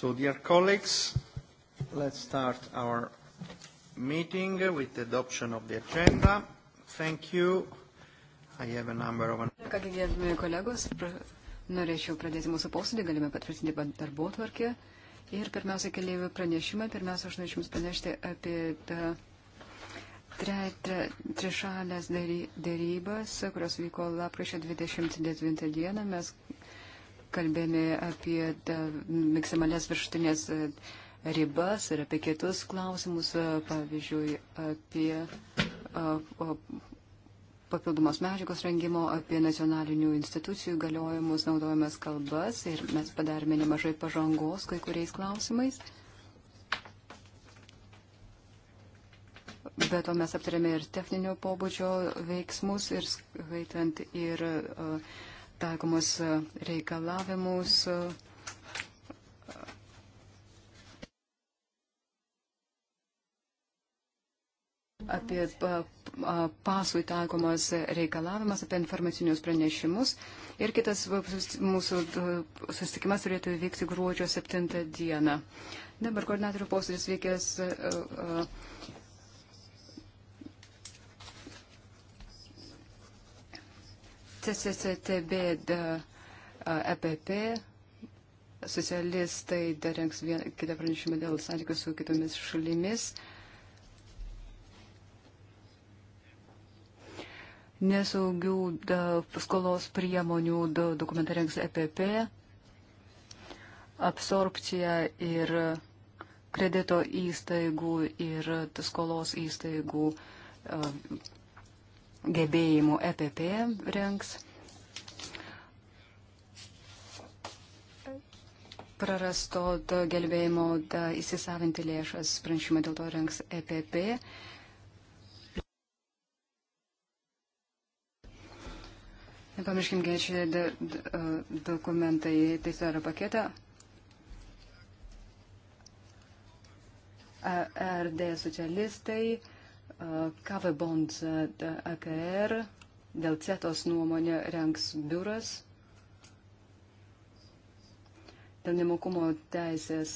So, dear colleagues, let's start our meeting with the adoption of the agenda. Thank you. I have a number of... Kągi, gerbimi kolegos, norėčiau pradėti mūsų posėdį, galime patvirtinti darbo tvarkę. Ir pirmiausia, keliaivių pranešimą. Pirmiausia, aš norėčiau Jums pranešti apie tą tre, tre, trišalės dėrybas, kurios vyko lapkričio 29 dieną. Mes kalbėjome apie maksimalias viršutinės e, ribas ir apie kitus klausimus, e, pavyzdžiui, apie e, papildomos medžiagos rengimo, apie nacionalinių institucijų galiojimus, naudojamas kalbas ir mes padarėme nemažai pažangos kai kuriais klausimais. Be to mes aptarėme ir techninio pobūdžio veiksmus ir skaitant ir uh, taikomus reikalavimus. apie pasui taikomas reikalavimas, apie informacinius pranešimus. Ir kitas mūsų susitikimas turėtų vykti gruodžio 7 dieną. Dabar koordinatorių posėdis vykęs e, e, CCCTB EPP socialistai dar renks kitą pranešimą dėl santykių su kitomis šalimis. Nesaugių da, skolos priemonių da, dokumentą renks EPP. Absorpcija ir kredito įstaigų ir skolos įstaigų gebėjimų EPP rengs. Prarasto gelbėjimo da, įsisavinti lėšas pranešimą dėl to rengs EPP. Nepamirškim, čia dokumentai, tai yra paketą. RD socialistai Kave Bond e, AKR, dėl CETOS nuomonė renks biuras, dėl nemokumo teisės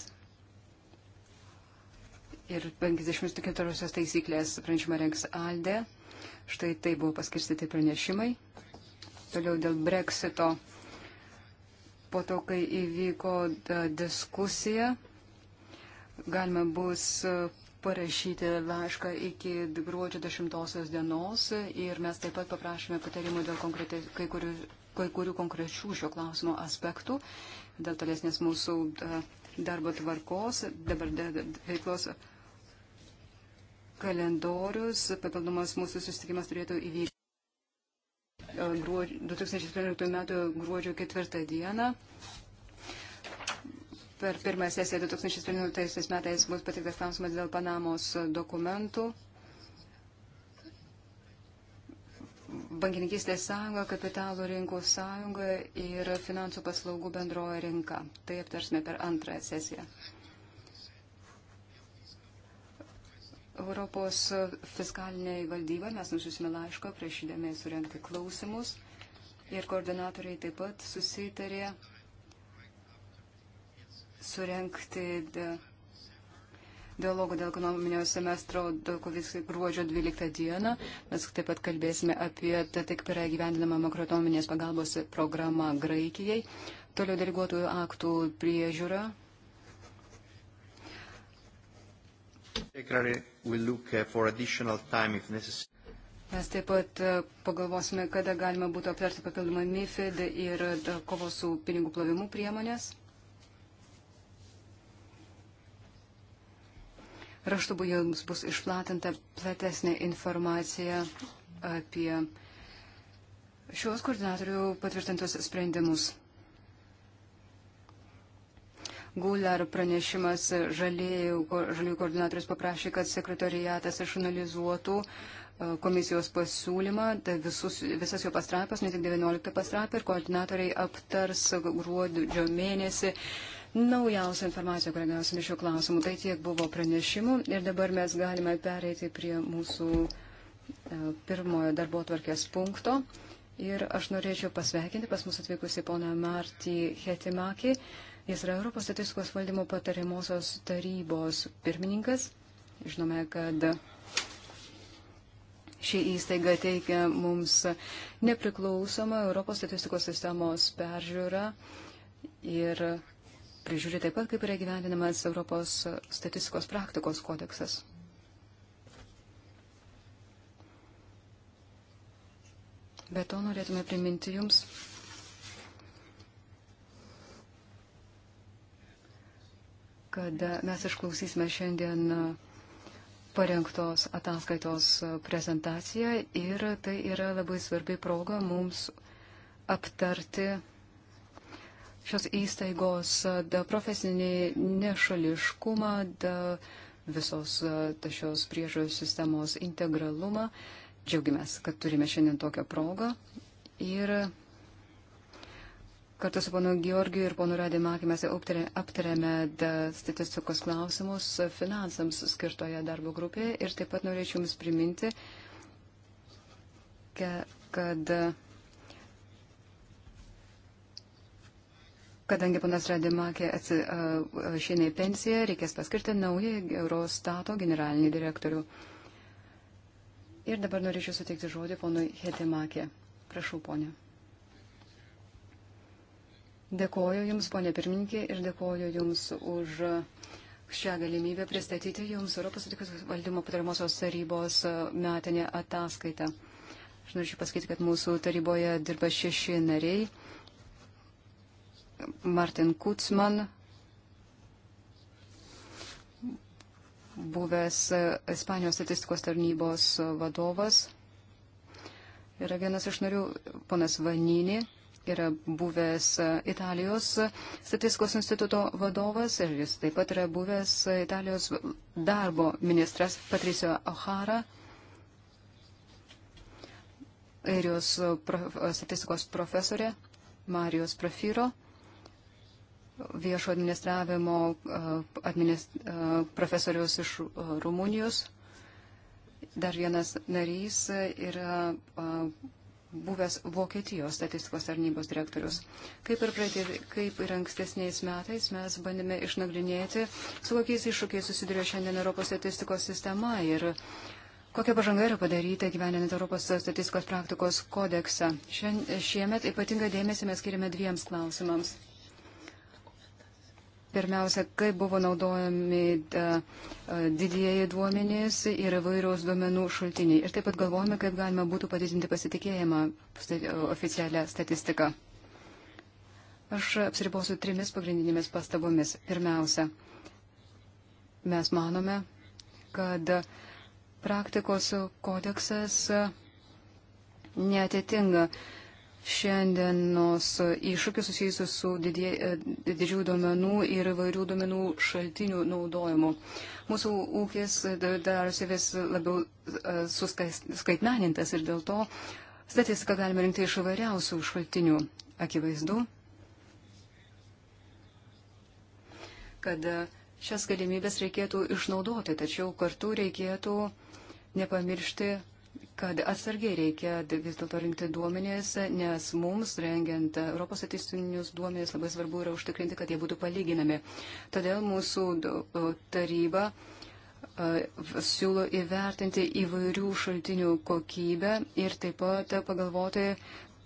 ir 54 taisyklės pranešimą renks Alde. Štai tai buvo paskirstyti pranešimai. Toliau dėl Brexito. Po to, kai įvyko diskusija, galima bus parašyti laišką iki gruodžio 10 dienos ir mes taip pat paprašėme patarimų dėl kai kurių, kai kurių konkrečių šio klausimo aspektų, dėl tolesnės mūsų e, darbo tvarkos, dabar veiklos kalendorius, papildomas mūsų susitikimas turėtų įvykti. 2014 m. gruodžio 4 dieną per pirmąją sesiją 2013 metais bus patiktas klausimas dėl Panamos dokumentų. Bankininkystės sąjunga, kapitalo rinkų sąjunga ir finansų paslaugų bendroja rinka. Tai aptarsime per antrąją sesiją. Europos fiskaliniai valdyba mes nusiusime laišką prašydami surenkti klausimus ir koordinatoriai taip pat susitarė surenkti dialogų dėl ekonominio semestro gruodžio 12 dieną. Mes taip pat kalbėsime apie tai, kaip yra gyvendinama makroekonominės pagalbos programa Graikijai, toliau deleguotojų aktų priežiūra. Uh, Mes taip pat uh, pagalvosime, kada galima būtų aptarti papildomą MIFID ir uh, kovos su pinigų plovimu priemonės. Raštu jums bus išplatinta platesnė informacija apie šios koordinatorių patvirtintus sprendimus. Gular pranešimas žaliųjų koordinatorius paprašė, kad sekretariatas išanalizuotų e, komisijos pasiūlymą, tai visus, visas jo pastrapas, ne tik 19 pastrapą, ir koordinatoriai aptars gruodžio mėnesį uh, naujausią informaciją, kurią gausime šiuo klausimu. Tai tiek buvo pranešimų ir dabar mes galime pereiti prie mūsų e, pirmojo darbo tvarkės punkto. Ir aš norėčiau pasveikinti pas mus atvykusi poną Martį Hetimakį. Jis yra Europos statistikos valdymo patariamosios tarybos pirmininkas. Žinome, kad Ši įstaiga teikia mums nepriklausomą Europos statistikos sistemos peržiūrą ir prižiūri taip pat, kaip yra gyvendinamas Europos statistikos praktikos kodeksas. Be to norėtume priminti Jums, kad mes išklausysime šiandien parengtos ataskaitos prezentaciją ir tai yra labai svarbi proga mums aptarti šios įstaigos da, profesinį nešališkumą, da, visos da, šios priežiūros sistemos integralumą. Džiaugiamės, kad turime šiandien tokią progą. Ir kartu su ponu Georgiu ir ponu Radimakį mes aptarėme statistikos klausimus finansams skirtoje darbo grupėje. Ir taip pat norėčiau Jums priminti, kad Kadangi panas Radimakė šiandien pensiją, reikės paskirti naują Eurostato generalinį direktorių. Ir dabar norėčiau suteikti žodį ponui Hetimakė. Prašau, ponė. Dėkoju Jums, ponė pirmininkė, ir dėkoju Jums už šią galimybę pristatyti Jums Europos sutikos valdymo patariamosios tarybos metinę ataskaitą. Aš norėčiau pasakyti, kad mūsų taryboje dirba šeši nariai. Martin Kutzman, buvęs Ispanijos statistikos tarnybos vadovas, yra vienas iš narių, ponas Vaninį, yra buvęs Italijos statistikos instituto vadovas ir jis taip pat yra buvęs Italijos darbo ministras Patricio O'Hara. Airijos statistikos profesorė Marijos Profyro viešo administravimo e, administ, e, profesorius iš e, Rumunijos. Dar vienas narys yra buvęs Vokietijos statistikos tarnybos direktorius. Kaip ir, pradė, kaip ir ankstesniais metais mes bandėme išnagrinėti, su kokiais iššūkiais susiduria šiandien Europos statistikos sistema ir kokia pažanga yra padaryta gyveninant Europos statistikos praktikos kodeksą. Šiemet ypatingą dėmesį mes skiriame dviems klausimams. Pirmiausia, kaip buvo naudojami e, e, didieji duomenys ir įvairios duomenų šaltiniai. Ir taip pat galvojame, kaip galima būtų padidinti pasitikėjimą oficialią statistiką. Aš apsiribosiu trimis pagrindinėmis pastabomis. Pirmiausia, mes manome, kad praktikos kodeksas neatitinga uh, šiandienos iššūkius susijusius su didie, e, didžiųjų duomenų ir įvairių duomenų šaltinių naudojimu. Mūsų ūkis darosi vis labiau e, suskaitmenintas ir dėl to statistiką galime rinkti iš įvairiausių šaltinių. Akivaizdu, kad šias galimybės reikėtų išnaudoti, tačiau kartu reikėtų nepamiršti kad atsargiai reikia vis dėlto rinkti duomenys, nes mums rengiant Europos statistinius duomenys labai svarbu yra užtikrinti, kad jie būtų palyginami. Todėl mūsų taryba siūlo įvertinti įvairių šaltinių kokybę ir taip pat pagalvoti,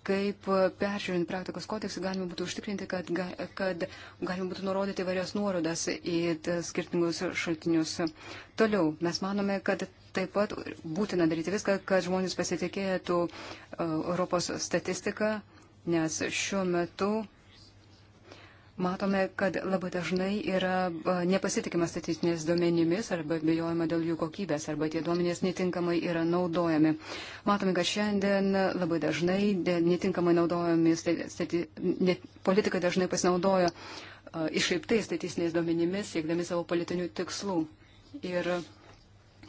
kaip peržiūrint praktikos kodeksą galima būtų užtikrinti, kad, kad galima būtų nurodyti varias nuorodas į skirtingus šaltinius. Toliau mes manome, kad Taip pat būtina daryti viską, kad žmonės pasitikėtų e, Europos statistiką, nes šiuo metu matome, kad labai dažnai yra e, nepasitikima statistinės duomenimis arba bijojama dėl jų kokybės arba tie duomenys netinkamai yra naudojami. Matome, kad šiandien labai dažnai netinkamai naudojami stati, ne, politikai dažnai pasinaudojo e, išreiptais statistiniais duomenimis, siekdami savo politinių tikslų. Ir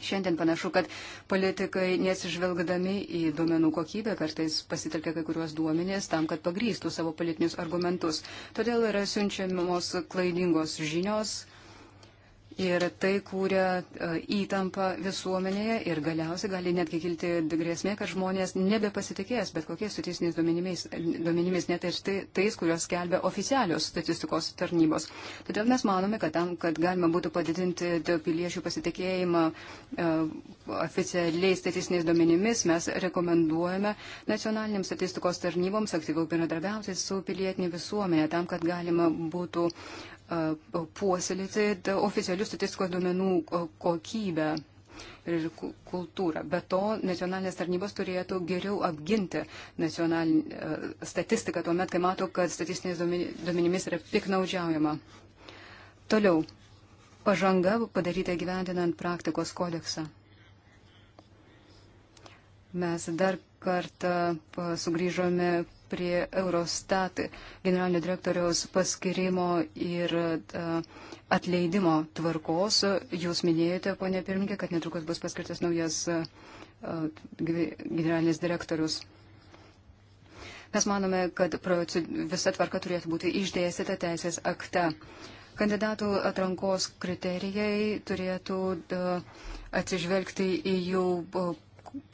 Šiandien panašu, kad politikai nesižvelgdami į duomenų kokybę kartais pasitelkia kai kuriuos duomenės tam, kad pagrystų savo politinius argumentus. Todėl yra siunčiamos klaidingos žinios, ir tai kūrė e, įtampą visuomenėje ir galiausiai gali netgi kilti grėsmė, kad žmonės nebepasitikės bet kokiais statistiniais duomenimis, duomenimis net ir tai, tais, kuriuos skelbia oficialios statistikos tarnybos. Todėl mes manome, kad tam, kad galima būtų padidinti piliečių pasitikėjimą e, oficialiais statistiniais duomenimis, mes rekomenduojame nacionaliniams statistikos tarnyboms aktyviau bendradarbiauti su pilietinė visuomenė, tam, kad galima būtų uh, puoselėti oficialių statistikos duomenų kokybę ir kultūrą. Be to, nacionalinės tarnybos turėtų geriau apginti statistiką tuo metu, kai mato, kad statistinės duomenimis yra piknaudžiaujama. Toliau, pažanga padaryta gyvendinant praktikos kodeksą. Mes dar kartą sugrįžome prie Eurostat generalinio direktoriaus paskirimo ir e, atleidimo tvarkos. Jūs minėjote, ponė pirmininkė, kad netrukus bus paskirtas naujas e, generalinis direktorius. Mes manome, kad visa tvarka turėtų būti išdėstyta teisės akte. Kandidatų atrankos kriterijai turėtų e, atsižvelgti į jų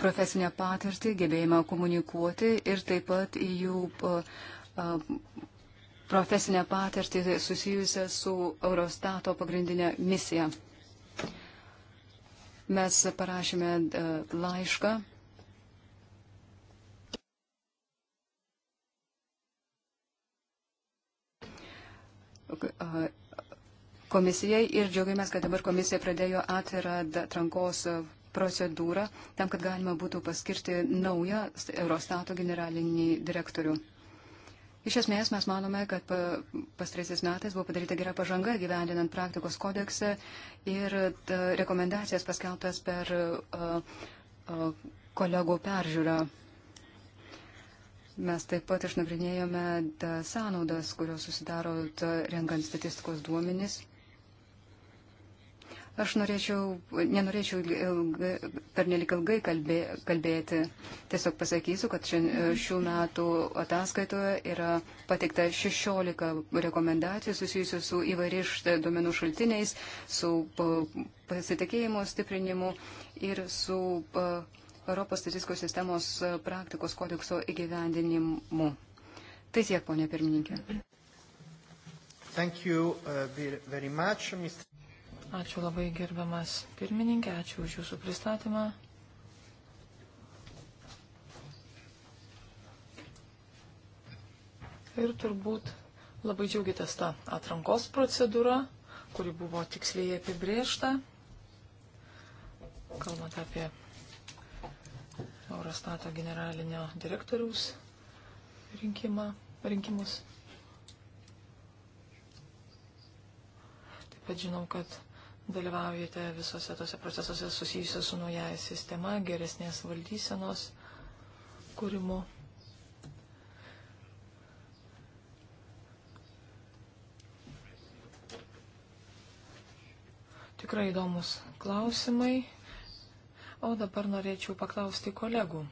profesinę patirtį, gebėjimą komunikuoti ir taip pat į jų profesinę patirtį susijusią su Eurostato pagrindinė misija. Mes parašėme laišką komisijai ir džiaugiamės, kad dabar komisija pradėjo atvirą atrankos procedūrą tam, kad galima būtų paskirti naują Eurostato generalinį direktorių. Iš esmės mes manome, kad pastraisiais metais buvo padaryta gera pažanga gyvendinant praktikos kodeksą ir rekomendacijas paskeltas per kolegų peržiūrą. Mes taip pat išnagrinėjome sąnaudas, kurios susidaro rengant statistikos duomenys. Aš norėčiau, nenorėčiau pernelik ilgai kalbė, kalbėti. Tiesiog pasakysiu, kad ši, šių metų ataskaitoje yra pateikta 16 rekomendacijų susijusių su įvairiš duomenų šaltiniais, su pasitikėjimo stiprinimu ir su Europos statistikos sistemos e, praktikos kodekso įgyvendinimu. Tai tiek, ponė pirmininkė. Thank you uh, very much, Mr. Ačiū labai gerbiamas pirmininkė, ačiū už jūsų pristatymą. Ir turbūt labai džiaugiatės tą atrankos procedūrą, kuri buvo tiksliai apibriešta, kalbant apie Eurostato generalinio direktoriaus rinkimą, rinkimus. Taip pat žinau, kad dalyvaujate visose tose procesuose susijusios su naujaja sistema, geresnės valdysenos kūrimu. Tikrai įdomus klausimai. O dabar norėčiau paklausti kolegų.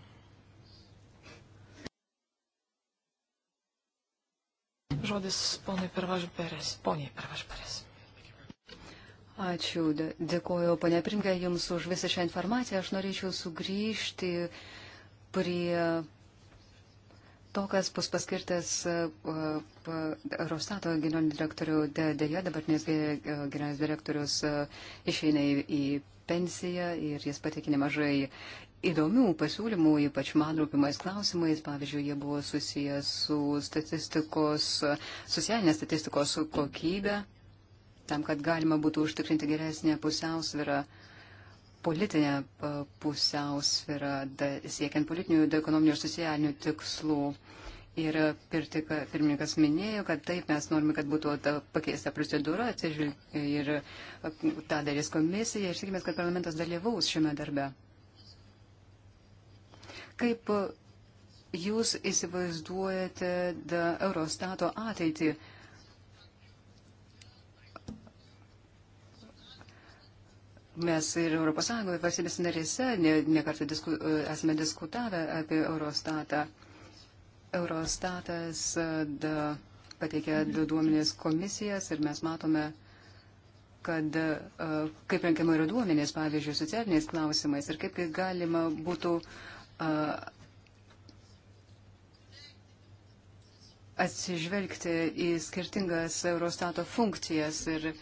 Žodis ponui Pervažperės. Poniai Pervažperės. Ačiū, dėkoju, pane Primke, Jums už visą šią informaciją. Aš norėčiau sugrįžti prie to, kas bus paskirtas e, e, Rostato generalinio direktorių, dėja dabartinis e, generalinis direktorius išeina į pensiją ir jis pateikė nemažai įdomių pasiūlymų, ypač man rūpimais klausimais. Pavyzdžiui, jie buvo susijęs su statistikos, socialinės statistikos kokybė tam, kad galima būtų užtikrinti geresnę pusiausvyrą, politinę e, pusiausvyrą, da, siekiant politinių, ekonominių ir socialinių tikslų. Ir pirtika, pirmininkas minėjo, kad taip mes norime, kad būtų pakeista procedūra ir e, tą darys komisija ir tikimės, kad parlamentas dalyvaus šiame darbe. Kaip e, jūs įsivaizduojate da, Eurostato ateitį? Mes ir ES valstybės narėse nekartą ne, ne disku, esame diskutavę apie Eurostatą. Eurostatas da, pateikia du duomenės komisijas ir mes matome, kad kaip renkama yra duomenės, pavyzdžiui, socialiniais klausimais ir kaip galima būtų a, atsižvelgti į skirtingas Eurostato funkcijas ir uh,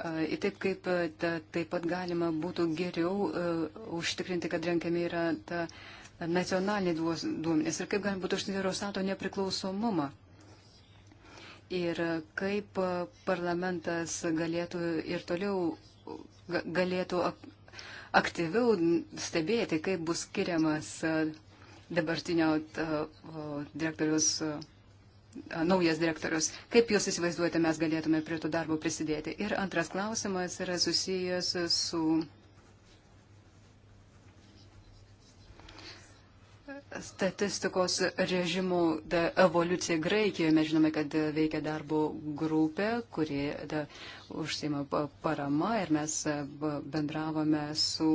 Ir taip kaip e, ta, taip pat galima būtų geriau uh, užtikrinti, kad renkami yra ta nacionaliniai duomenys ir kaip galima būtų užtikrinti Rosato nepriklausomumą. Ir kaip e, parlamentas galėtų ir toliau galėtų aktyviau stebėti, kaip bus skiriamas dabartinio direktorius naujas direktorius. Kaip jūs įsivaizduojate, mes galėtume prie to darbo prisidėti? Ir antras klausimas yra susijęs su. Statistikos režimų evoliucija Graikijoje, mes žinome, kad veikia darbo grupė, kuri da, užsima parama ir mes bendravome su,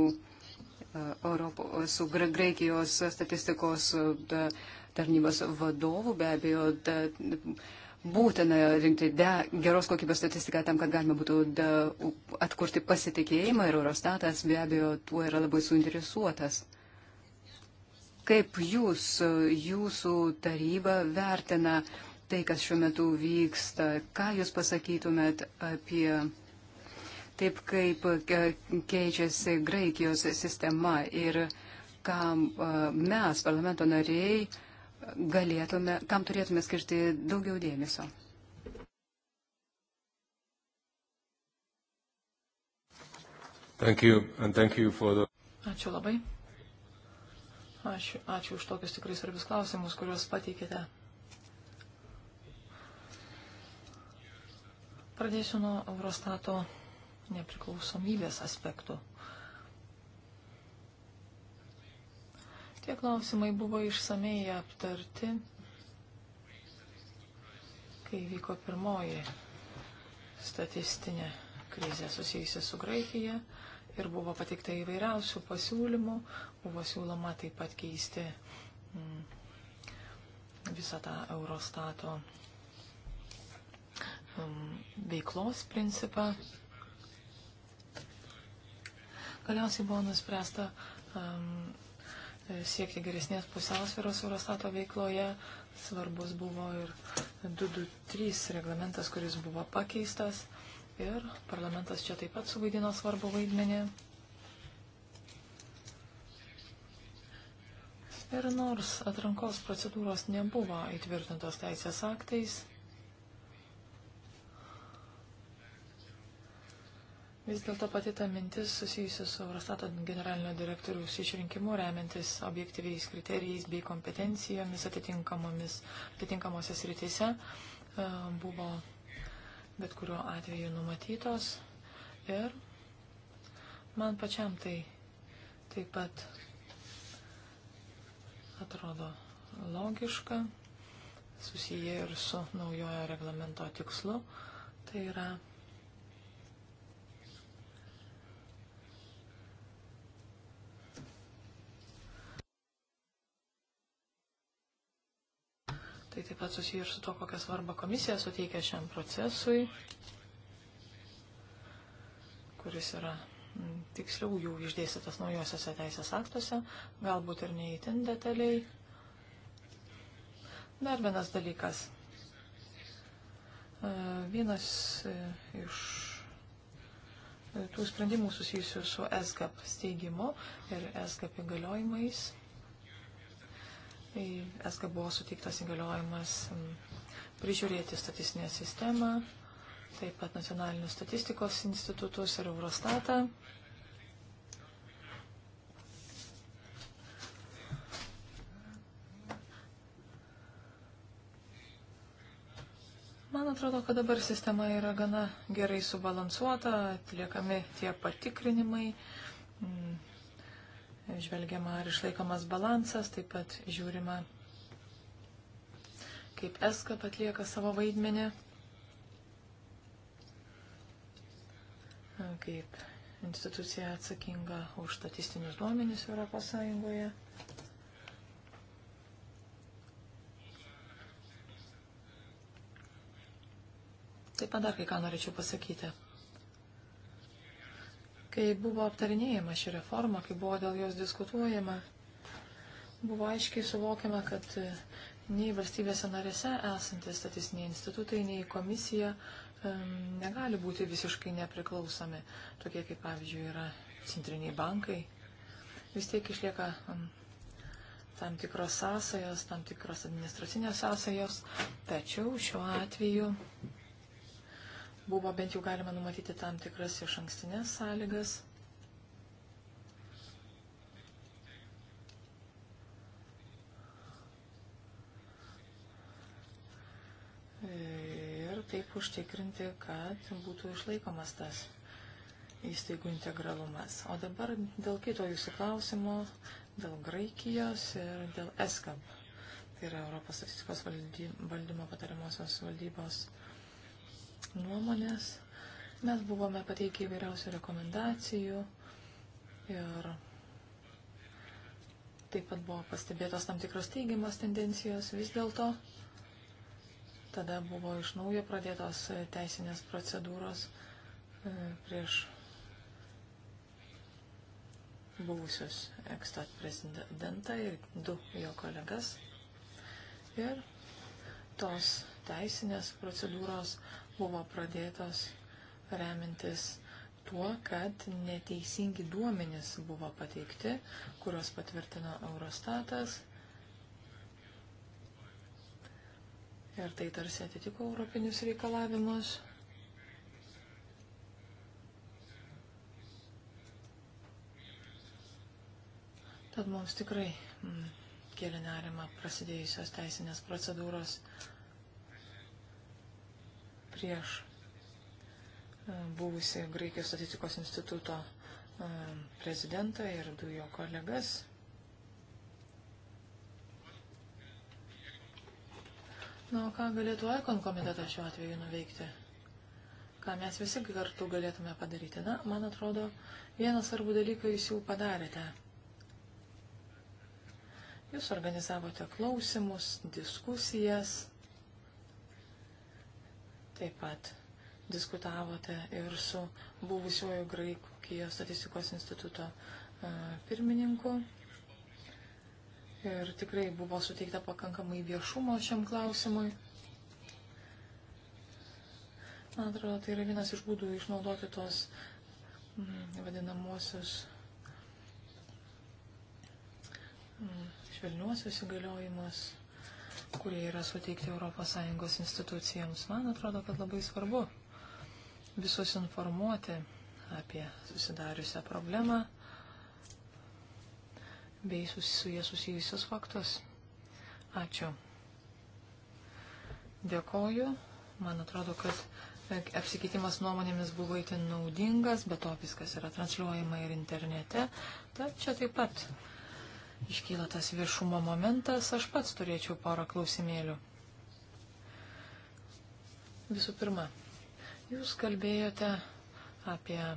Europo, su Graikijos statistikos da, uh, tarnybos vadovų, be abejo, da, būtina rinkti de, geros kokybės statistiką tam, kad galima būtų de, atkurti pasitikėjimą ir Eurostatas be abejo tuo yra labai suinteresuotas. Kaip jūs, jūsų taryba vertina tai, kas šiuo metu vyksta? Ką jūs pasakytumėt apie taip, kaip keičiasi Graikijos sistema ir ką mes, parlamento nariai, galėtume, kam turėtume skirti daugiau dėmesio. Thank you, and thank you for the... Ačiū labai. Ačiū, ačiū už tokius tikrai svarbius klausimus, kuriuos pateikėte. Pradėsiu nuo Eurostato nepriklausomybės aspektų. Tie klausimai buvo išsamei aptarti, kai vyko pirmoji statistinė krizė susijusi su Graikija ir buvo patikta įvairiausių pasiūlymų, buvo siūloma taip pat keisti mm, visą tą Eurostato mm, veiklos principą. Galiausiai buvo nuspręsta um, siekti geresnės pusiausvėros Eurostato veikloje. Svarbus buvo ir 223 reglamentas, kuris buvo pakeistas. Ir parlamentas čia taip pat suvaidino svarbu vaidmenį. Ir nors atrankos procedūros nebuvo įtvirtintos teisės aktais, Vis dėlto pati ta mintis susijusi su Eurostato generalinio direktoriaus išrinkimu, remiantis objektyviais kriterijais bei kompetencijomis atitinkamose sritise, e, buvo bet kuriuo atveju numatytos. Ir man pačiam tai taip pat atrodo logiška, susiję ir su naujojo reglamento tikslu. Tai yra Tai taip pat susiję ir su to, kokią svarbą komisija suteikia šiam procesui, kuris yra tiksliau jau išdėstytas naujosiuose teisės aktuose, galbūt ir neįtin detaliai. Dar vienas dalykas. E, vienas e, iš e, tų sprendimų susijusių su SGAP steigimu ir SGAP įgaliojimais ESGA tai buvo suteiktas įgaliojimas prižiūrėti statistinę sistemą, taip pat nacionalinius statistikos institutus ir Eurostatą. Man atrodo, kad dabar sistema yra gana gerai subalansuota, atliekami tie patikrinimai, žvelgiama ar išlaikomas balansas, taip pat žiūrima, kaip ESCAP atlieka savo vaidmenį, kaip institucija atsakinga už statistinius duomenis Europos Sąjungoje. Taip pat dar kai ką norėčiau pasakyti. Kai buvo aptarinėjama ši reforma, kai buvo dėl jos diskutuojama, buvo aiškiai suvokiama, kad e, nei valstybėse narėse esantys statistiniai institutai, nei komisija um, negali būti visiškai nepriklausomi, tokie kaip pavyzdžiui yra centriniai bankai. Vis tiek išlieka um, tam tikros sąsajos, tam tikros administracinės sąsajos, tačiau šiuo atveju buvo bent jau galima numatyti tam tikras iš ankstinės sąlygas. Ir taip užtikrinti, kad būtų išlaikomas tas įstaigų integralumas. O dabar dėl kito jūsų klausimo, dėl Graikijos ir dėl ESCAP. Tai yra Europos statistikos valdymo patariamosios valdybos nuomonės. Mes buvome pateikę įvairiausių rekomendacijų ir taip pat buvo pastebėtos tam tikros teigiamos tendencijos vis dėlto. Tada buvo iš naujo pradėtos teisinės procedūros e, prieš buvusius ekstat prezidentą ir du jo kolegas. Ir tos teisinės procedūros buvo pradėtos remintis tuo, kad neteisingi duomenys buvo pateikti, kuriuos patvirtino Eurostatas. Ir tai tarsi atitiko europinius reikalavimus. Tad mums tikrai mm, kėlė nerima prasidėjusios teisinės procedūros prieš e, buvusi Graikijos statistikos instituto e, prezidentą ir du jo kolegas. Na, o ką galėtų Aikon komitetas šiuo atveju nuveikti? Ką mes visi kartu galėtume padaryti? Na, man atrodo, vieną svarbų dalyką jūs jau padarėte. Jūs organizavote klausimus, diskusijas. Taip pat diskutavote ir su buvusiuoju Graikijos statistikos instituto e, pirmininku. Ir tikrai buvo suteikta pakankamai viešumo šiam klausimui. Man atrodo, tai yra vienas iš būdų išnaudoti tos mm, vadinamosius mm, švelniuosius įgaliojimus kurie yra suteikti ES institucijoms. Man atrodo, kad labai svarbu visus informuoti apie susidariusią problemą bei su jie susijusius faktus. Ačiū. Dėkoju. Man atrodo, kad apsikeitimas nuomonėmis buvo itin naudingas, bet to viskas yra transliuojama ir internete. Tad čia taip pat iškyla tas viešumo momentas, aš pats turėčiau porą klausimėlių. Visų pirma, jūs kalbėjote apie e,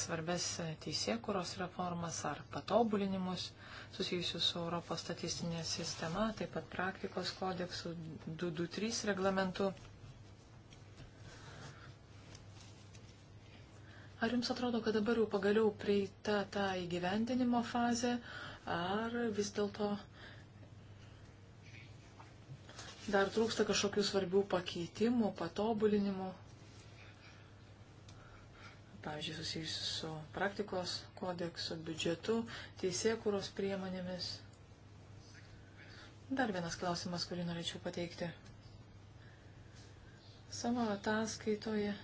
svarbes teisėkuros reformas ar patobulinimus susijusius su Europos statistinė sistema, taip pat praktikos kodeksų 223 reglamentu. Ar jums atrodo, kad dabar jau pagaliau prieita ta įgyvendinimo fazė, ar vis dėlto dar trūksta kažkokių svarbių pakeitimų, patobulinimų, pavyzdžiui, susijusių su praktikos kodeksu, biudžetu, teisėkūros priemonėmis. Dar vienas klausimas, kurį norėčiau pateikti. Savo ataskaitoje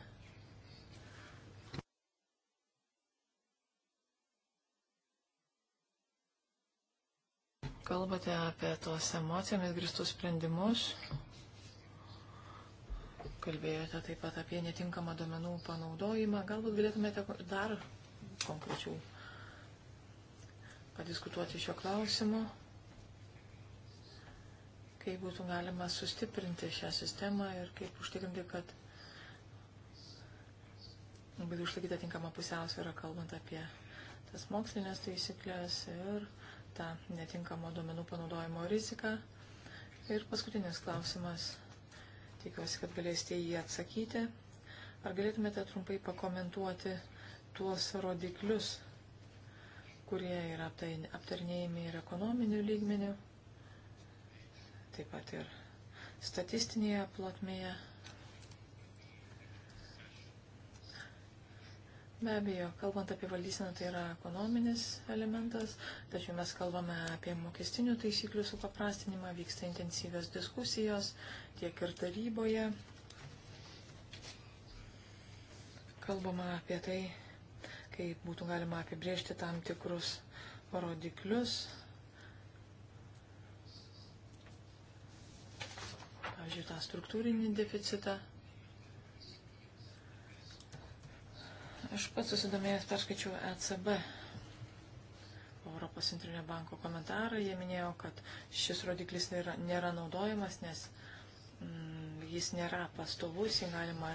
kalbate apie tos emocijomis gristus sprendimus. Kalbėjote taip pat apie netinkamą domenų panaudojimą. Galbūt galėtumėte dar konkrečiau padiskutuoti šio klausimu, kaip būtų galima sustiprinti šią sistemą ir kaip užtikrinti, kad būtų užsakyta tinkama pusiausvėra, kalbant apie tas mokslinės taisyklės ir uh, tą netinkamo duomenų panaudojimo riziką. Ir paskutinis klausimas. Tikiuosi, kad galėsite jį atsakyti. Ar galėtumėte trumpai pakomentuoti tuos rodiklius, kurie yra aptarinėjami ir ekonominių lygmenių, taip pat ir statistinėje plotmėje? Be abejo, kalbant apie valdyseną, tai yra ekonominis elementas, tačiau mes kalbame apie mokestinių taisyklių supaprastinimą, vyksta intensyvios diskusijos tiek ir taryboje. Kalbama apie tai, kaip būtų galima apibriežti tam tikrus rodiklius, pavyzdžiui, tą struktūrinį deficitą. Aš pats susidomėjęs perskaičiau ECB Europos centrinio banko komentarą. Jie minėjo, kad šis rodiklis nėra, nėra naudojamas, nes mm, jis nėra pastovus, jį galima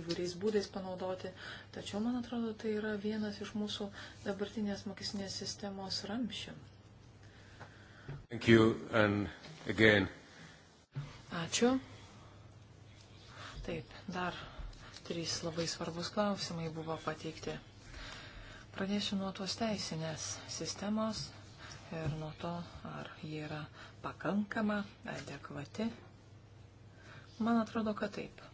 įvairiais būdais panaudoti. Tačiau, man atrodo, tai yra vienas iš mūsų dabartinės mokestinės sistemos ramščių. Ačiū. Taip, dar Trys labai svarbus klausimai buvo pateikti. Pradėsiu nuo tos teisinės sistemos ir nuo to, ar ji yra pakankama, adekvati. Man atrodo, kad taip.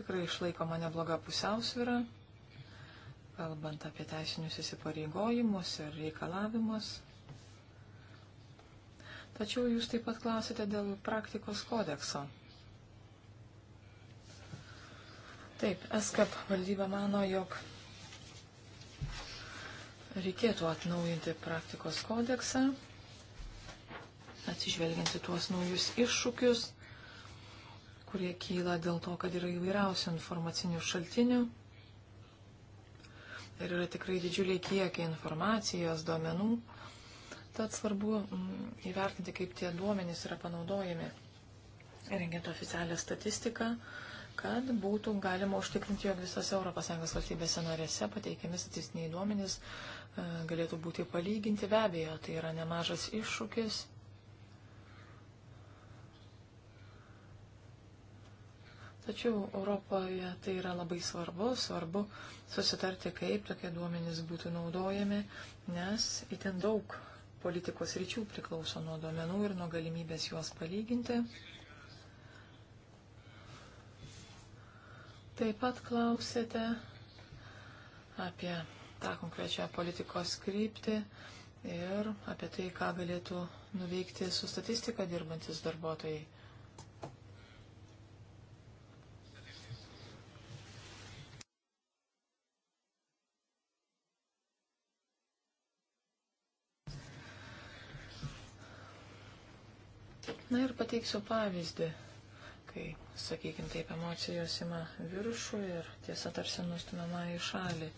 Tikrai išlaikoma nebloga pusiausvyra, kalbant apie teisinius įsipareigojimus ir reikalavimus. Tačiau jūs taip pat klausite dėl praktikos kodekso. Taip, SKAP valdyba mano, jog reikėtų atnaujinti praktikos kodeksą, atsižvelgianti tuos naujus iššūkius, kurie kyla dėl to, kad yra įvairiausių informacinių šaltinių. Ir yra tikrai didžiuliai kiekiai informacijos, duomenų. Tad svarbu mm, įvertinti, kaip tie duomenys yra panaudojami, rengiant oficialią statistiką kad būtų galima užtikrinti, jog visose ES valstybėse narėse pateikiami statistiniai duomenys e, galėtų būti palyginti. Be abejo, tai yra nemažas iššūkis. Tačiau Europoje tai yra labai svarbu, svarbu susitarti, kaip tokie duomenys būtų naudojami, nes įtin daug politikos ryčių priklauso nuo duomenų ir nuo galimybės juos palyginti. Taip pat klausėte apie tą konkrečią politikos kryptį ir apie tai, ką galėtų nuveikti su statistika dirbantis darbuotojai. Na ir pateiksiu pavyzdį kai, sakykime, taip emocijos ima viršų ir tiesa tarsi nustumiama į šalį.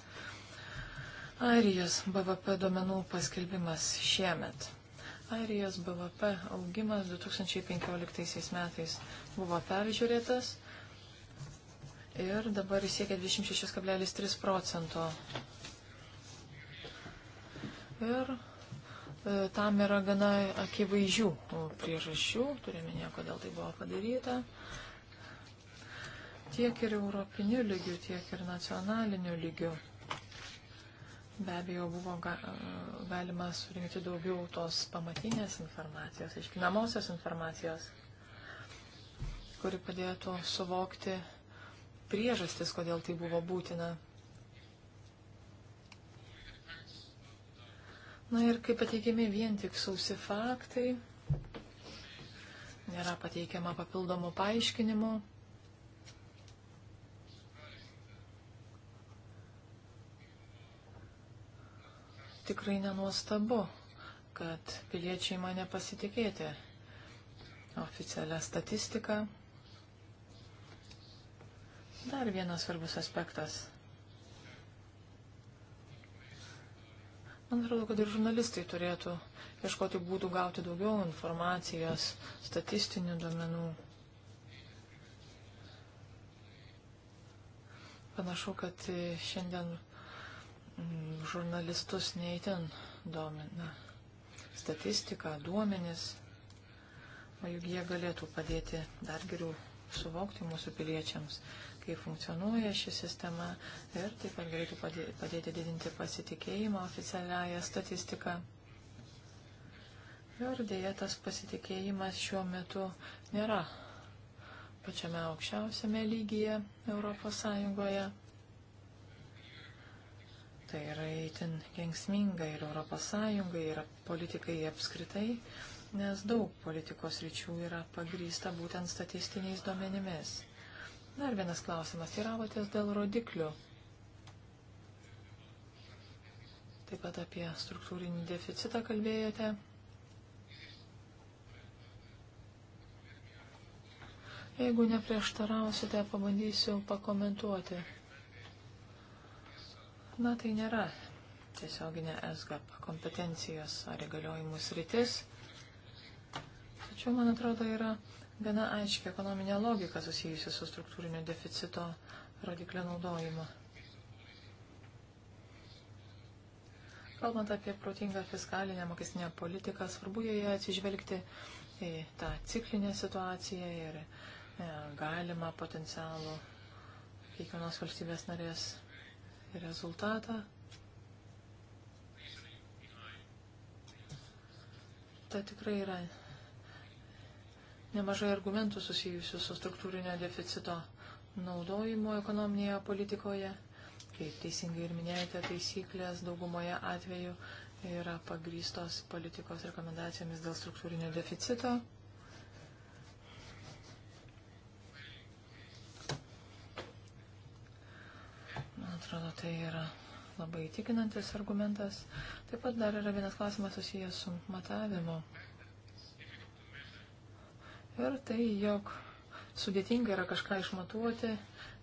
Airijos BVP duomenų paskelbimas šiemet. Airijos BVP augimas 2015 metais buvo peržiūrėtas ir dabar jis siekia 26,3 procento. Ir E, tam yra gana akivaizdžių priežasčių, turime ne, kodėl tai buvo padaryta. Tiek ir europinių lygių, tiek ir nacionalinių lygių. Be abejo, buvo ga, e, galima surinkti daugiau tos pamatinės informacijos, iškinamosios informacijos, kuri padėtų suvokti priežastis, kodėl tai buvo būtina. Na ir kaip pateikiami vien tik sausi faktai, nėra pateikiama papildomų paaiškinimų. Tikrai nenuostabu, kad piliečiai mane pasitikėti oficialią statistiką. Dar vienas svarbus aspektas Man atrodo, kad ir žurnalistai turėtų ieškoti būdų gauti daugiau informacijos, statistinių duomenų. Panašu, kad šiandien mm, žurnalistus neįten domina statistika, duomenis, o juk jie galėtų padėti dar geriau suvokti mūsų piliečiams kaip funkcionuoja ši sistema ir taip pat galėtų padėti didinti pasitikėjimą oficialiąją statistiką. Ir dėja tas pasitikėjimas šiuo metu nėra pačiame aukščiausiame lygyje Europos Sąjungoje. Tai yra įtin kengsminga ir Europos Sąjungai, ir politikai apskritai nes daug politikos ryčių yra pagrysta būtent statistiniais duomenimis. Dar vienas klausimas. Įravotės dėl rodiklių. Taip pat apie struktūrinį deficitą kalbėjote. Jeigu neprieštarausite, pabandysiu pakomentuoti. Na, tai nėra tiesioginė SGAP kompetencijos ar įgaliojimus rytis. Tačiau, man atrodo, yra gana aiškia ekonominė logika susijusi su struktūrinio deficito rodiklio naudojimu. Kalbant apie protingą fiskalinę mokestinę politiką, svarbu joje atsižvelgti į tą ciklinę situaciją ir e, galimą potencialų kiekvienos valstybės narės rezultatą. Ta tikrai yra nemažai argumentų susijusių su struktūrinio deficito naudojimu ekonominėje politikoje. Kaip teisingai ir minėjote, taisyklės daugumoje atveju yra pagrystos politikos rekomendacijomis dėl struktūrinio deficito. Man atrodo, tai yra labai įtikinantis argumentas. Taip pat dar yra vienas klausimas susijęs su matavimu. Ir tai, jog sudėtinga yra kažką išmatuoti,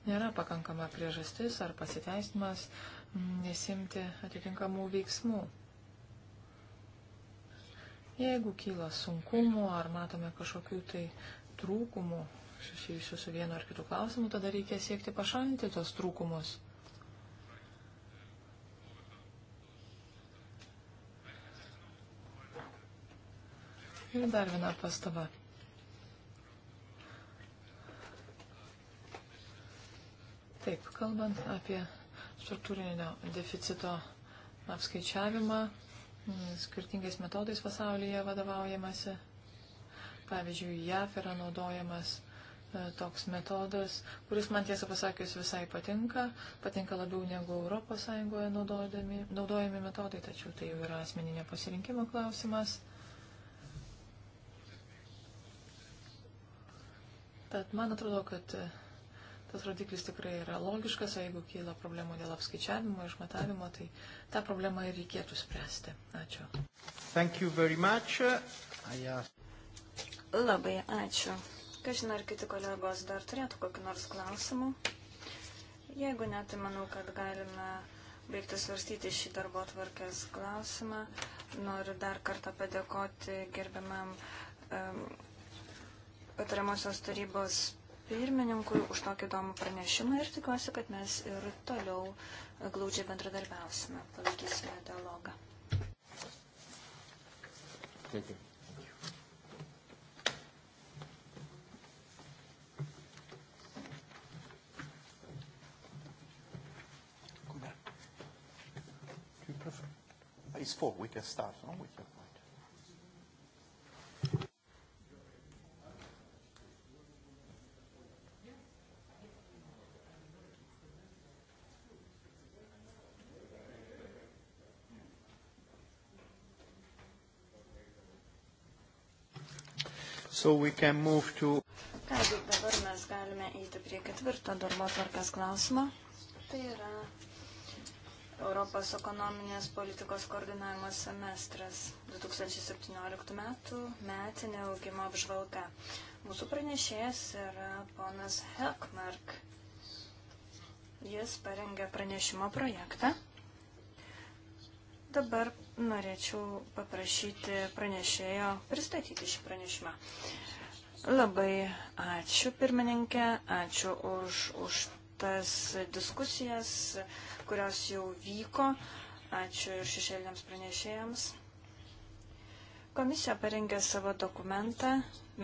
nėra pakankama priežastis ar pasiteisimas nesimti atitinkamų veiksmų. Jeigu kyla sunkumų ar matome kažkokių tai trūkumų susijusių su vienu ar kitu klausimu, tada reikia siekti pašalinti tos trūkumus. Ir dar viena pastaba. Taip, kalbant apie struktūrinio deficito apskaičiavimą, mm, skirtingais metodais pasaulyje vadovaujamasi. Pavyzdžiui, JAF yra naudojamas e, toks metodas, kuris man tiesą pasakius visai patinka, patinka labiau negu ES naudojami metodai, tačiau tai jau yra asmeninio pasirinkimo klausimas. Tad man atrodo, kad e, Tas rodiklis tikrai yra logiškas, o jeigu kyla problemų dėl apskaičiavimo, išmatavimo, tai tą problemą ir reikėtų spręsti. Ačiū. Labai ačiū. Kažin ar kiti kolegos dar turėtų kokį nors klausimų? Jeigu ne, tai manau, kad galime baigti svarstyti šį darbo tvarkės klausimą. Noriu dar kartą padėkoti gerbiamam um, patariamosios tarybos pirmininkui už tokį įdomų pranešimą ir tikiuosi, kad mes ir toliau glaudžiai bendradarbiausime, palaikysime dialogą. Thank you. It's four. We can start, no? We can. So we can move to... Kągi, dabar mes galime eiti prie ketvirto darbo tvarkės klausimo. Tai yra Europos ekonominės politikos koordinavimo semestras 2017 metų metinė augimo apžvalga. Mūsų pranešėjas yra ponas Hekmark. Jis parengė pranešimo projektą. Dabar norėčiau paprašyti pranešėjo pristatyti šį pranešimą. Labai ačiū pirmininkė, ačiū už, už tas diskusijas, kurios jau vyko. Ačiū ir šešėliniams pranešėjams. Komisija parengė savo dokumentą.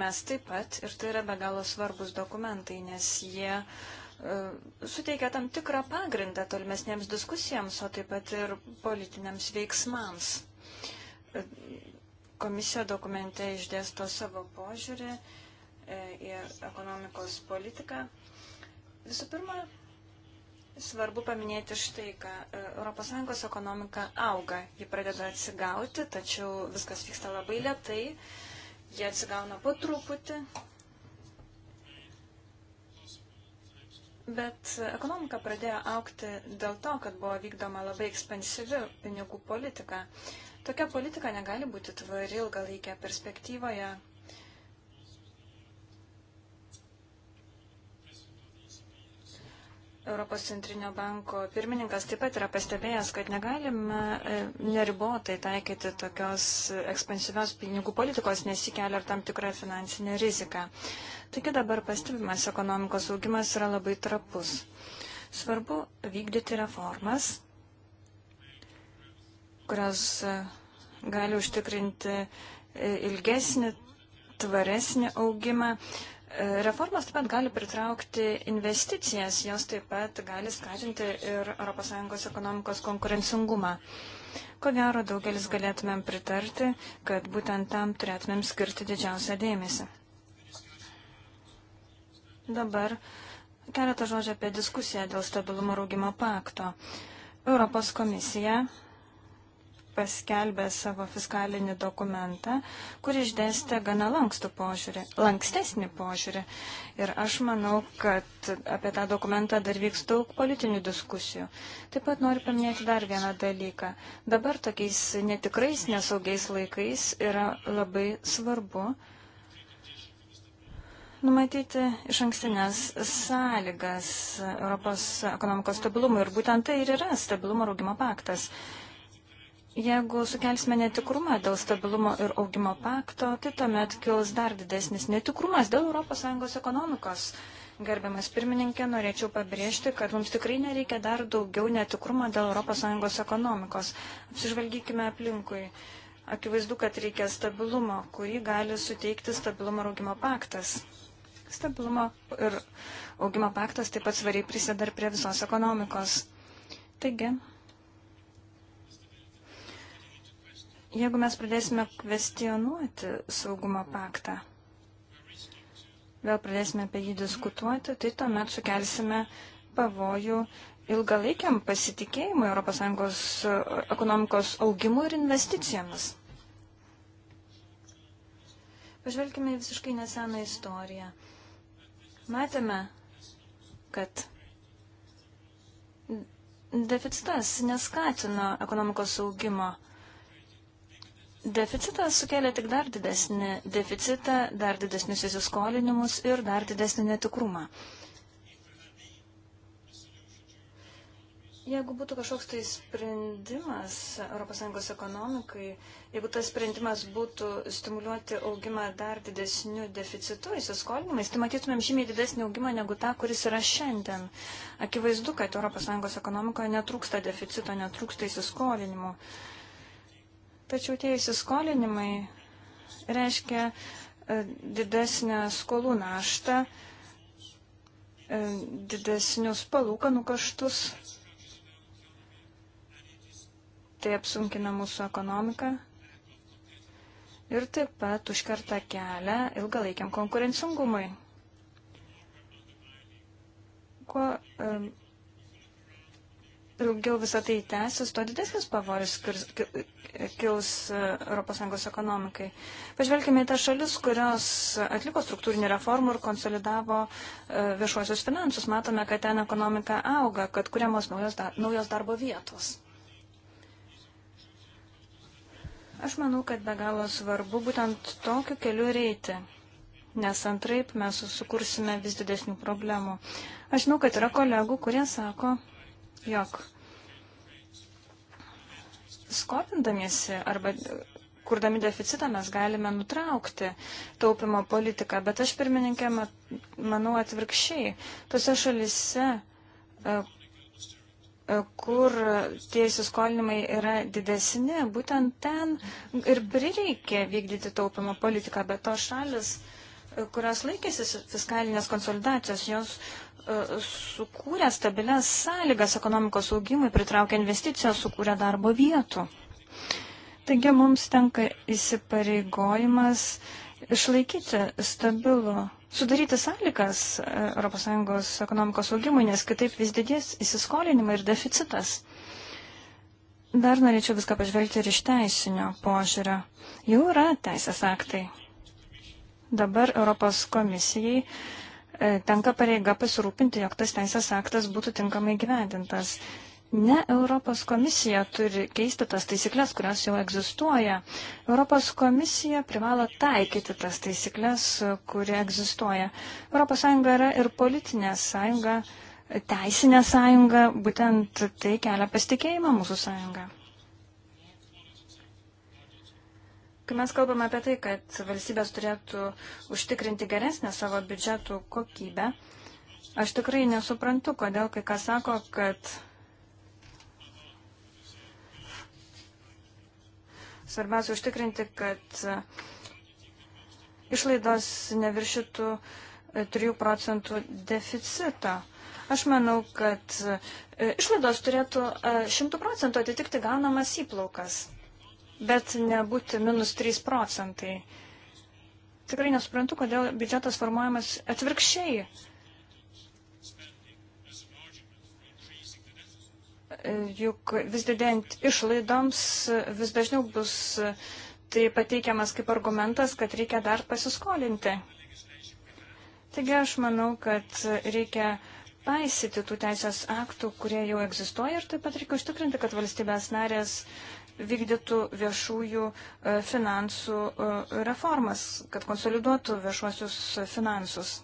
Mes taip pat, ir tai yra be galo svarbus dokumentai, nes jie uh, E, suteikia tam tikrą pagrindą tolimesniems diskusijams, o taip pat ir politiniams veiksmams. E, komisija dokumente išdėsto savo požiūrį e, į ekonomikos politiką. Visų pirma, svarbu paminėti štai, ką ES ekonomika auga. Ji pradeda atsigauti, tačiau viskas vyksta labai lietai. Jie atsigauna po truputį, Bet ekonomika pradėjo aukti dėl to, kad buvo vykdoma labai ekspansyvi pinigų politika. Tokia politika negali būti tvari ilgalaikė perspektyvoje. Europos centrinio banko pirmininkas taip pat yra pastebėjęs, kad negalime e, neribotai taikyti tokios ekspansyvios pinigų politikos, nes ji kelia ir tam tikrą finansinę riziką. Taigi dabar pastebimas ekonomikos augimas yra labai trapus. Svarbu vykdyti reformas, kurios e, gali užtikrinti e, ilgesnį, tvaresnį augimą. E, reformos taip pat gali pritraukti investicijas, jos taip pat gali skatinti ir ES ekonomikos konkurencingumą. Ko gero, daugelis galėtumėm pritarti, kad būtent tam turėtumėm skirti didžiausią dėmesį. Dabar keletą žodžių apie diskusiją dėl stabilumo raugimo pakto. Europos komisija paskelbė savo fiskalinį dokumentą, kur išdėstė gana lankstų požiūrį, lankstesnį požiūrį. Ir aš manau, kad apie tą dokumentą dar vyks daug politinių diskusijų. Taip pat noriu paminėti dar vieną dalyką. Dabar tokiais netikrais, nesaugiais laikais yra labai svarbu, uh, numatyti iš ankstinės sąlygas Europos ekonomikos stabilumui. Ir būtent tai ir yra stabilumo ir augimo paktas. Jeigu sukelsime netikrumą dėl stabilumo ir augimo pakto, tai tuomet kils dar didesnis netikrumas dėl ES ekonomikos. Gerbiamas pirmininkė, norėčiau pabrėžti, kad mums tikrai nereikia dar daugiau netikrumo dėl ES ekonomikos. Apsižvalgykime aplinkui. Akivaizdu, kad reikia stabilumo, kurį gali suteikti stabilumo ir augimo paktas. Stabilumo ir augimo paktas taip pat svariai prisideda ir prie visos ekonomikos. Taigi, jeigu mes pradėsime kvestionuoti saugumo paktą, vėl pradėsime apie jį diskutuoti, tai tuomet sukelsime pavojų ilgalaikiam pasitikėjimui ES e, ekonomikos augimu ir investicijomis. Pažvelkime į visiškai neseną istoriją matėme, kad deficitas neskatino ekonomikos augimo. Deficitas sukelia tik dar didesnį deficitą, dar didesnius įsiskolinimus ir dar didesnį netikrumą. Jeigu būtų kažkoks tai sprendimas ES ekonomikai, jeigu tas sprendimas būtų stimuliuoti augimą dar didesniu deficitu įsiskolinimais, tai matytumėm žymiai didesnį augimą negu tą, kuris yra šiandien. Akivaizdu, kad ES ekonomikoje netrūksta deficito, netrūksta įsiskolinimų. Tačiau tie įsiskolinimai reiškia e, didesnę skolų naštą, e, didesnius palūkanų kaštus tai apsunkina mūsų ekonomiką ir taip pat užkerta kelią ilgalaikiam konkurencingumui. Kuo um, ilgiau visą tai tęsis, tuo didesnis pavojus kils e, ES ekonomikai. Pažvelkime į tą šalis, kurios atliko struktūrinį reformą ir konsolidavo e, viešuosius finansus. Matome, kad ten ekonomika auga, kad kuriamos naujos, dar, naujos darbo vietos. Aš manau, kad be galo svarbu būtent tokiu keliu reiti, nes antraip mes sukursime vis didesnių problemų. Aš žinau, kad yra kolegų, kurie sako, jog skopindamiesi arba kurdami deficitą mes galime nutraukti taupimo politiką, bet aš pirmininkė manau atvirkščiai. Tose šalise, e, kur tie įsiskolinimai yra didesni, būtent ten ir prireikia vykdyti taupimo politiką, bet to šalis, kurios laikėsi fiskalinės konsolidacijos, jos e, sukūrė stabilias sąlygas ekonomikos augimui, pritraukė investicijos, sukūrė darbo vietų. Taigi mums tenka įsipareigojimas išlaikyti stabilų sudaryti sąlygas ES ekonomikos augimui, nes kitaip vis didės įsiskolinimai ir deficitas. Dar norėčiau viską pažvelgti ir iš teisinio požiūrio. Jau yra teisės aktai. Dabar Europos komisijai e, tenka pareiga pasirūpinti, jog tas teisės aktas būtų tinkamai gyvendintas. Ne Europos komisija turi keisti tas taisyklės, kurios jau egzistuoja. Europos komisija privalo taikyti tas taisyklės, kurie egzistuoja. ES yra ir politinė sąjunga, teisinė sąjunga, būtent tai kelia pasitikėjimą mūsų sąjungą. Kai mes kalbame apie tai, kad valstybės turėtų užtikrinti geresnę savo biudžetų kokybę, aš tikrai nesuprantu, kodėl kai kas sako, kad Svarbiausia užtikrinti, kad e, išlaidos neviršytų 3 e, procentų deficito. Aš manau, kad e, išlaidos turėtų 100 procentų atitikti gaunamas įplaukas, bet nebūti minus 3 procentai. Tikrai nesuprantu, kodėl biudžetas formuojamas atvirkščiai. juk vis didėjant išlaidoms vis dažniau bus e, tai pateikiamas kaip argumentas, kad reikia dar pasiskolinti. Taigi aš manau, kad reikia paisyti tų teisės aktų, kurie jau egzistuoja ir taip pat reikia užtikrinti, kad valstybės narės vykdytų viešųjų e, finansų e, reformas, kad konsoliduotų viešuosius finansus.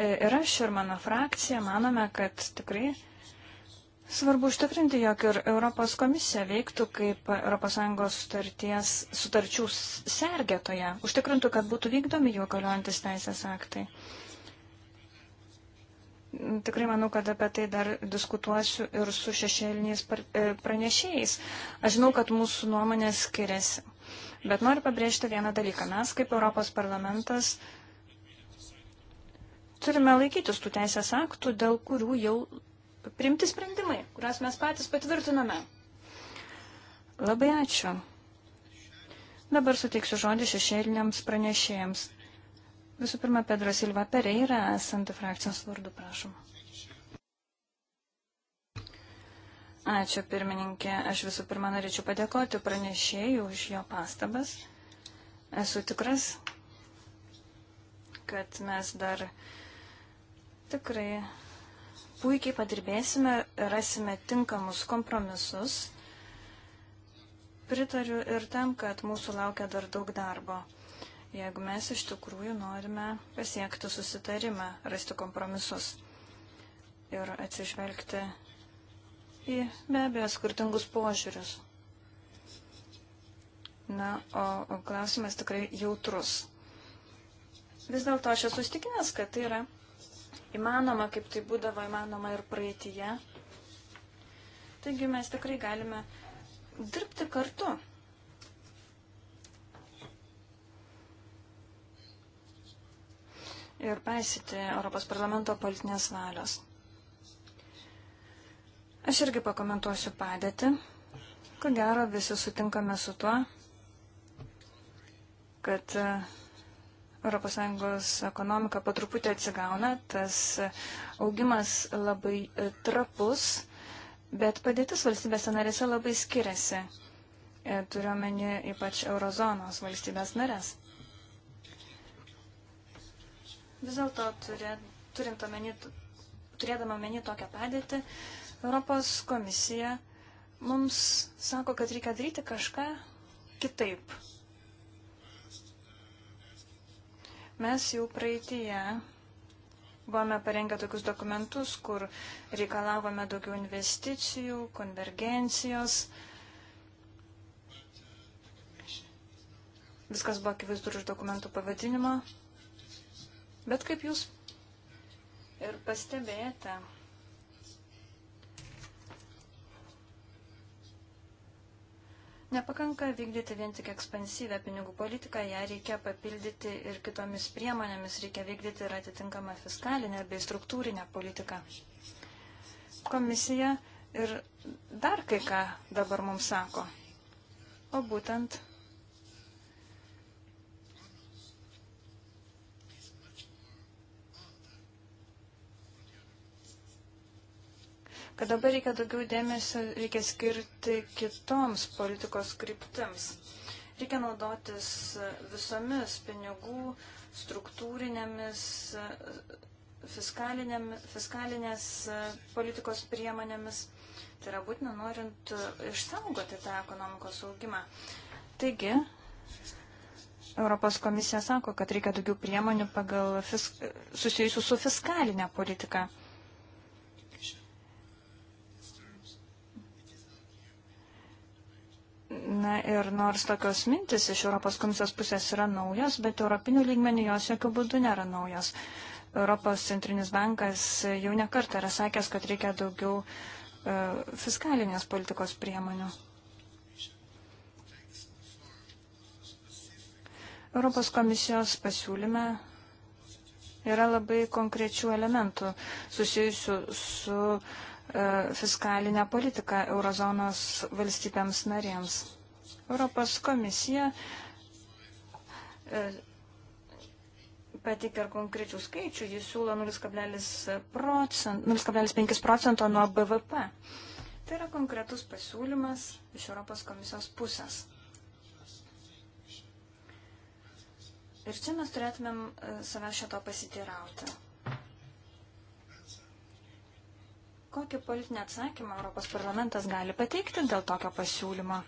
Ir aš ir mano frakcija manome, kad tikrai Svarbu užtikrinti, jog ir Europos komisija veiktų kaip ES sutarties, sutarčių sergėtoje, užtikrintų, kad būtų vykdomi jų galiojantis teisės aktai. Tikrai manau, kad apie tai dar diskutuosiu ir su šešėliniais e, pranešėjais. Aš žinau, kad mūsų nuomonės skiriasi. Bet noriu pabrėžti vieną dalyką. Mes kaip Europos parlamentas turime laikytis tų teisės aktų, dėl kurių jau primti sprendimai, kuriuos mes patys patvirtiname. Labai ačiū. Dabar suteiksiu žodį šešėliniams pranešėjams. Visų pirma, Pedro Silva Pereira, esanti frakcijos vardu, prašom. Ačiū, pirmininkė. Aš visų pirma norėčiau padėkoti pranešėjų už jo pastabas. Esu tikras, kad mes dar tikrai puikiai padirbėsime, rasime tinkamus kompromisus. Pritariu ir tam, kad mūsų laukia dar daug darbo. Jeigu mes iš tikrųjų norime pasiekti susitarimą, rasti kompromisus ir atsižvelgti į be abejo skirtingus požiūrius. Na, o, o klausimas tikrai jautrus. Vis dėlto aš esu stikinęs, kad tai yra įmanoma, kaip tai būdavo įmanoma ir praeitie. Taigi mes tikrai galime dirbti kartu. Ir paisyti Europos parlamento politinės valios. Aš irgi pakomentuosiu padėtį. Ko gero visi sutinkame su tuo, kad uh, ES ekonomika po truputį atsigauna, tas augimas labai e, trapus, bet padėtis valstybėse narėse labai skiriasi. E, Turiuomenį ypač eurozonos valstybės narės. Vis dėlto turint omeny, turėdama omeny tokią padėtį, Europos komisija mums sako, kad reikia daryti kažką kitaip. Mes jau praeitie buvome parengę tokius dokumentus, kur reikalavome daugiau investicijų, konvergencijos. Viskas buvo akivaizdu iš dokumentų pavadinimo. Bet kaip jūs ir pastebėjote, Nepakanka vykdyti vien tik ekspansyvę pinigų politiką, ją reikia papildyti ir kitomis priemonėmis, reikia vykdyti ir atitinkamą fiskalinę bei struktūrinę politiką. Komisija ir dar kai ką dabar mums sako. O būtent kad dabar reikia daugiau dėmesio, reikia skirti kitoms politikos kryptims. Reikia naudotis visomis pinigų struktūrinėmis, fiskalinės politikos priemonėmis. Tai yra būtina norint išsaugoti tą ekonomikos augimą. Taigi, Europos komisija sako, kad reikia daugiau priemonių pagal fisk... susijusių su fiskalinė politika. Na ir nors tokios mintis iš Europos komisijos pusės yra naujos, bet europinių lygmenių jos jokių būdų nėra naujos. Europos centrinis bankas jau nekartą yra sakęs, kad reikia daugiau e, fiskalinės politikos priemonių. Europos komisijos pasiūlyme yra labai konkrečių elementų susijusių su e, fiskalinė politika eurozonos valstybėms narėms. Europos komisija e, patikė ir konkrečių skaičių, jis siūlo 0,5 procento nuo BVP. Tai yra konkretus pasiūlymas iš Europos komisijos pusės. Ir čia mes turėtumėm e, savęs šito pasitirauti. Kokį politinį atsakymą Europos parlamentas gali pateikti dėl tokio pasiūlymo?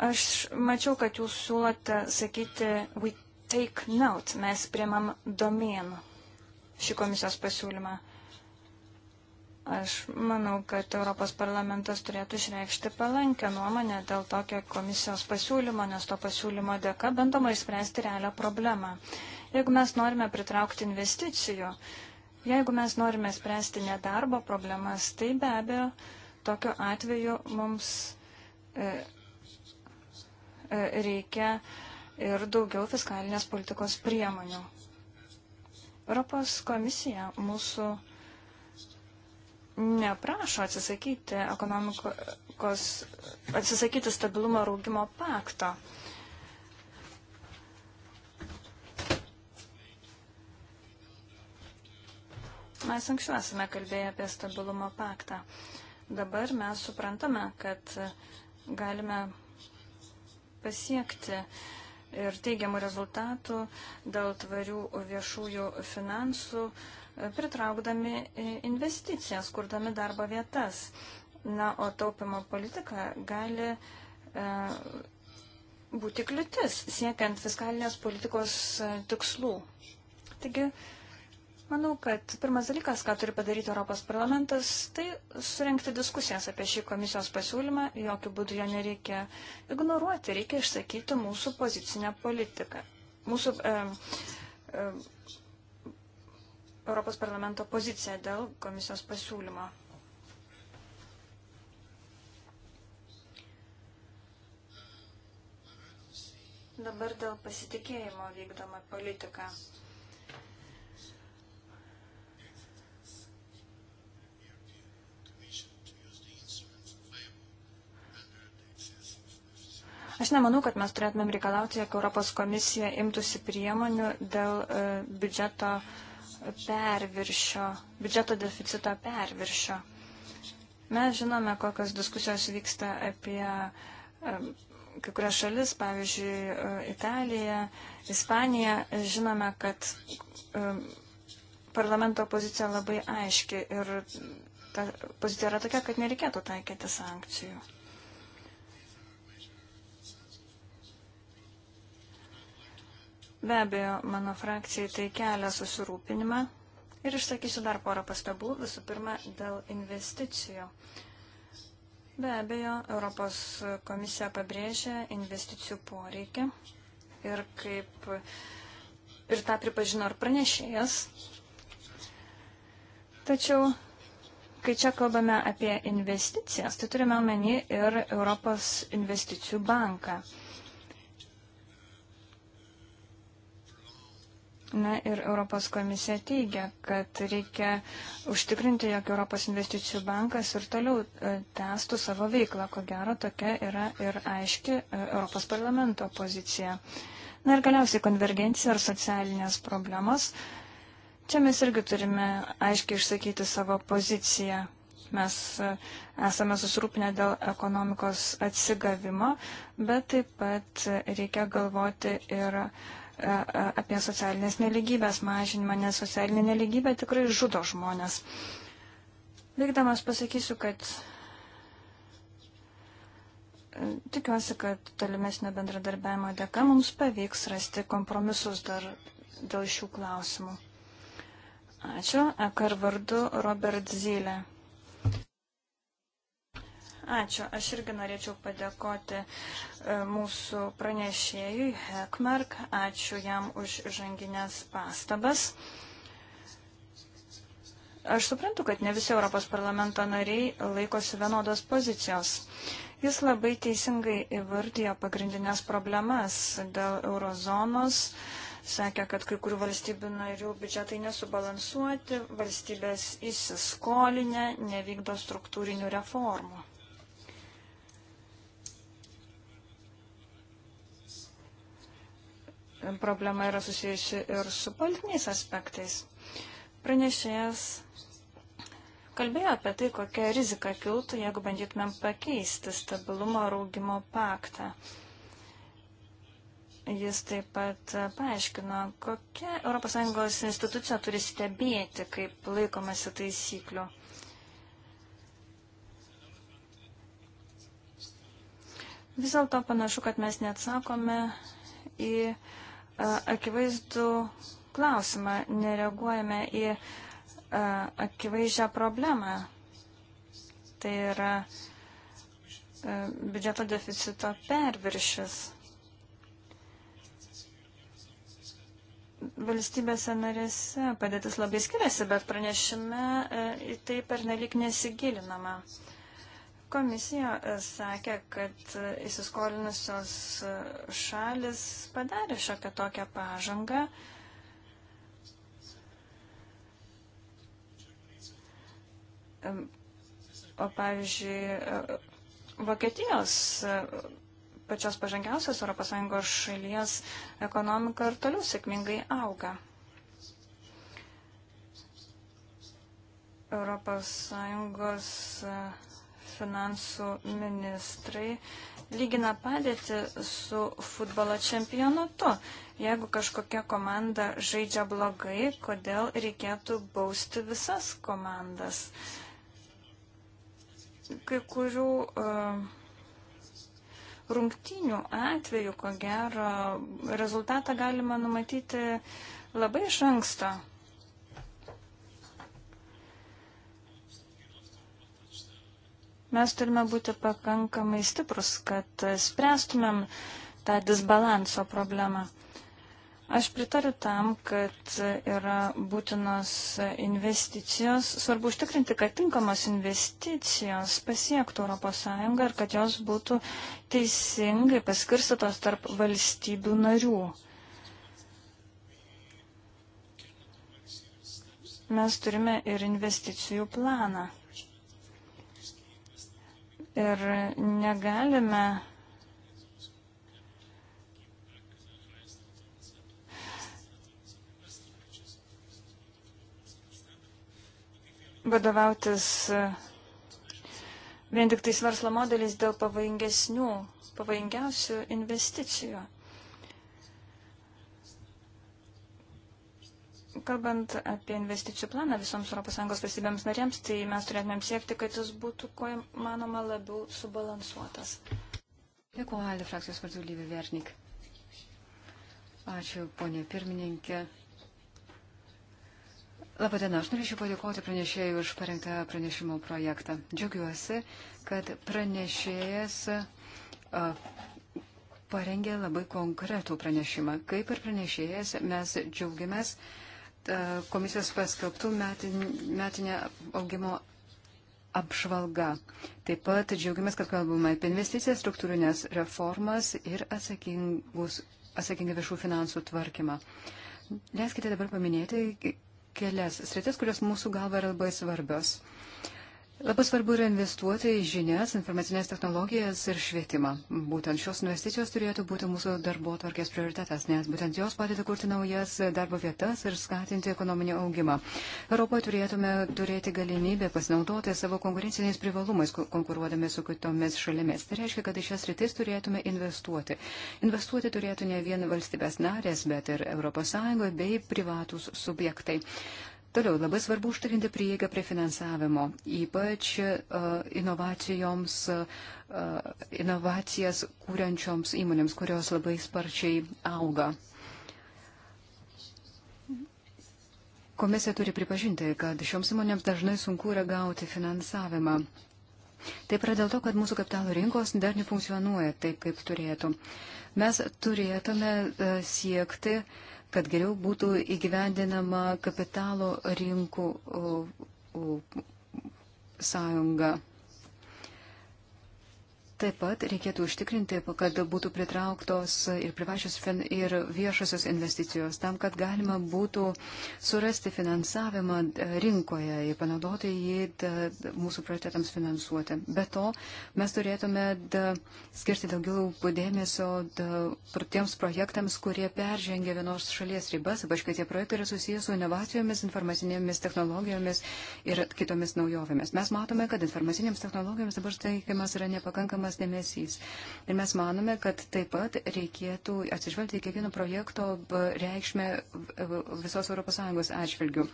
Aš mačiau, kad jūs siūlote sakyti, we take note, mes priemam domėn šį komisijos pasiūlymą. Aš manau, kad Europos parlamentas turėtų išreikšti palankę nuomonę dėl tokio komisijos pasiūlymo, nes to pasiūlymo dėka bandoma išspręsti realią problemą. Jeigu mes norime pritraukti investicijų, jeigu mes norime spręsti nedarbo problemas, tai be abejo, tokiu atveju mums. E, E, reikia ir daugiau fiskalinės politikos priemonių. Europos komisija mūsų neprašo atsisakyti ekonomikos, atsisakyti stabilumo raugimo pakto. Mes anksčiau esame kalbėję apie stabilumo paktą. Dabar mes suprantame, kad galime pasiekti ir teigiamų rezultatų dėl tvarių viešųjų finansų, e, pritraukdami investicijas, kurdami darbo vietas. Na, o taupimo politika gali e, būti kliūtis siekiant fiskalinės politikos e, tikslų. Taigi, Manau, kad pirmas dalykas, ką turi padaryti Europos parlamentas, tai surenkti diskusijas apie šį komisijos pasiūlymą. Jokių būdų jo nereikia ignoruoti, reikia išsakyti mūsų pozicinę politiką. Mūsų e, e, Europos parlamento poziciją dėl komisijos pasiūlymo. Dabar dėl pasitikėjimo vykdoma politika. Aš nemanau, kad mes turėtumėm reikalauti, jog Europos komisija imtųsi priemonių dėl e, biudžeto perviršio, biudžeto deficito perviršio. Mes žinome, kokios diskusijos vyksta apie e, kai kurias šalis, pavyzdžiui, e, Italija, Ispanija, žinome, kad um, parlamento pozicija labai aiški ir ta pozicija yra tokia, kad nereikėtų taikyti sankcijų. Be abejo, mano frakcijai tai kelia susirūpinimą ir išsakysiu dar porą pastabų, visų pirma, dėl investicijų. Be abejo, Europos komisija pabrėžia investicijų poreikį ir kaip ir tą pripažino ir pranešėjas. Tačiau, kai čia kalbame apie investicijas, tai turime omeny ir Europos investicijų banką. Na ir Europos komisija teigia, kad reikia užtikrinti, jog Europos investicijų bankas ir toliau e, tęstų savo veiklą. Ko gero, tokia yra ir aiški e, Europos parlamento pozicija. Na ir galiausiai konvergencija ir socialinės problemos. Čia mes irgi turime aiškiai išsakyti savo poziciją. Mes e, esame susirūpinę dėl ekonomikos atsigavimo, bet taip pat reikia galvoti ir. Yra apie socialinės neligybės mažinimą, nes socialinė neligybė tikrai žudo žmonės. Vykdamas pasakysiu, kad e, tikiuosi, kad tolimesnio bendradarbiavimo dėka mums pavyks rasti kompromisus dar dėl šių klausimų. Ačiū. Ekar vardu Robert Zylė. Ačiū. Aš irgi norėčiau padėkoti e, mūsų pranešėjui Hekmark. Ačiū jam už žanginės pastabas. Aš suprantu, kad ne visi Europos parlamento nariai laikosi vienodos pozicijos. Jis labai teisingai įvardijo pagrindinės problemas dėl eurozonos, sakė, kad kai kurių valstybių narių biudžetai nesubalansuoti, valstybės įsiskolinę, nevykdo struktūrinių reformų. problema yra susijusi ir su politiniais aspektais. Pranešėjas kalbėjo apie tai, kokia rizika kiltų, jeigu bandytumėm pakeisti stabilumo raugimo paktą. Jis taip pat paaiškino, kokia ES institucija turi stebėti, kaip laikomasi taisyklių. Vis dėlto panašu, kad mes neatsakome į uh, akivaizdų klausimą, nereaguojame į akivaizdžią problemą. Tai yra biudžeto deficito perviršis. Valstybėse narėse padėtis labai skiriasi, bet pranešime į tai per nelik nesigilinama. Komisija e, sakė, kad e, įsiskolinusios e, šalis padarė šiokią tokią pažangą. O pavyzdžiui, Vokietijos pačios pažangiausios ES šalies ekonomika ir toliau sėkmingai auga. ES finansų ministrai lygina padėtį su futbolo čempionatu. Jeigu kažkokia komanda žaidžia blogai, kodėl reikėtų bausti visas komandas? Kai kurių uh, rungtynių atveju, ko gero, rezultatą galima numatyti labai iš anksto. Mes turime būti pakankamai stiprus, kad spręstumėm tą disbalanso problemą. Aš pritariu tam, kad yra būtinos investicijos. Svarbu užtikrinti, kad tinkamos investicijos pasiektų ES ir kad jos būtų teisingai paskirstytos tarp valstybių narių. Mes turime ir investicijų planą. Ir negalime vadovautis vien tik tais verslo modeliais dėl pavojingesnių, pavojingiausių investicijų. Kalbant apie investicijų planą visoms ES valstybėms narėms, tai mes turėtumėm siekti, kad jis būtų kuo manoma labiau subalansuotas. Dėkuoju, Alė, frakcijos vardu Lyvi Vernik. Ačiū, ponė pirmininkė. Labadiena, aš norėčiau padėkoti pranešėjui už parengtą pranešimo projektą. Džiaugiuosi, kad pranešėjas parengė labai konkretų pranešimą. Kaip ir pranešėjas, mes džiaugiamės, E, komisijos paskelbtų metinė augimo apžvalga. Taip pat džiaugiamės, kad kalbame apie investicijas, struktūrinės reformas ir atsakingą viešų finansų tvarkymą. Leiskite dabar paminėti kelias sritis, kurios mūsų galva yra labai svarbios. Labai svarbu yra investuoti į žinias, informacinės technologijas ir švietimą. Būtent šios investicijos turėtų būti mūsų darbo tvarkės prioritetas, nes būtent jos padeda kurti naujas darbo vietas ir skatinti ekonominį augimą. Europoje turėtume turėti galimybę pasinaudoti savo konkurenciniais privalumais, konkuruodami su kitomis šalimis. Tai reiškia, kad į šias rytis turėtume investuoti. Investuoti turėtų ne vien valstybės narės, bet ir ES bei privatus subjektai. Toliau labai svarbu užtikrinti prieigą prie finansavimo, ypač e, inovacijoms, e, inovacijas kūrenčioms įmonėms, kurios labai sparčiai auga. Komisija turi pripažinti, kad šioms įmonėms dažnai sunku yra gauti finansavimą. Taip yra dėl to, kad mūsų kapitalo rinkos dar nefunkcionuoja taip, kaip turėtų. Mes turėtume e, siekti uh, kad geriau būtų įgyvendinama kapitalo rinkų sąjunga. Taip pat reikėtų užtikrinti, kad būtų pritrauktos ir privačios ir viešosios investicijos tam, kad galima būtų surasti finansavimą e, rinkoje ir panaudoti jį mūsų prioritetams finansuoti. Be to, mes turėtume skirti daugiau dėmesio tiems projektams, kurie peržengia vienos šalies ribas, ypač kai tie projektai yra susijęs su inovacijomis, informacinėmis technologijomis ir kitomis naujovėmis. Mes matome, kad informacinėms technologijoms dabar teikiamas yra nepakankamas skiriamas dėmesys. Ir mes manome, kad taip pat reikėtų atsižvelgti į kiekvieno projekto reikšmę visos ES atžvilgių.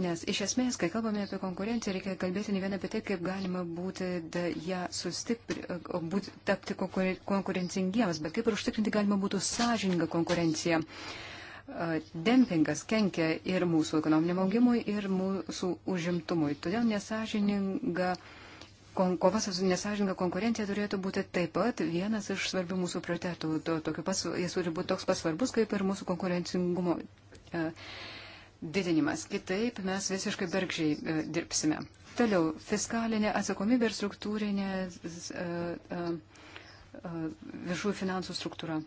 Nes iš esmės, kai kalbame apie konkurenciją, reikia kalbėti ne vien apie tai, kaip galima būti da, ją sustipri, būt, tapti konkurencingiems, bet kaip ir užtikrinti galima būtų sąžininga konkurencija. Dempingas kenkia ir mūsų ekonominiam augimui, ir mūsų užimtumui. Todėl nesažininga kova su nesažininga konkurencija turėtų būti taip pat vienas iš svarbių mūsų prioritetų. To, pas, jis turi būti toks pasvarbus, kaip ir mūsų konkurencingumo e, didinimas. Kitaip mes visiškai bergžiai e, dirbsime. Toliau, fiskalinė atsakomybė ir struktūrinė e, e, e, viešųjų finansų struktūra.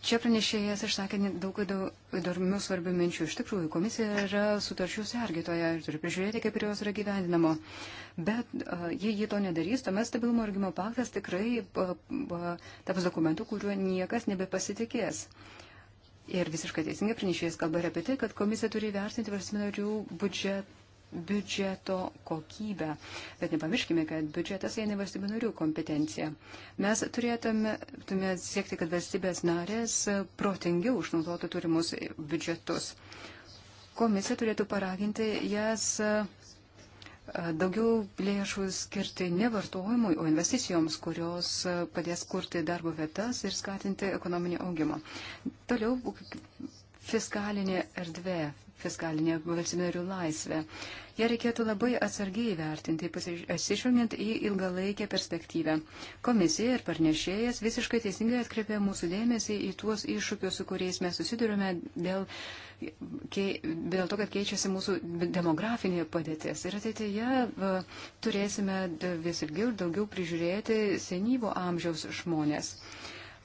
Čia pranešėjas išsakė daug įdomių svarbių minčių. Iš tikrųjų, komisija yra sutarčių sergitoja ir turi prižiūrėti, kaip ir jos yra gyvendinamo. Bet jei ji to nedarys, tuomet stabilumo ir gimo paktas tikrai taps dokumentu, kuriuo niekas nebepasitikės. Ir visiškai teisingai pranešėjas kalba ir apie tai, kad komisija turi vertinti valstybinarių biudžetą biudžeto kokybę. Bet nepamirškime, kad biudžetas eina valstybių narių kompetencija. Mes turėtume siekti, kad valstybės narės protingiau išnaudotų turimus biudžetus. Komisija turėtų paraginti jas daugiau lėšų skirti ne vartojimui, o investicijoms, kurios padės kurti darbo vietas ir skatinti ekonominį augimą. Toliau fiskalinė erdvė, fiskalinė valstybinarių laisvė. Ja reikėtų labai atsargiai vertinti, atsižvelgiant į ilgalaikę perspektyvę. Komisija ir parnešėjas visiškai teisingai atkreipė mūsų dėmesį į tuos iššūkius, su kuriais mes susidurime dėl, dėl to, kad keičiasi mūsų demografinė padėtis. Ir ateityje turėsime vis ilgiau ir daugiau prižiūrėti senyvo amžiaus žmonės.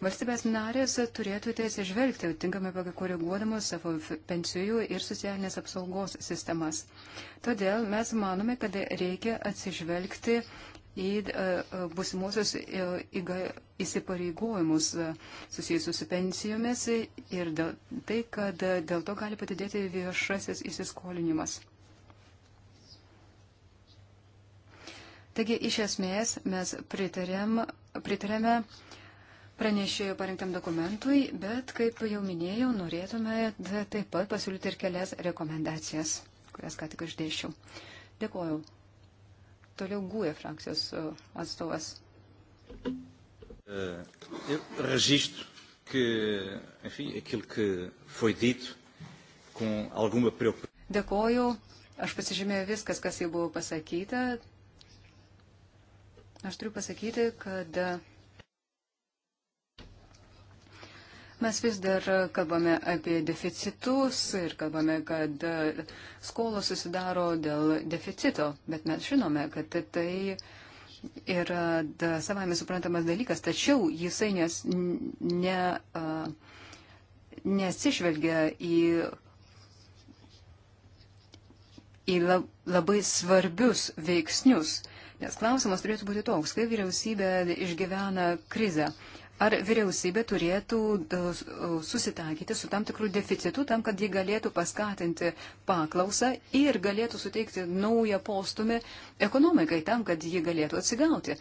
Valstybės narės turėtų tai atsižvelgti, tinkamai koreguodamos savo pensijų ir socialinės apsaugos sistemas. Todėl mes manome, kad reikia atsižvelgti į busimuosius e, įsipareigojimus e, susijusius su pensijomis ir tai, kad e, dėl to gali padidėti viešasis įsiskolinimas. Taigi, iš esmės, mes pritarėm, pritarėme pranešėjo parinktam dokumentui, bet, kaip jau minėjau, norėtume taip pat pasiūlyti ir kelias rekomendacijas, kurias ką tik išdėšiau. Dėkuoju. Toliau gūja e frakcijos e, atstovas. Uh, registro que, enfim, aquilo que foi dito com alguma preocupação. Dėkoju, aš pasižymėjau viskas, kas jau buvo pasakyta. Aš turiu pasakyti, kad Mes vis dar kalbame apie deficitus ir kalbame, kad skolos susidaro dėl deficito, bet mes žinome, kad tai yra savame suprantamas dalykas, tačiau jisai nes, ne, nesižvelgia į, į labai svarbius veiksnius. Nes klausimas turėtų būti toks, kai vyriausybė išgyvena krizę, ar vyriausybė turėtų e, e, susitakyti su tam tikrų deficitų, tam, kad ji galėtų paskatinti paklausą ir galėtų suteikti naują postumį ekonomikai, tam, kad ji galėtų atsigauti.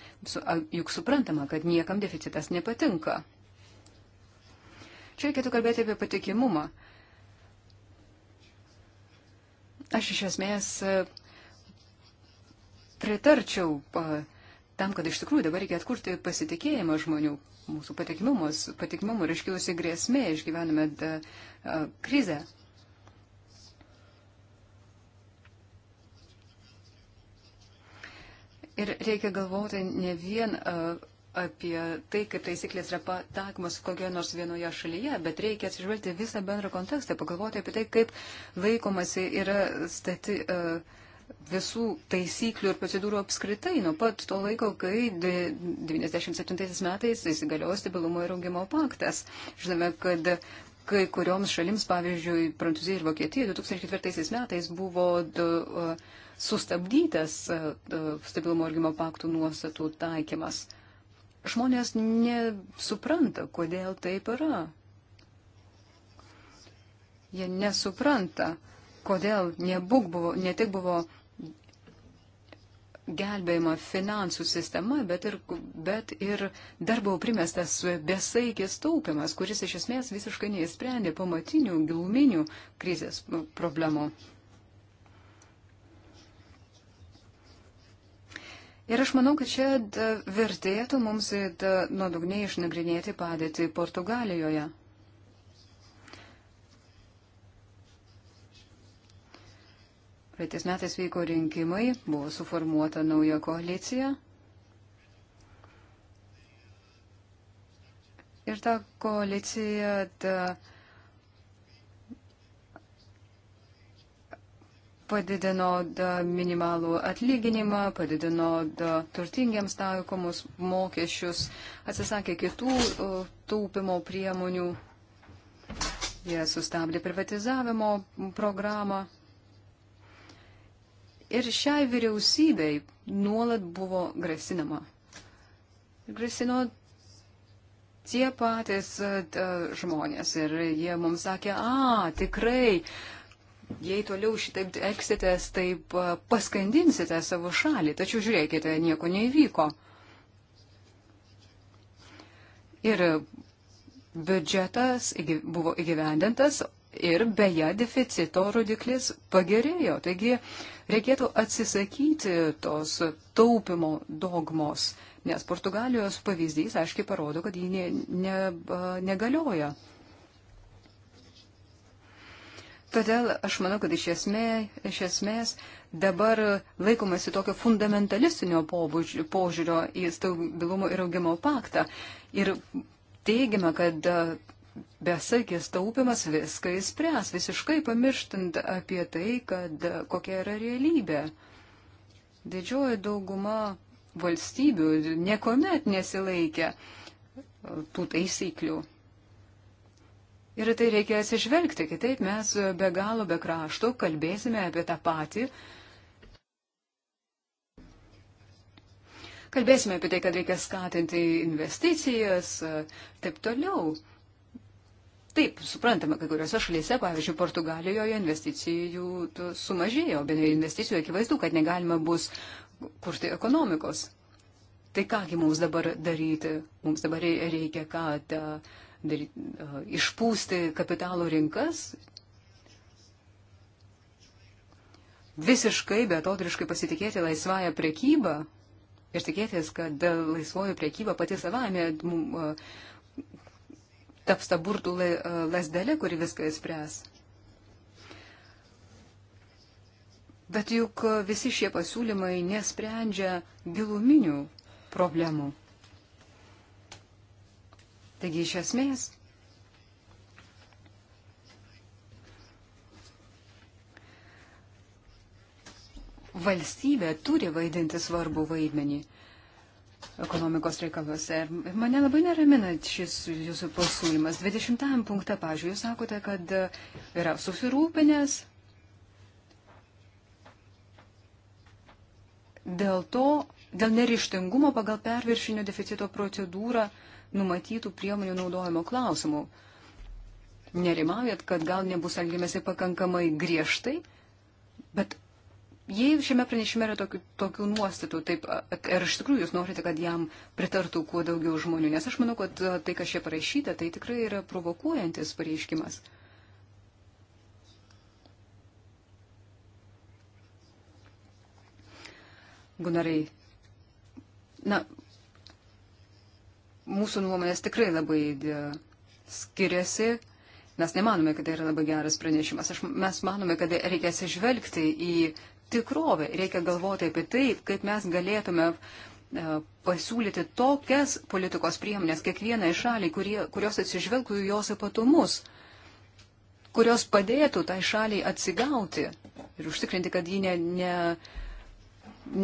Juk suprantama, kad niekam deficitas nepatinka. Čia reikėtų kalbėti apie patikimumą. Aš iš esmės e, pritarčiau tam, kad iš tikrųjų dabar reikia atkurti pasitikėjimą žmonių, mūsų patikimumus, patikimumų ir iškilusi grėsmė, išgyvename da, a, krizę. Ir reikia galvoti ne vien a, apie tai, kaip taisyklės yra patakomos kokioje nors vienoje šalyje, bet reikia atsižvelgti visą bendrą kontekstą, pagalvoti apie tai, kaip laikomasi yra stati. Uh, visų taisyklių ir procedūrų apskritai nuo pat to laiko, kai 1997 metais įsigaliojo stabilumo ir augimo paktas. Žinome, kad kai kurioms šalims, pavyzdžiui, Prancūzija ir Vokietija 2004 metais buvo du, sustabdytas stabilumo ir augimo paktų nuostatų taikymas. Žmonės nesupranta, kodėl taip yra. Jie nesupranta kodėl nebūk buvo, ne tik buvo gelbėjama finansų sistema, bet ir, bet ir dar buvo primestas besaikis taupimas, kuris iš esmės visiškai neįsprendė pamatinių giluminių krizės problemų. Ir aš manau, kad čia vertėtų mums nuodugniai išnagrinėti padėtį Portugalijoje. Praeitais metais vyko rinkimai, buvo suformuota nauja koalicija. Ir ta koalicija ta padidino da minimalų atlyginimą, padidino da turtingiams taikomus mokesčius, atsisakė kitų taupimo priemonių, jie sustabdė privatizavimo programą. Ir šiai vyriausybei nuolat buvo grasinama. Grasino tie patys e, e, žmonės ir jie mums sakė, a, tikrai, jei toliau šitaip eksitės, taip e, paskandinsite savo šalį, tačiau žiūrėkite, nieko neįvyko. Ir biudžetas buvo įgyvendintas ir beje deficito rodiklis pagerėjo. Taigi Reikėtų atsisakyti tos taupimo dogmos, nes Portugalijos pavyzdys aiškiai parodo, kad ji ne, ne, negalioja. Todėl aš manau, kad iš, esmė, iš esmės dabar laikomasi tokio fundamentalistinio požiūrio į stabilumo ir augimo paktą. Ir teigiama, kad besaikis taupimas viską įspręs, visiškai pamirštant apie tai, kad kokia yra realybė. Didžioji dauguma valstybių niekuomet nesilaikia tų taisyklių. Ir tai reikia atsižvelgti, kitaip mes be galo, be krašto kalbėsime apie tą patį. Kalbėsime apie tai, kad reikia skatinti investicijas, taip toliau. Taip, suprantame, kai kuriuose šalyse, pavyzdžiui, Portugalijoje investicijų sumažėjo, bet investicijų akivaizdu, kad negalima bus kurti ekonomikos. Tai kągi mums dabar daryti? Mums dabar reikia ką ta, daryti, išpūsti kapitalų rinkas, visiškai betodriškai pasitikėti laisvąją priekybą ir tikėtis, kad laisvoji priekyba pati savame taps ta burtų lasdelė, e, kuri viską įspręs. Bet juk visi šie pasiūlymai nesprendžia giluminių problemų. Taigi iš esmės valstybė turi vaidinti svarbų vaidmenį ekonomikos reikaluose. Ir mane labai neramina šis jūsų pasiūlymas. 20 punktą, pažiūrėjau, jūs sakote, kad yra susirūpinęs dėl to, dėl nerištingumo pagal perviršinio deficito procedūrą numatytų priemonių naudojimo klausimų. Nerimaujat, kad gal nebus elgiamasi pakankamai griežtai, bet Jei šiame pranešime yra tokių, tokių nuostatų, taip, ar iš tikrųjų jūs norite, kad jam pritartų kuo daugiau žmonių, nes aš manau, kad e, tai, kas čia parašyta, tai tikrai yra provokuojantis pareiškimas. Gunarai, na, mūsų nuomonės tikrai labai e, skiriasi. Mes nemanome, kad tai yra labai geras pranešimas. Aš, mes manome, kad reikia atsižvelgti į tikrovė. Reikia galvoti apie tai, kaip mes galėtume e, pasiūlyti tokias politikos priemonės kiekvienai šaliai, kurie, kurios atsižvelgtų į jos ypatumus, kurios padėtų tai šaliai atsigauti ir užtikrinti, kad ji ne, ne,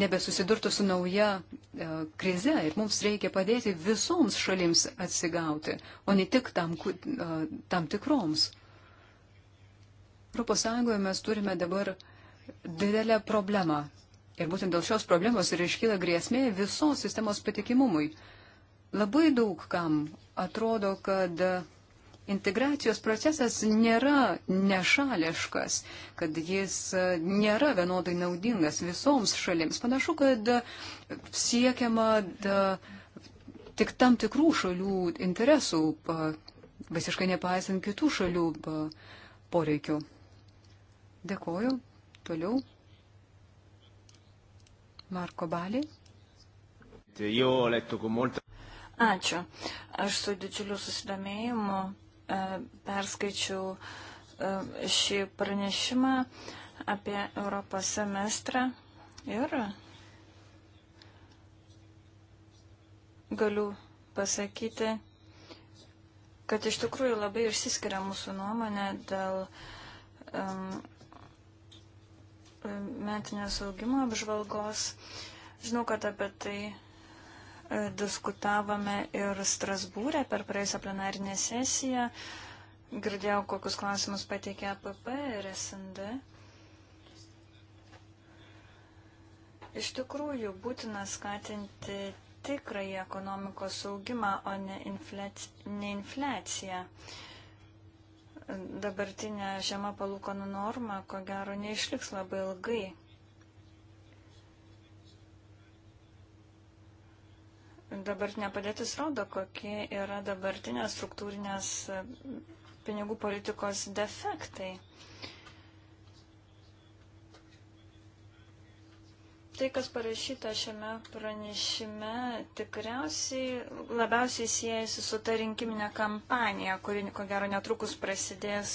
nebesusidurtų su nauja e, krize. Ir mums reikia padėti visoms šalims atsigauti, o ne tik tam, e, tam tikroms. Europos Sąjungoje mes turime dabar didelę problemą. Ir būtent dėl šios problemos ir iškyla grėsmė visos sistemos patikimumui. Labai daug kam atrodo, kad integracijos procesas nėra nešališkas, kad jis nėra vienodai naudingas visoms šalims. Panašu, kad siekiama da, tik tam tikrų šalių interesų, pa, visiškai nepaisant kitų šalių pa, poreikių. Dėkoju. Toliau. Marko Balį. Ačiū. Aš su didžiuliu susidomėjimu e, perskaičiau e, šį pranešimą apie Europos semestrą ir galiu pasakyti, kad iš tikrųjų labai išsiskiria mūsų nuomonė dėl um, metinės augimo apžvalgos. Žinau, kad apie tai e, diskutavome ir Strasbūrė per praėjusią plenarinę sesiją. Girdėjau, kokius klausimus pateikė APP ir SND. Iš tikrųjų, būtina skatinti tikrąjį ekonomikos augimą, o ne, inflec ne infliaciją. Uh, dabartinė žema palūkanų norma, ko gero, neišliks labai ilgai. Dabartinė padėtis rodo, kokie yra dabartinės struktūrinės pinigų politikos defektai. tai, kas parašyta šiame pranešime, tikriausiai labiausiai siejasi su ta rinkiminė kampanija, kuri, ko gero, netrukus prasidės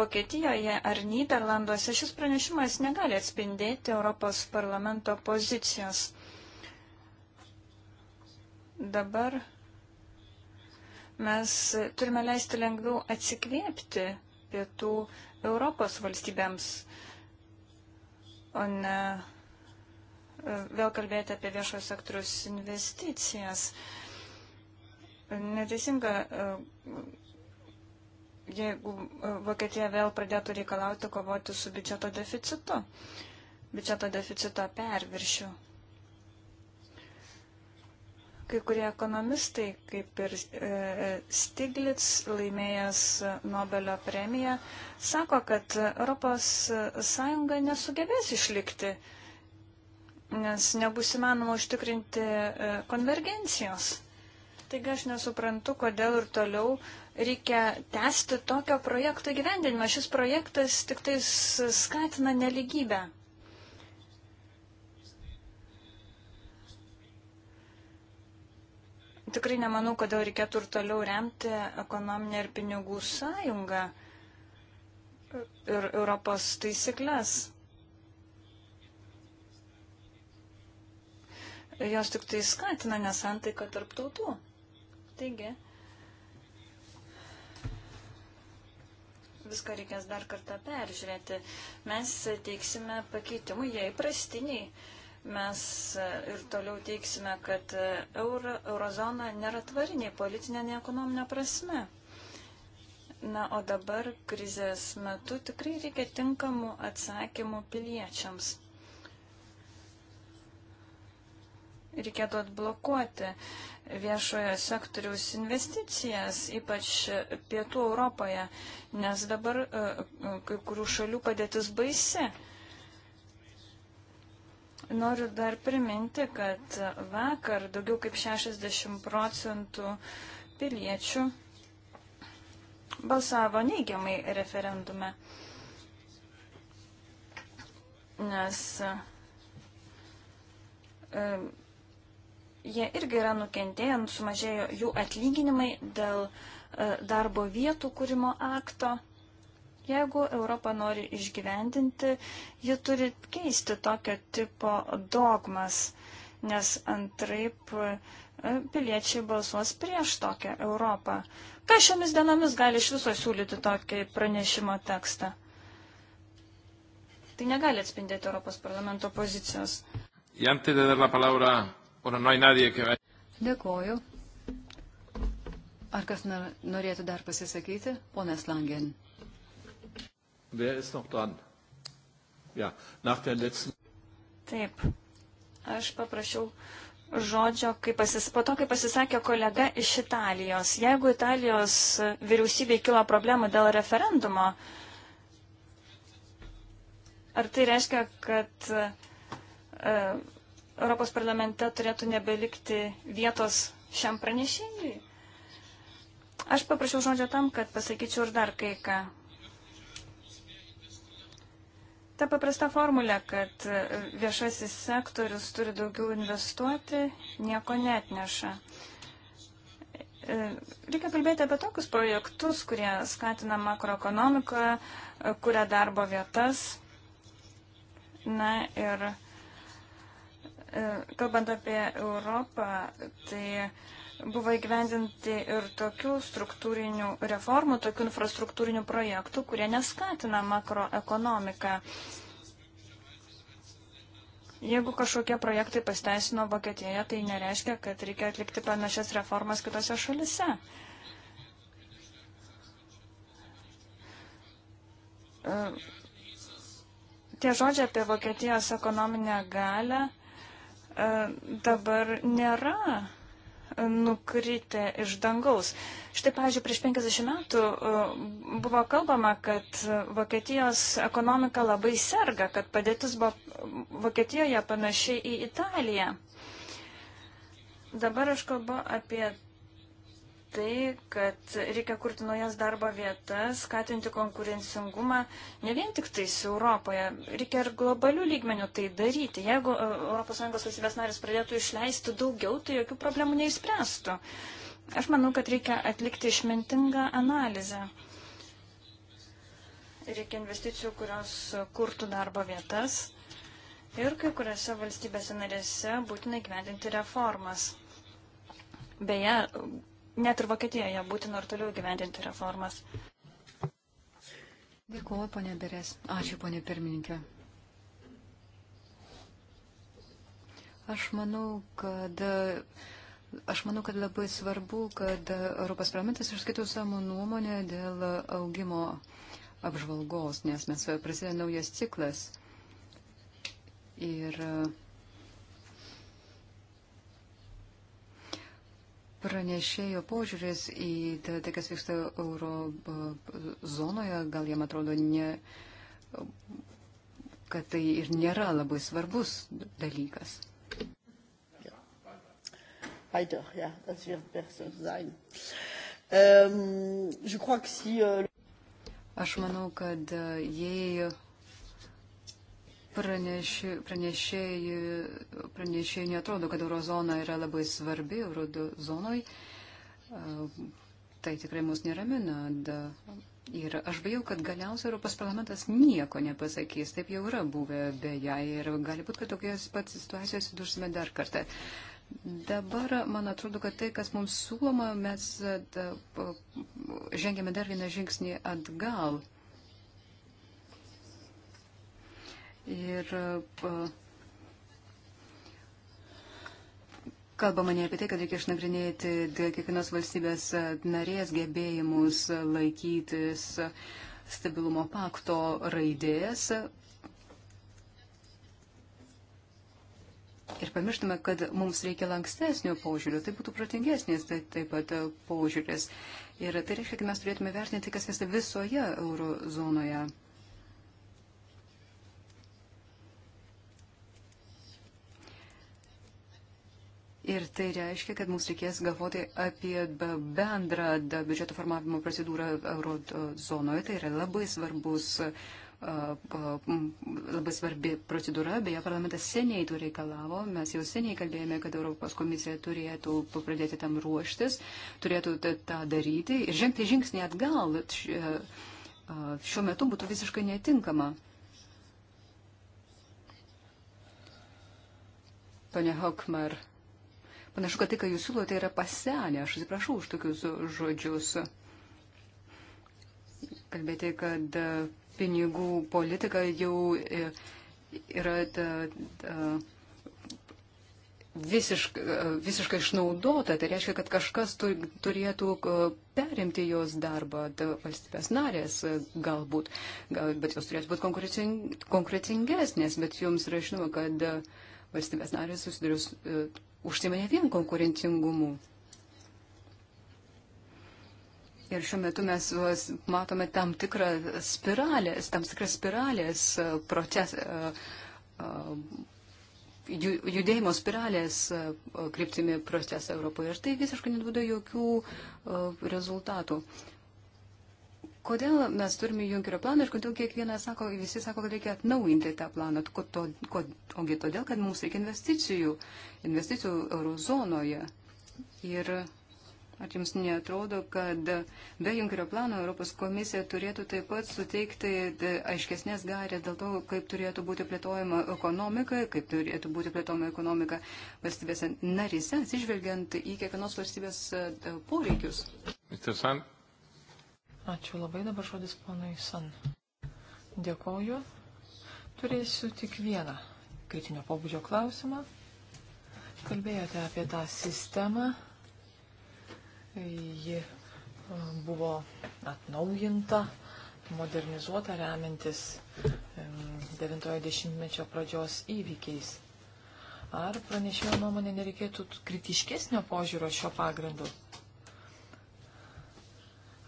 Vokietijoje ar Niderlanduose. Šis pranešimas negali atspindėti Europos parlamento pozicijos. Dabar mes turime leisti lengviau atsikvėpti pietų Europos valstybėms, o ne vėl kalbėti apie viešojo sektorius investicijas. Neteisinga, e, jeigu e, Vokietija vėl pradėtų reikalauti kovoti su biudžeto deficitu, biudžeto deficito perviršiu. Kai kurie ekonomistai, kaip ir e, Stiglitz, laimėjęs Nobelio premiją, sako, kad ES nesugebės išlikti uh, nes nebus įmanoma užtikrinti e, konvergencijos. Taigi aš nesuprantu, kodėl ir toliau reikia tęsti tokio projekto gyvendinimą. Šis projektas tik tai skatina neligybę. Tikrai nemanau, kodėl reikėtų ir toliau remti ekonominę ir pinigų sąjungą ir Europos taisyklės. jos tik tai skatina nesantaiką tarp tautų. Taigi, viską reikės dar kartą peržiūrėti. Mes teiksime pakeitimų, jie įprastiniai. Mes ir toliau teiksime, kad euro, eurozona nėra tvariniai politinė, nei ekonominė prasme. Na, o dabar krizės metu tikrai reikia tinkamų atsakymų piliečiams. reikėtų atblokuoti viešojo sektoriaus investicijas, ypač pietų Europoje, nes dabar e, e, kai kurių šalių padėtis baisi. Noriu dar priminti, kad vakar daugiau kaip 60 procentų piliečių balsavo neigiamai referendume, nes e, jie irgi yra nukentėję, sumažėjo jų atlyginimai dėl e, darbo vietų kūrimo akto. Jeigu Europa nori išgyvendinti, ji turi keisti tokio tipo dogmas, nes antraip e, piliečiai balsuos prieš tokią Europą. Ką šiomis dienomis gali iš viso siūlyti tokį pranešimo tekstą? Tai negali atspindėti Europos parlamento pozicijos. Y antes de dar la palabra Dėkoju. Ar kas norėtų dar pasisakyti? Ponas Langen. Taip. Aš paprašiau žodžio, kai pasis, po to, kai pasisakė kolega iš Italijos. Jeigu Italijos vyriausybei kilo problemų dėl referendumo, ar tai reiškia, kad uh, Europos parlamente turėtų nebelikti vietos šiam pranešėjui. Aš paprašiau žodžio tam, kad pasakyčiau ir dar kai ką. Ta paprasta formulė, kad viešasis sektorius turi daugiau investuoti, nieko netneša. E, reikia kalbėti apie tokius projektus, kurie skatina makroekonomiką, kuria darbo vietas. Na ir E, kalbant apie Europą, tai buvo įgyvendinti ir tokių struktūrinių reformų, tokių infrastruktūrinių projektų, kurie neskatina makroekonomiką. Jeigu kažkokie projektai pasteisino Vokietijoje, tai nereiškia, kad reikia atlikti panašias reformas kitose šalise. E, tie žodžiai apie Vokietijos ekonominę galę E, dabar nėra nukritę iš dangaus. Štai, pavyzdžiui, prieš 50 metų e, buvo kalbama, kad Vokietijos ekonomika labai serga, kad padėtis buvo Vokietijoje panašiai į Italiją. Dabar aš kalbu apie tai, kad reikia kurti naujas darbo vietas, skatinti konkurencingumą ne vien tik tais Europoje, reikia ir globalių lygmenių tai daryti. Jeigu ES valstybės narės pradėtų išleisti daugiau, tai jokių problemų neišspręstų. Aš manau, kad reikia atlikti išmintingą analizę. Reikia investicijų, kurios kurtų darbo vietas ir kai kuriuose valstybėse narėse būtina gyvendinti reformas. Beje, net ir Vokietijoje būtina ir toliau gyvendinti reformas. Dėkuoju, ponė Berės. Ačiū, ponė pirmininkė. Aš manau, kad. Aš manau, kad labai svarbu, kad Europos parlamentas išskaitų savo nuomonę dėl augimo apžvalgos, nes mes prasideda naujas ciklas. Ir uh, pranešėjo požiūris į tai, tai kas vyksta euro zonoje, gal jam atrodo, ne, kad tai ir nėra labai svarbus dalykas. Heider, ja, das wird besser sein. Ähm, je crois que si, äh... Aš manau, kad äh, jei pranešėjai pranešė, netrodo, kad eurozona yra labai svarbi eurozonoj. Tai tikrai mus neramina. Da. Ir aš bijau, kad galiausiai Europos parlamentas nieko nepasakys. Taip jau yra buvę beje ir gali būti, kad tokios pats situacijos įdursime dar kartą. Dabar, man atrodo, kad tai, kas mums siūloma, mes da, žengėme dar vieną žingsnį atgal. Uh, Ir e, kalbama ne apie tai, kad reikia išnagrinėti kiekvienos valstybės e, narės gebėjimus laikytis stabilumo pakto raidės. Ir pamirštume, kad mums reikia lankstesnio požiūrio, tai būtų protingesnis tai, taip pat e, požiūris. Ir tai reiškia, kad mes turėtume vertinti, kas vyksta visoje eurozonoje. Ir tai reiškia, kad mums reikės galvoti apie bendrą biudžeto formavimo procedūrą eurozonoje. Tai yra labai svarbus, labai svarbi procedūra. Beje, parlamentas seniai to reikalavo. Mes jau seniai kalbėjome, kad Europos komisija turėtų pradėti tam ruoštis, turėtų tą daryti ir žengti žingsnį atgal e, šiuo metu būtų visiškai netinkama. Pane Hokmar. Panašu, kad tai, ką jūs siūlote, tai yra pasenę. Aš atsiprašau už tokius žodžius. Kalbėti, kad e, pinigų politika jau e, yra ta, ta, visiškai, e, visiškai išnaudota. Tai reiškia, kad kažkas turėtų perimti jos darbą, ta, valstybės narės galbūt, gal, bet jos turėtų būti konkurecingesnės, bet jums yra žinoma, kad valstybės narės susidurius užsiminė vien konkurencingumu. Ir šiuo metu mes matome tam tikrą spiralės, tam tikrą spiralės e, proces, e, e, judėjimo spiralės kryptimi procesą Europoje. Ir tai visiškai neduoda jokių rezultatų. Kodėl mes turime Junkerio planą ir kodėl kiekvienas sako, visi sako, kad reikia atnaujinti tą planą? Kod, kod, ogi todėl, kad mums reikia investicijų, investicijų eurozonoje. Ir ar jums netrodo, kad be Junkerio plano Europos komisija turėtų taip pat suteikti e, aiškesnės garės dėl to, kaip turėtų būti plėtojama ekonomika, kaip turėtų būti plėtojama ekonomika valstybėse narise, atsižvelgiant į kiekvienos valstybės e, poreikius? Mr. Sand, Ačiū labai, dabar žodis ponui San. Dėkoju. Turėsiu tik vieną kritinio pobūdžio klausimą. Kalbėjote apie tą sistemą. Ji e, buvo atnaujinta, modernizuota remiantis 90-mečio e, pradžios įvykiais. Ar pranešėjo nuomonė nereikėtų kritiškesnio požiūrio šio pagrindu?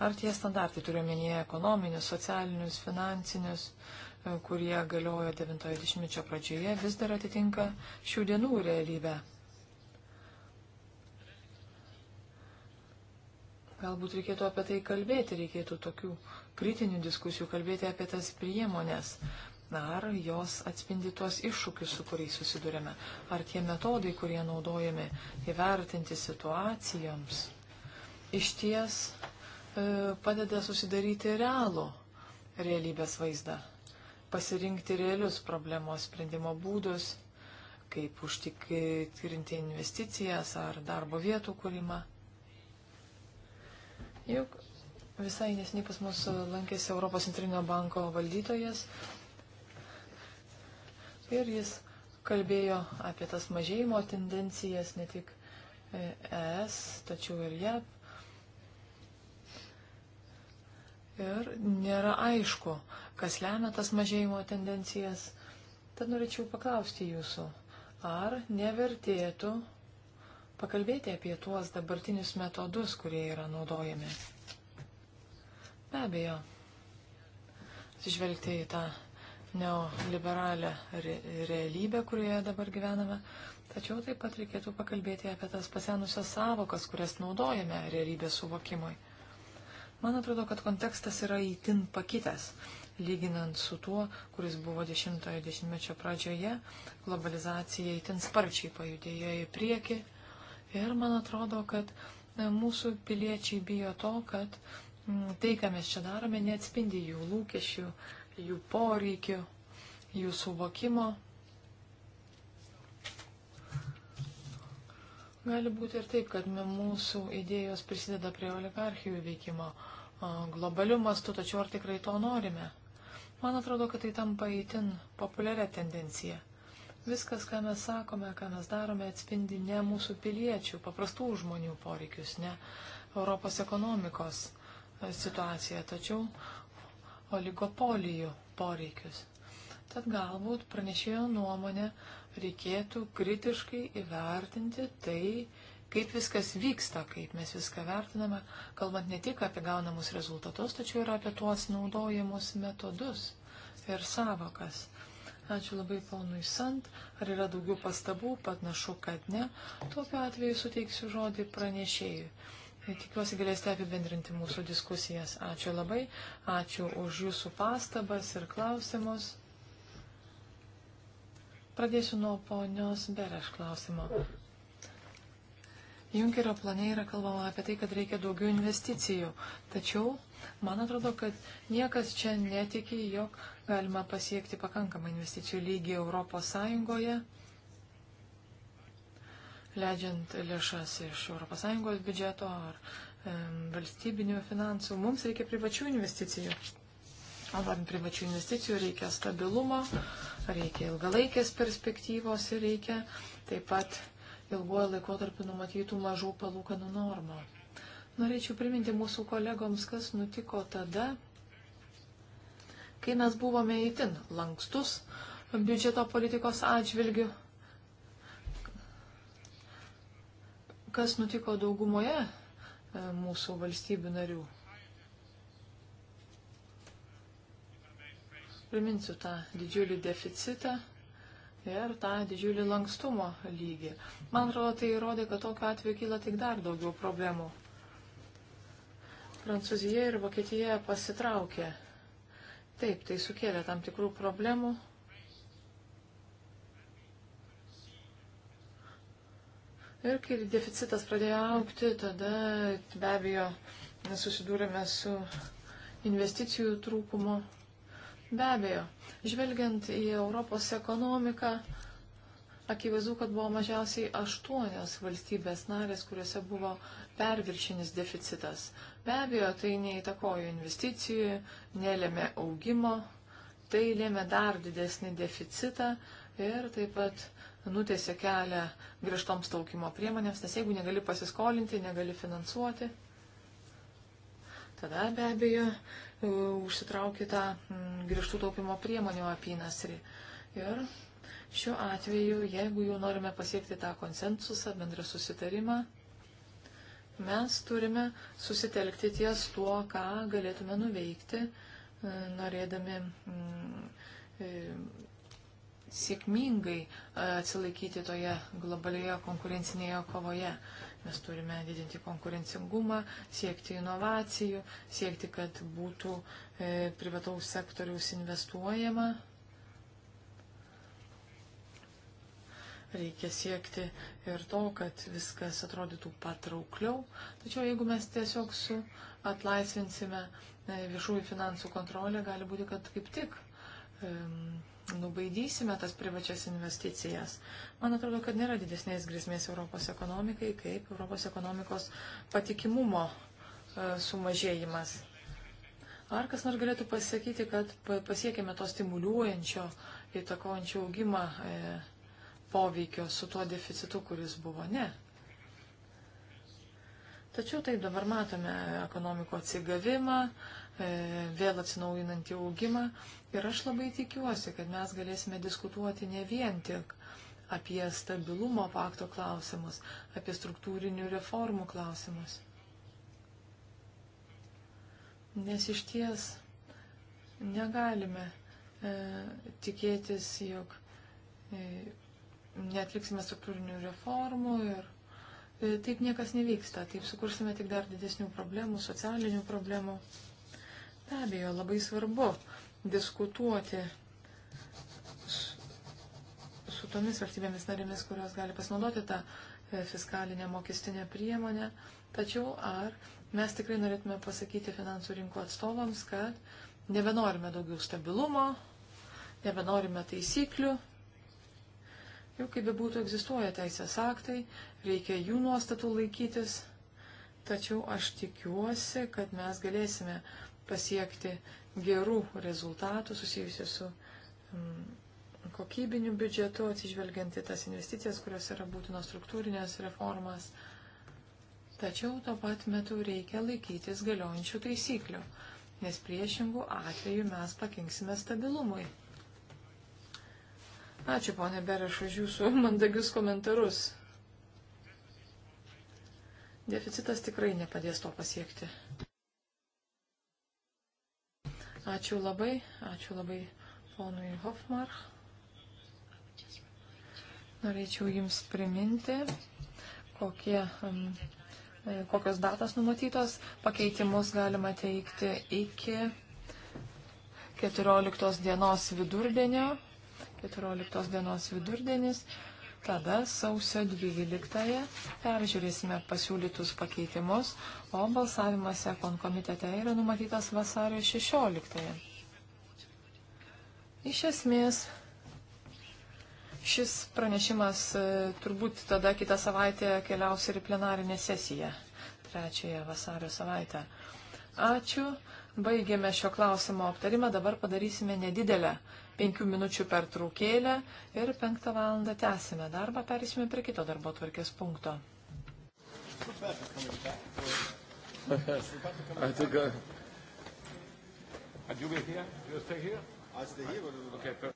Ar tie standartai turiu menyje ekonominius, socialinius, finansinius, e, kurie galiojo 90-mečio pradžioje, vis dar atitinka šių dienų realybę? Galbūt reikėtų apie tai kalbėti, reikėtų tokių kritinių diskusijų, kalbėti apie tas priemonės. Ar jos atspindi tuos iššūkius, su kuriais susidurėme? Ar tie metodai, kurie naudojami įvertinti situacijoms, iš ties E, padeda susidaryti realų realybės vaizdą, pasirinkti realius problemos sprendimo būdus, kaip užtikrinti investicijas ar darbo vietų kūrimą. Juk visai nesiniai pas mus lankėsi Europos centrinio banko valdytojas ir jis kalbėjo apie tas mažėjimo tendencijas ne tik ES, e tačiau ir JAP. ir nėra aišku, kas lemia tas mažėjimo tendencijas. Tad norėčiau paklausti jūsų, ar nevertėtų pakalbėti apie tuos dabartinius metodus, kurie yra naudojami. Be abejo, atsižvelgti į tą neoliberalią re realybę, kurioje dabar gyvename, tačiau taip pat reikėtų pakalbėti apie tas pasenusias savokas, kurias naudojame realybės suvokimui. Man atrodo, kad kontekstas yra įtin pakitęs, lyginant su tuo, kuris buvo 10-ojo dešimtmečio pradžioje, globalizacija įtin sparčiai pajudėjo į priekį ir man atrodo, kad e, mūsų piliečiai bijo to, kad tai, ką mes čia darome, neatspindi jų lūkesčių, jų poreikių, jų suvokimo Gali būti ir taip, kad mūsų idėjos prisideda prie oligarchijų veikimo globaliu mastu, tačiau ar tikrai to norime? Man atrodo, kad tai tampa įtin populiaria tendencija. Viskas, ką mes sakome, ką mes darome, atspindi ne mūsų piliečių, paprastų žmonių poreikius, ne Europos ekonomikos e, situaciją, tačiau oligopolijų poreikius. Tad galbūt pranešėjo nuomonė reikėtų kritiškai įvertinti tai, kaip viskas vyksta, kaip mes viską vertiname, kalbant ne tik apie gaunamus rezultatus, tačiau ir apie tuos naudojamus metodus ir savokas. Ačiū labai ponui Sant. Ar yra daugiau pastabų? Patnašu, kad ne. Tokiu atveju suteiksiu žodį pranešėjui. Tikiuosi galėsite apibendrinti mūsų diskusijas. Ačiū labai. Ačiū už jūsų pastabas ir klausimus. Pradėsiu nuo ponios Bereš klausimo. Junkerio plane yra kalbama apie tai, kad reikia daugiau investicijų. Tačiau, man atrodo, kad niekas čia netiki, jog galima pasiekti pakankamą investicijų lygį Europos Sąjungoje, leidžiant lėšas iš Europos Sąjungos biudžeto ar e, valstybinių finansų. Mums reikia privačių investicijų. Norint privačių investicijų reikia stabilumo, reikia ilgalaikės perspektyvos ir reikia taip pat ilguoju laikotarpiu numatytų mažų palūkanų normų. Norėčiau priminti mūsų kolegoms, kas nutiko tada, kai mes buvome įtin lankstus biudžeto politikos atžvilgių. Kas nutiko daugumoje e, mūsų valstybių narių? Priminsiu tą didžiulį deficitą ir tą didžiulį lankstumo lygį. Man atrodo, tai įrodė, kad tokiu atveju kyla tik dar daugiau problemų. Prancūzija ir Vokietija pasitraukė. Taip, tai sukėlė tam tikrų problemų. Ir kai deficitas pradėjo aukti, tada be abejo susidūrėme su investicijų trūkumu. Be abejo, žvelgiant į Europos ekonomiką, akivaizdu, kad buvo mažiausiai aštuonios valstybės narės, kuriuose buvo perviršinis deficitas. Be abejo, tai neįtakojo investicijų, nelėmė augimo, tai lėmė dar didesnį deficitą ir taip pat nutėsi kelią grįžtoms taukimo priemonėms, nes jeigu negali pasiskolinti, negali finansuoti, tada be abejo E, užsitraukė tą mm, griežtų taupimo priemonių apynasrį. Ir šiuo atveju, jeigu jau norime pasiekti tą konsensusą, bendrą susitarimą, mes turime susitelkti ties tuo, ką galėtume nuveikti, e, norėdami mm, e, sėkmingai atsilaikyti toje globalioje konkurencinėje kovoje. Mes turime didinti konkurencingumą, siekti inovacijų, siekti, kad būtų e, privataus sektoriaus investuojama. Reikia siekti ir to, kad viskas atrodytų patraukliau. Tačiau jeigu mes tiesiog su atlaisvinsime e, viešųjų finansų kontrolę, gali būti, kad kaip tik e, nubaidysime tas privačias investicijas. Man atrodo, kad nėra didesnės grėsmės Europos ekonomikai, kaip Europos ekonomikos patikimumo e, sumažėjimas. Ar kas nors galėtų pasakyti, kad pasiekėme to stimuliuojančio, įtakojančio augimą e, poveikio su tuo deficitu, kuris buvo? Ne. Tačiau taip dabar matome ekonomiko atsigavimą, e, E, vėl atsinaujinantį augimą. Ir aš labai tikiuosi, kad mes galėsime diskutuoti ne vien tik apie stabilumo pakto klausimus, apie struktūrinių reformų klausimus. Nes iš ties negalime e, tikėtis, jog e, netliksime struktūrinių reformų ir e, taip niekas nevyksta, taip sukursime tik dar didesnių problemų, socialinių problemų. Be abejo, labai svarbu diskutuoti su tomis valstybėmis narėmis, kurios gali pasinaudoti tą e, fiskalinę mokestinę priemonę. Tačiau ar mes tikrai norėtume pasakyti finansų rinkų atstovams, kad nebenorime daugiau stabilumo, nebenorime taisyklių. Jau kaip bebūtų egzistuoja teisės aktai, reikia jų nuostatų laikytis. Tačiau aš tikiuosi, kad mes galėsime uh, pasiekti gerų rezultatų susijusių su mm, kokybiniu biudžetu, atsižvelgiant į tas investicijas, kurios yra būtinos struktūrinės reformas. Tačiau tuo pat metu reikia laikytis galiojančių taisyklių, nes priešingų atveju mes pakinksime stabilumui. Ačiū, ponė Bereš, už jūsų mandagius komentarus. Deficitas tikrai nepadės to pasiekti. Ačiū labai, ačiū labai ponui Hofmarch. Norėčiau Jums priminti, kokie, um, e, kokios datas numatytos. Pakeitimus galima teikti iki 14 dienos vidurdienio. 14 dienos vidurdienis. Tada sausio 12-ąją peržiūrėsime pasiūlytus pakeitimus, o balsavimas Ekon komitete yra numatytas vasario 16-ąją. Iš esmės, šis pranešimas e, turbūt tada kitą savaitę keliaus ir į plenarinę sesiją, trečiąją vasario savaitę. Ačiū. Baigėme šio klausimo aptarimą, dabar padarysime nedidelę penkių minučių per traukėlę ir penktą valandą tęsime darbą, perėsime prie kito darbo tvarkės punkto. I think, uh, and you will here? You stay here? I stay here. Okay.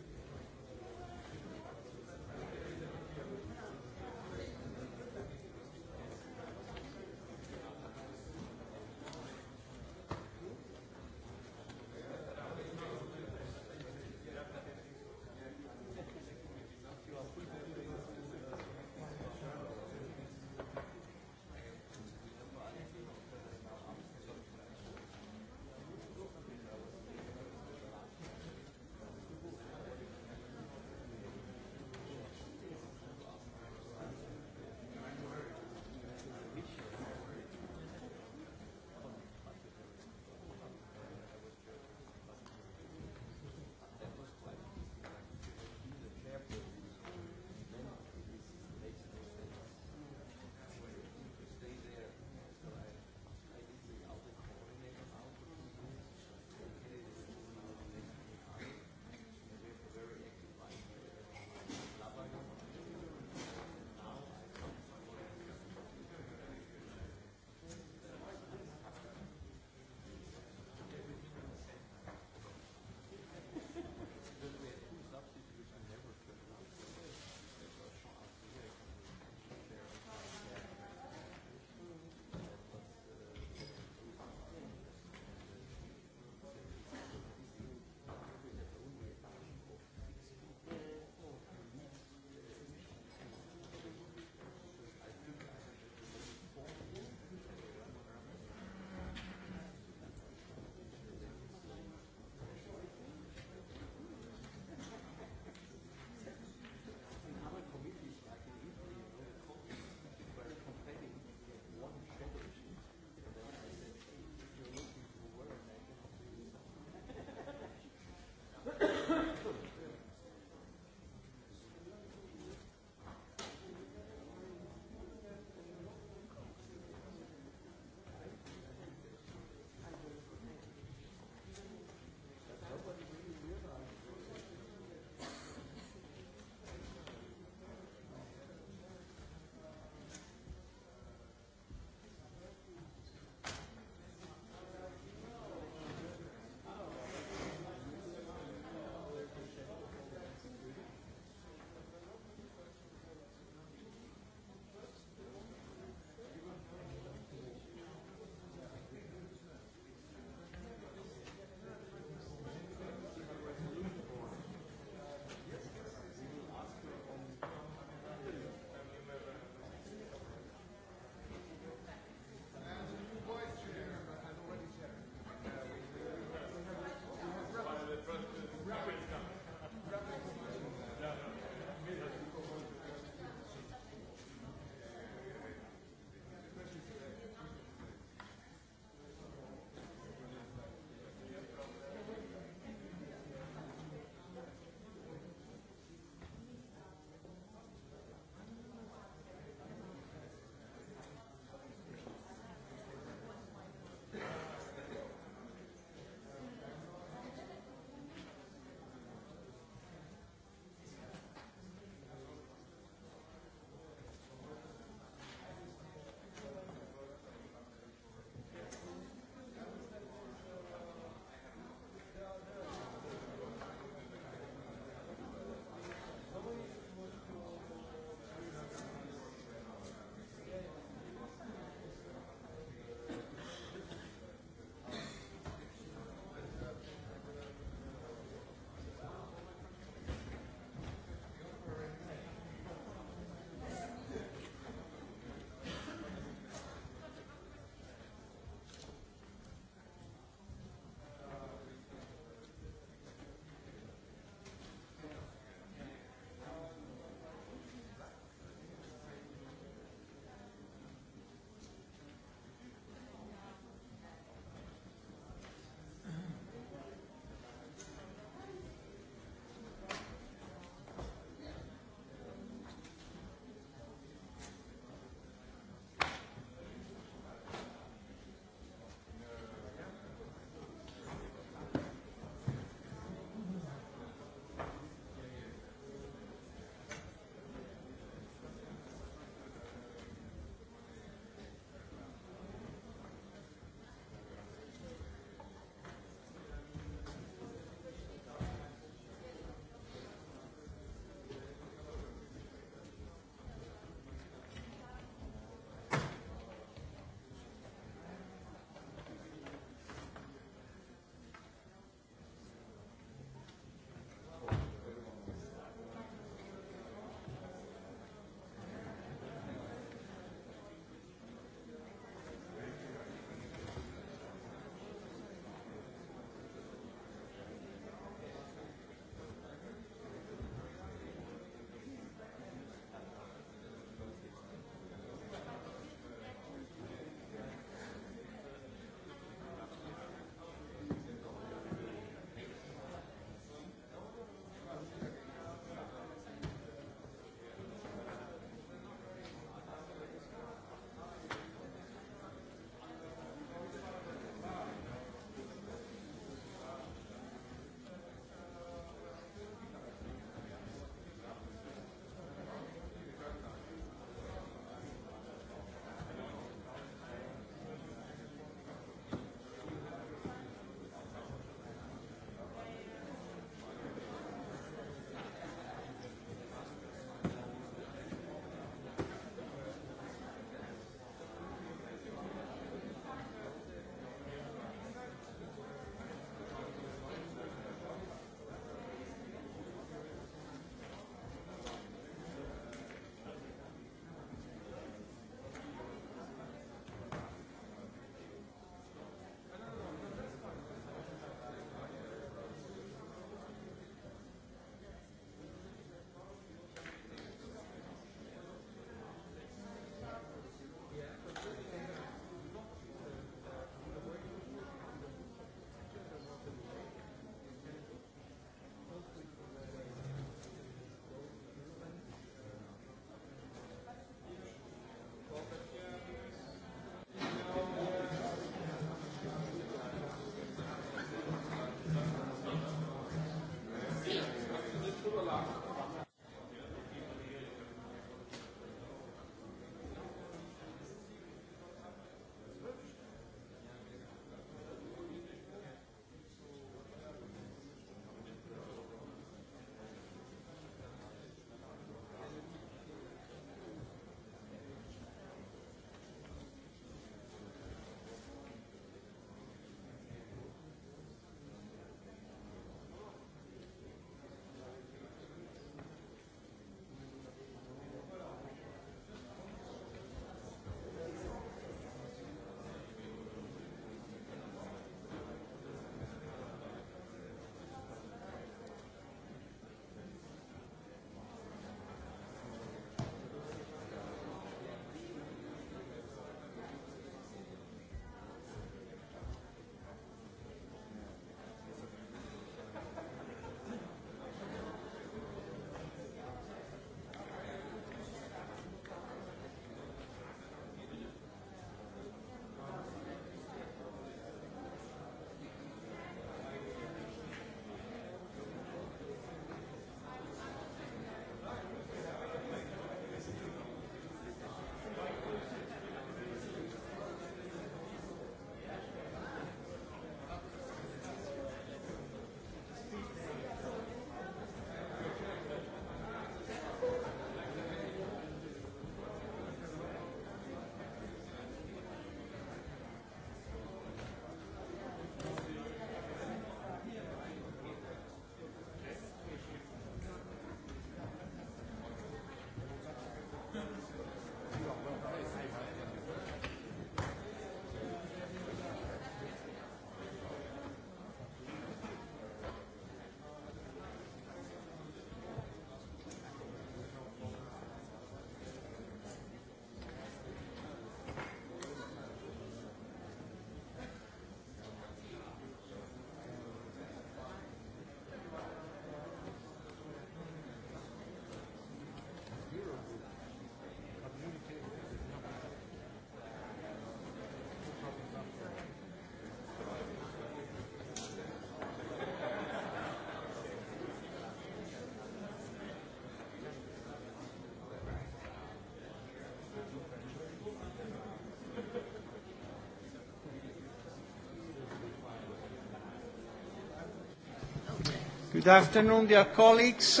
Good afternoon, dear colleagues.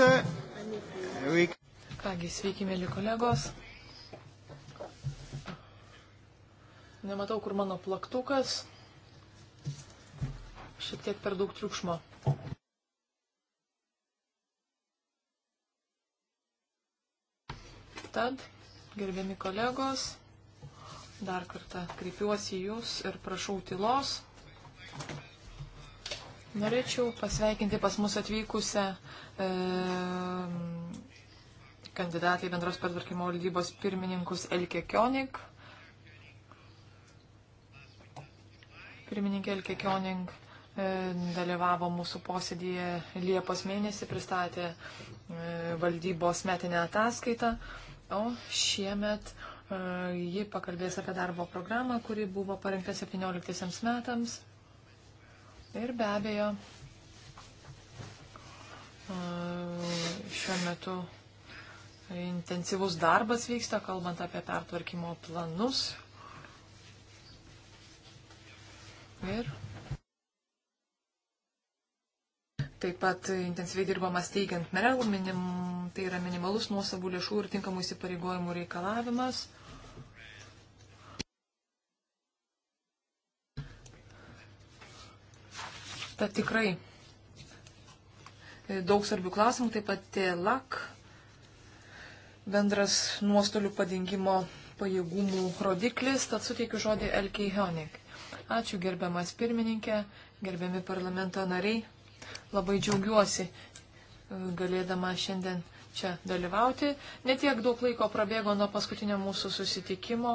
We... Kągi, sveiki, mėly kolegos. Nematau, kur mano plaktukas. Šiek tiek per daug triukšmo. Tad, gerbiami kolegos, dar kartą kreipiuosi jūs ir prašau tylos. Norėčiau pasveikinti pas mus atvykusią e, kandidatą į bendros pertvarkymo valdybos pirmininkus Elke Kionik. Pirmininkė Elke Kionik e, dalyvavo mūsų posėdėje Liepos mėnesį, pristatė e, valdybos metinę ataskaitą, o šiemet e, ji pakalbės apie darbo programą, kuri buvo parengta 17 metams. Ir be abejo, šiuo metu intensyvus darbas vyksta, kalbant apie pertvarkymo planus. Ir taip pat intensyviai dirbama steigiant merel, minim, tai yra minimalus nuosavų lėšų ir tinkamų įsipareigojimų reikalavimas. Tad tikrai e, daug svarbių klausimų, taip pat TELAK, bendras nuostolių padengimo pajėgumų rodiklis, tad suteikiu žodį Elkei Hionik. Ačiū gerbiamas pirmininkė, gerbiami parlamento nariai. Labai džiaugiuosi e, galėdama šiandien čia dalyvauti. Netiek daug laiko prabėgo nuo paskutinio mūsų susitikimo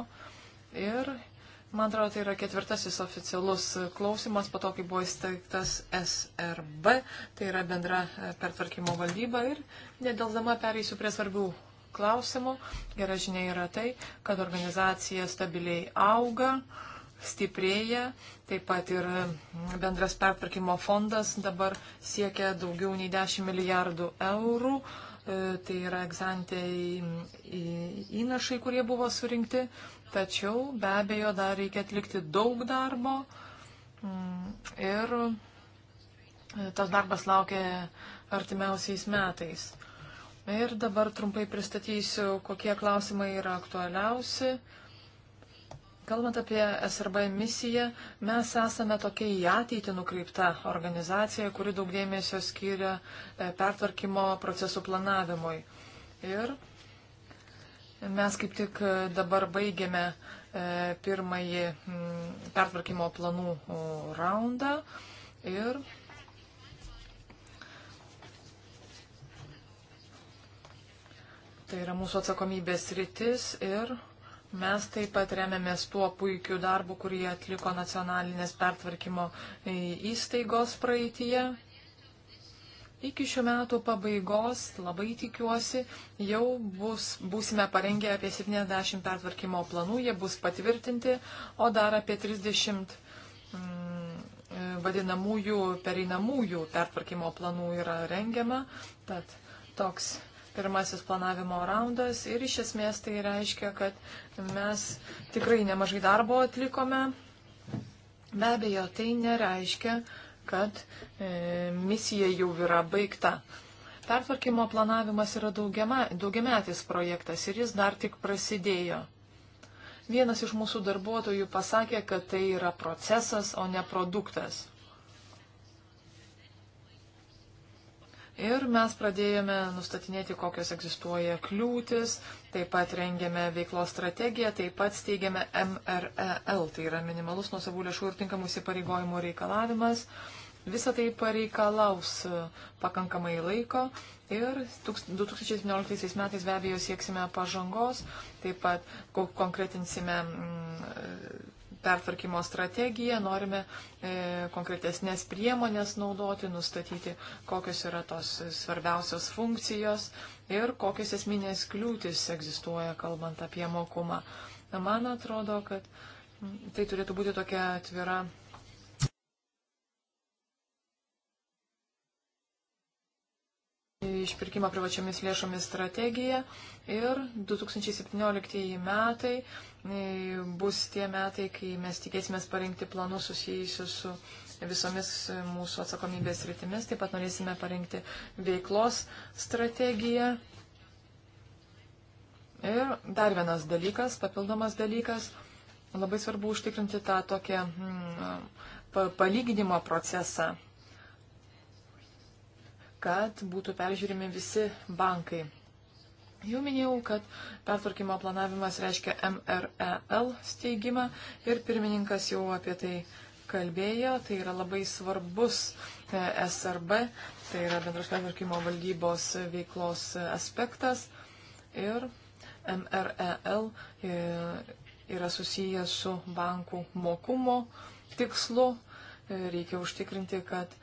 ir Man atrodo, tai yra ketvirtasis oficialus klausimas po to, kai buvo įsteigtas SRB, tai yra bendra e, pertvarkymo valdyba ir nedėldama pereisiu prie svarbių klausimų. Gera žinia yra tai, kad organizacija stabiliai auga, stiprėja, taip pat ir bendras pertvarkymo fondas dabar siekia daugiau nei 10 milijardų eurų. E, tai yra egzantai įnašai, kurie buvo surinkti. Tačiau be abejo dar reikia atlikti daug darbo mm, ir e, tas darbas laukia artimiausiais metais. Ir dabar trumpai pristatysiu, kokie klausimai yra aktualiausi. Kalbant apie SRB misiją, mes esame tokia į ateitį nukreipta organizacija, kuri daug dėmesio skiria e, pertvarkymo procesų planavimui. Ir Mes kaip tik e, dabar baigėme e, pirmąjį mm, pertvarkymo planų raundą ir tai yra mūsų atsakomybės rytis ir mes taip pat remiamės tuo puikiu darbu, kurį atliko nacionalinės pertvarkymo e, įstaigos praeitie. Iki šių metų pabaigos, labai tikiuosi, jau bus, būsime parengę apie 70 pertvarkymo planų, jie bus patvirtinti, o dar apie 30 mm, vadinamųjų pereinamųjų pertvarkymo planų yra rengiama. Tad toks pirmasis planavimo raundas ir iš esmės tai reiškia, kad mes tikrai nemažai darbo atlikome. Be abejo, tai nereiškia, kad e, misija jau yra baigta. Pertvarkymo planavimas yra daugiama, daugiametis projektas ir jis dar tik prasidėjo. Vienas iš mūsų darbuotojų pasakė, kad tai yra procesas, o ne produktas. Ir mes pradėjome nustatinėti, kokios egzistuoja kliūtis, taip pat rengėme veiklos strategiją, taip pat steigėme MREL, tai yra minimalus nuosavų lėšų ir tinkamų įsipareigojimų reikalavimas. Visą tai pareikalaus e, pakankamai laiko ir 2017 metais be abejo sieksime pažangos, taip pat konkretinsime mm, e, pertvarkymo strategiją, norime e, konkretesnės priemonės naudoti, nustatyti, kokios yra tos svarbiausios funkcijos ir kokios esminės kliūtis egzistuoja, kalbant apie mokumą. Man atrodo, kad mm, tai turėtų būti tokia atvira išpirkimą privačiamis lėšomis strategiją ir 2017 metai e, bus tie metai, kai mes tikėsime parinkti planus susijusius su visomis mūsų atsakomybės rytimis. Taip pat norėsime parinkti veiklos strategiją. Ir dar vienas dalykas, papildomas dalykas, labai svarbu užtikrinti tą tokią mm, palyginimo procesą kad būtų peržiūrimi visi bankai. Jau minėjau, kad pertvarkymo planavimas reiškia MREL steigimą ir pirmininkas jau apie tai kalbėjo. Tai yra labai svarbus e, SRB, tai yra bendros pertvarkymo valdybos veiklos aspektas. Ir MREL e, yra susijęs su bankų mokumo tikslu. E, reikia užtikrinti, kad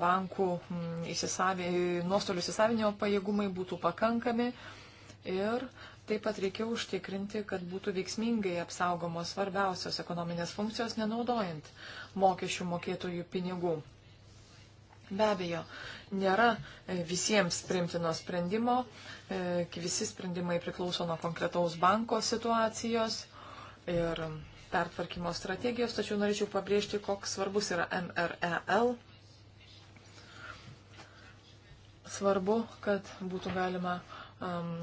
bankų mm, įsisavė, nuostolių įsisavinio pajėgumai būtų pakankami ir taip pat reikia užtikrinti, kad būtų veiksmingai apsaugomos svarbiausios ekonominės funkcijos, nenaudojant mokesčių mokėtojų pinigų. Be abejo, nėra e, visiems primtino sprendimo, e, visi sprendimai priklauso nuo konkretaus banko situacijos ir pertvarkymo strategijos, tačiau norėčiau pabrėžti, koks svarbus yra MREL Svarbu, kad būtų galima um,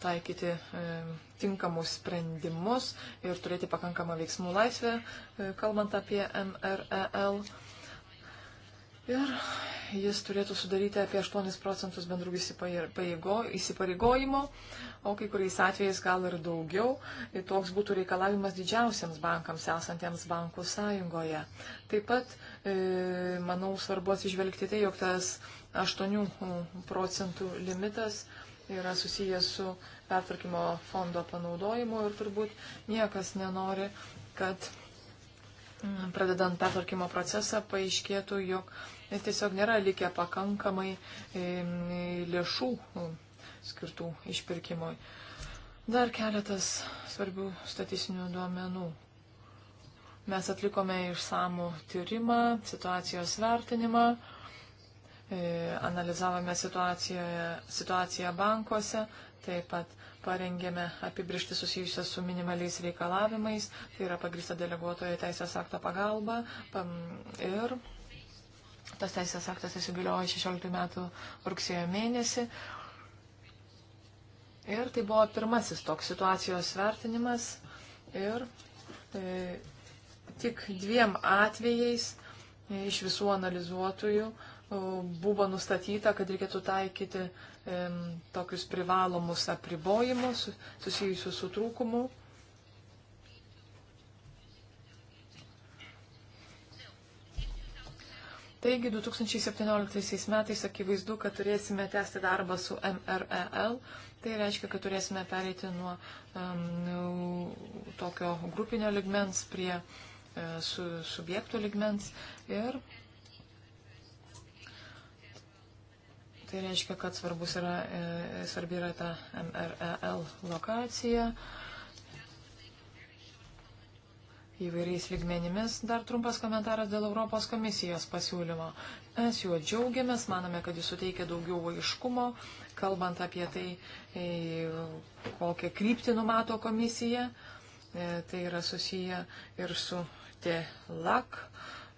taikyti um, tinkamus sprendimus ir turėti pakankamą veiksmų laisvę, e, kalbant apie MREL. Ir jis turėtų sudaryti apie 8 procentus bendrų įsipareigojimo, o kai kuriais atvejais gal ir daugiau. Ir toks būtų reikalavimas didžiausiams bankams esantiems bankų sąjungoje. Taip pat, e, manau, svarbu atsižvelgti tai, jog tas 8 procentų limitas yra susijęs su pertvarkymo fondo panaudojimu ir turbūt niekas nenori, kad pradedant pertvarkymo procesą paaiškėtų, jog tiesiog nėra likę pakankamai lėšų skirtų išpirkimui. Dar keletas svarbių statistinių duomenų. Mes atlikome išsamų tyrimą, situacijos vertinimą. E, analizavome situaciją bankuose, taip pat parengėme apibrišti susijusią su minimaliais reikalavimais, tai yra pagrįsta deleguotojo teisės akto pagalba ir tas teisės aktas įsigaliojo 16 metų rugsėjo mėnesį. Ir tai buvo pirmasis toks situacijos vertinimas ir e, tik dviem atvejais iš visų analizuotojų e, buvo nustatyta, kad reikėtų taikyti tokius privalomus apribojimus susijusius su trūkumu. Taigi 2017 metais akivaizdu, kad turėsime tęsti darbą su MREL. Tai reiškia, kad turėsime pereiti nuo um, tokio grupinio ligmens prie uh, su, subjektų ligmens. Ir Tai reiškia, kad svarbus yra, e, svarbi yra ta MREL lokacija. Įvairiais ligmenimis dar trumpas komentaras dėl Europos komisijos pasiūlymo. Mes juo džiaugiamės, manome, kad jis suteikia daugiau vaiškumo, kalbant apie tai, e, kokią kryptį numato komisija. E, tai yra susiję ir su TELAK,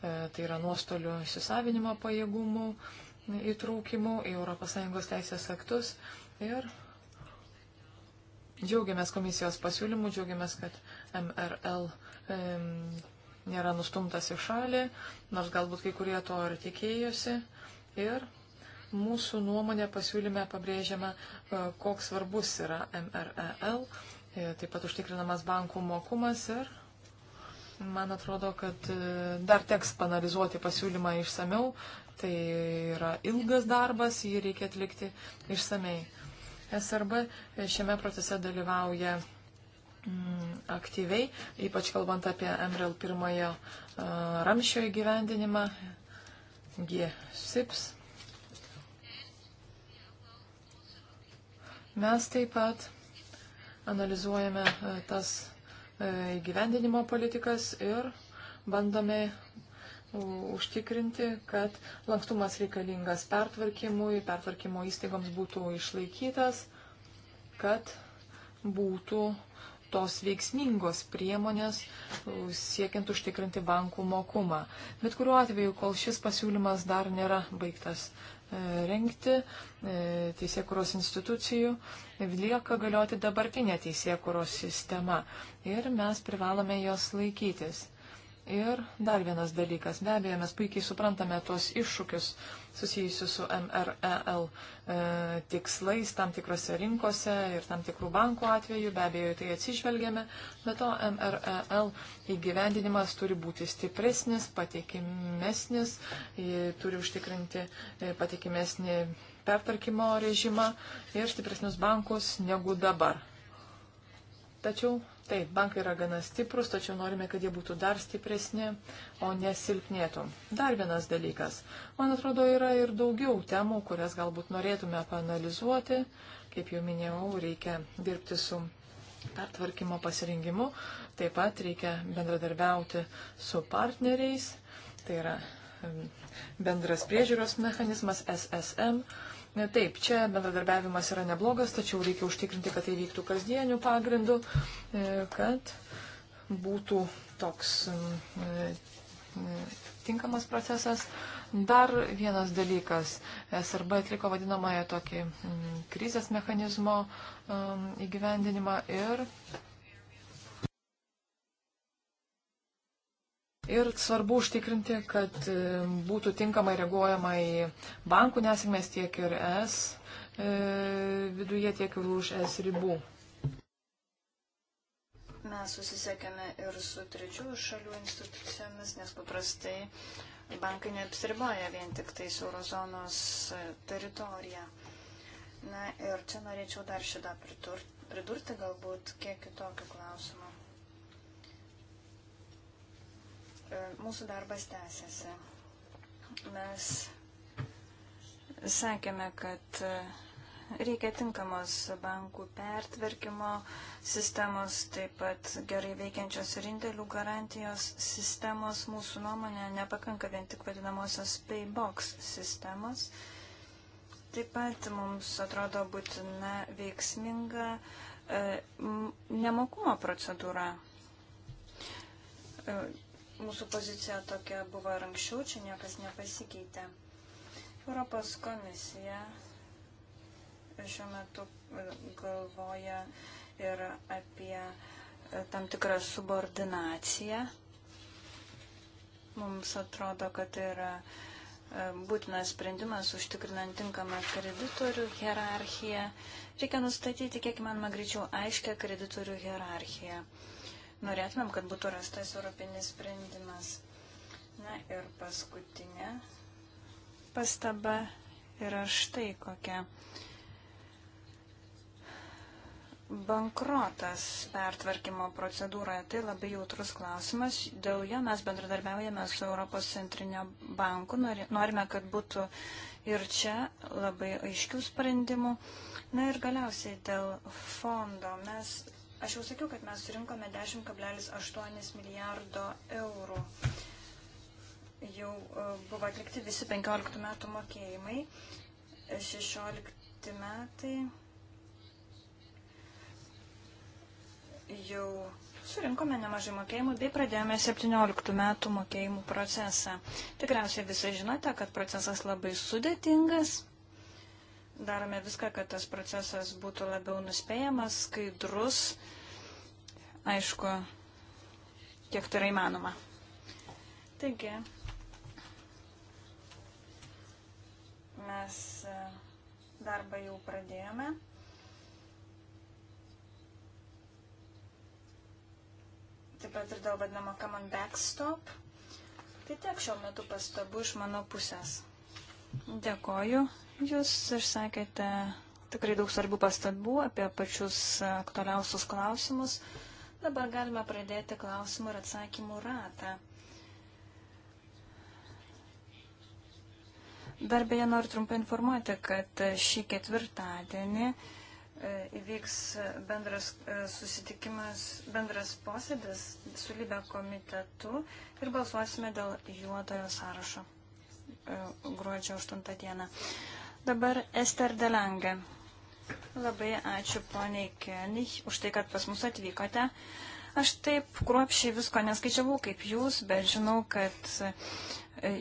tai yra nuostolių įsisavinimo pajėgumų įtraukimu į ES teisės aktus ir džiaugiamės komisijos pasiūlymų, džiaugiamės, kad MRL e, nėra nustumtas į šalį, nors galbūt kai kurie to ir tikėjosi. Ir mūsų nuomonė pasiūlyme pabrėžiama, e, koks svarbus yra MREL, e, taip pat užtikrinamas bankų mokumas ir man atrodo, kad e, dar teks panalizuoti pasiūlymą išsameu, Tai yra ilgas darbas, jį reikia atlikti išsamei. SRB šiame procese dalyvauja mm, aktyviai, ypač kalbant apie MRL pirmojo uh, ramšio įgyvendinimą, G-SIPS. Mes taip pat analizuojame tas įgyvendinimo politikas ir bandome užtikrinti, kad lankstumas reikalingas pertvarkymui, pertvarkymo įstaigoms būtų išlaikytas, kad būtų tos veiksmingos priemonės siekiant užtikrinti bankų mokumą. Bet kuriuo atveju, kol šis pasiūlymas dar nėra baigtas e, rengti e, teisėkuros institucijų, lieka galioti dabartinė teisėkuros sistema ir mes privalome jos laikytis. Ir dar vienas dalykas. Be abejo, mes puikiai suprantame tuos iššūkius susijusius su MREL e, tikslais tam tikrose rinkose ir tam tikrų bankų atveju. Be abejo, tai atsižvelgiame. Bet to MREL įgyvendinimas turi būti stipresnis, patikimesnis, e, turi užtikrinti e, patikimesnį pertarkimo režimą ir stipresnius bankus negu dabar. Tačiau Taip, bankai yra gana stiprus, tačiau norime, kad jie būtų dar stipresni, o nesilpnėtų. Dar vienas dalykas. Man atrodo, yra ir daugiau temų, kurias galbūt norėtume panalizuoti. Kaip jau minėjau, reikia dirbti su pertvarkymo pasirinkimu. Taip pat reikia bendradarbiauti su partneriais. Tai yra bendras priežiūros mechanizmas SSM. Taip, čia bendradarbiavimas yra neblogas, tačiau reikia užtikrinti, kad tai vyktų kasdienių pagrindų, e, kad būtų toks e, tinkamas procesas. Dar vienas dalykas. SRB atliko vadinamąją tokį krizės mechanizmo įgyvendinimą ir Ir svarbu užtikrinti, kad e, būtų tinkamai reaguojama į bankų nesėkmės tiek ir es e, viduje, tiek ir už es ribų. Mes susisiekėme ir su trečiųjų šalių institucijomis, nes paprastai bankai neapsiriboja vien tik tais eurozonos e, teritoriją. Na ir čia norėčiau dar šitą pridurti, galbūt kiek kitokių klausimų. E, mūsų darbas tęsiasi. Mes sakėme, kad e, reikia tinkamos bankų pertvarkymo sistemos, taip pat gerai veikiančios ir indėlių garantijos sistemos. Mūsų nuomonė nepakanka vien tik vadinamosios paybox sistemos. Taip pat mums atrodo būtina veiksminga e, nemokumo procedūra. E, Mūsų pozicija tokia buvo ir anksčiau, čia niekas nepasikeitė. Europos komisija šiuo metu e, galvoja ir apie e, tam tikrą subordinaciją. Mums atrodo, kad tai yra e, būtinas sprendimas užtikrinant tinkamą kreditorių hierarchiją. Reikia nustatyti, kiek manoma greičiau, aiškę kreditorių hierarchiją norėtumėm, kad būtų rastas europinis sprendimas. Na ir paskutinė pastaba yra štai kokia. Bankrotas pertvarkymo procedūroje tai labai jautrus klausimas. Dėl jo mes bendradarbiaujame su Europos centrinio banku. Norime, kad būtų ir čia labai aiškių sprendimų. Na ir galiausiai dėl fondo. Mes Aš jau sakiau, kad mes surinkome 10,8 milijardo eurų. Jau e, buvo atlikti visi 15 metų mokėjimai. 16 metai jau surinkome nemažai mokėjimų bei pradėjome 17 metų mokėjimų procesą. Tikriausiai visi žinote, kad procesas labai sudėtingas darome viską, kad tas procesas būtų labiau nuspėjamas, skaidrus, aišku, kiek tai yra įmanoma. Taigi, mes e, darbą jau pradėjome. Taip pat ir dėl vadinamo common backstop. Tai tiek šiuo metu pastabų iš mano pusės. Dėkoju. Jūs išsakėte tikrai daug svarbių pastabų apie pačius aktualiausius klausimus. Dabar galime pradėti klausimų ir atsakymų ratą. Dar beje noriu trumpai informuoti, kad šį ketvirtadienį e, įvyks bendras e, susitikimas, bendras posėdis su Libė komitetu ir balsuosime dėl juodojo sąrašo e, gruodžio 8 dieną. Dabar Ester Delange. Labai ačiū poniai Kenich už tai, kad pas mus atvykote. Aš taip kruopšiai visko neskaičiavau kaip jūs, bet žinau, kad e,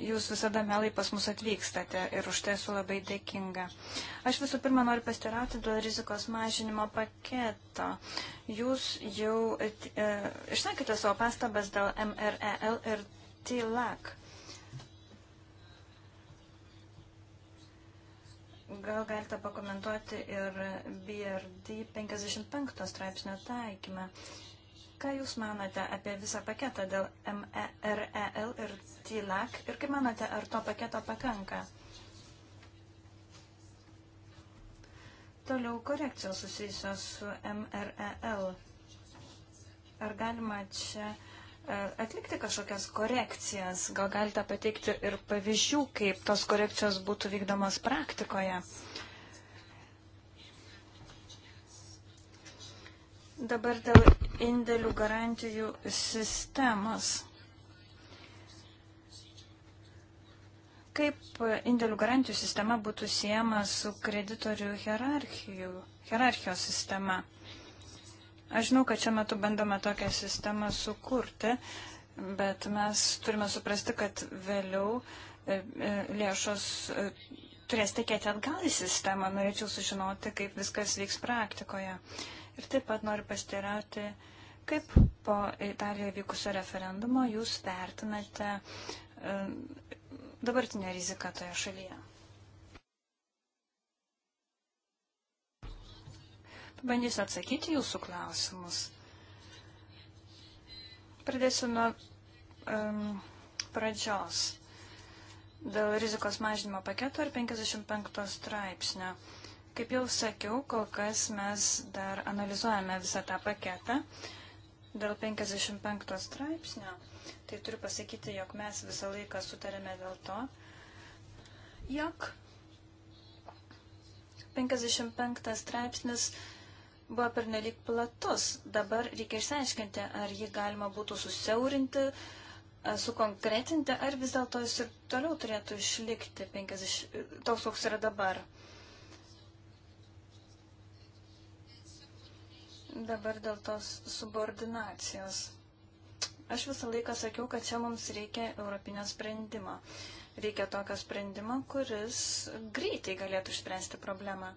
jūs visada melai pas mus atvykstate ir už tai esu labai dėkinga. Aš visų pirma noriu pastirauti dėl rizikos mažinimo paketo. Jūs jau e, e išsakėte savo pastabas dėl MREL ir TILAC. Gal galite pakomentuoti ir BRD 55 straipsnio taikymą. Ką Jūs manote apie visą paketą dėl MEREL ir TILAC ir kaip manote, ar to paketo pakanka? Toliau korekcijos susijusios su MREL. E ar galima čia uh, E, atlikti kažkokias korekcijas. Gal galite pateikti ir pavyzdžių, kaip tos korekcijos būtų vykdomos praktikoje. Dabar dėl indėlių garantijų sistemos. Kaip indėlių garantijų sistema būtų siejama su kreditorių hierarchijos sistema? Aš žinau, kad šiuo metu bandome tokią sistemą sukurti, bet mes turime suprasti, kad vėliau e, e, lėšos e, turės tekėti atgal į sistemą. Norėčiau sužinoti, kaip viskas vyks praktikoje. Ir taip pat noriu pastirauti, kaip po Italijoje vykusio referendumo jūs vertinate dabartinę riziką toje šalyje. Bandysiu atsakyti jūsų klausimus. Pradėsiu nuo um, pradžios. Dėl rizikos mažinimo paketo ir 55 straipsnio. Kaip jau sakiau, kol kas mes dar analizuojame visą tą paketą. Dėl 55 straipsnio, tai turiu pasakyti, jog mes visą laiką sutarėme dėl to, jog 55 straipsnis buvo pernelik platus. Dabar reikia išsiaiškinti, ar jį galima būtų susiaurinti, e, sukonkretinti, ar vis dėlto jis ir toliau turėtų išlikti 50, e, toks, koks yra dabar. Dabar dėl tos subordinacijos. Aš visą laiką sakiau, kad čia mums reikia europinio sprendimo. Reikia tokio sprendimo, kuris greitai galėtų išspręsti problemą.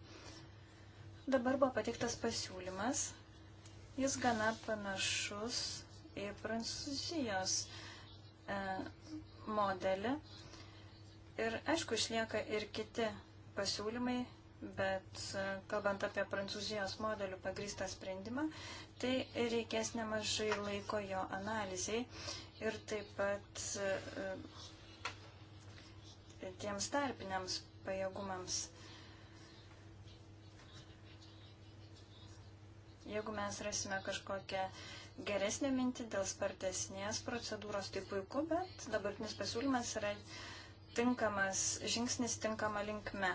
Dabar buvo patiktas pasiūlymas, jis gana panašus į Prancūzijos e, modelį. Ir aišku, išlieka ir kiti pasiūlymai, bet e, kalbant apie Prancūzijos modelių pagrįstą sprendimą, tai reikės nemažai laiko jo analizai ir taip pat e, e tiems tarpiniams pajėgumams. Jeigu mes rasime kažkokią geresnę mintį dėl spartesnės procedūros, tai puiku, bet dabartinis pasiūlymas yra tinkamas žingsnis tinkama linkme.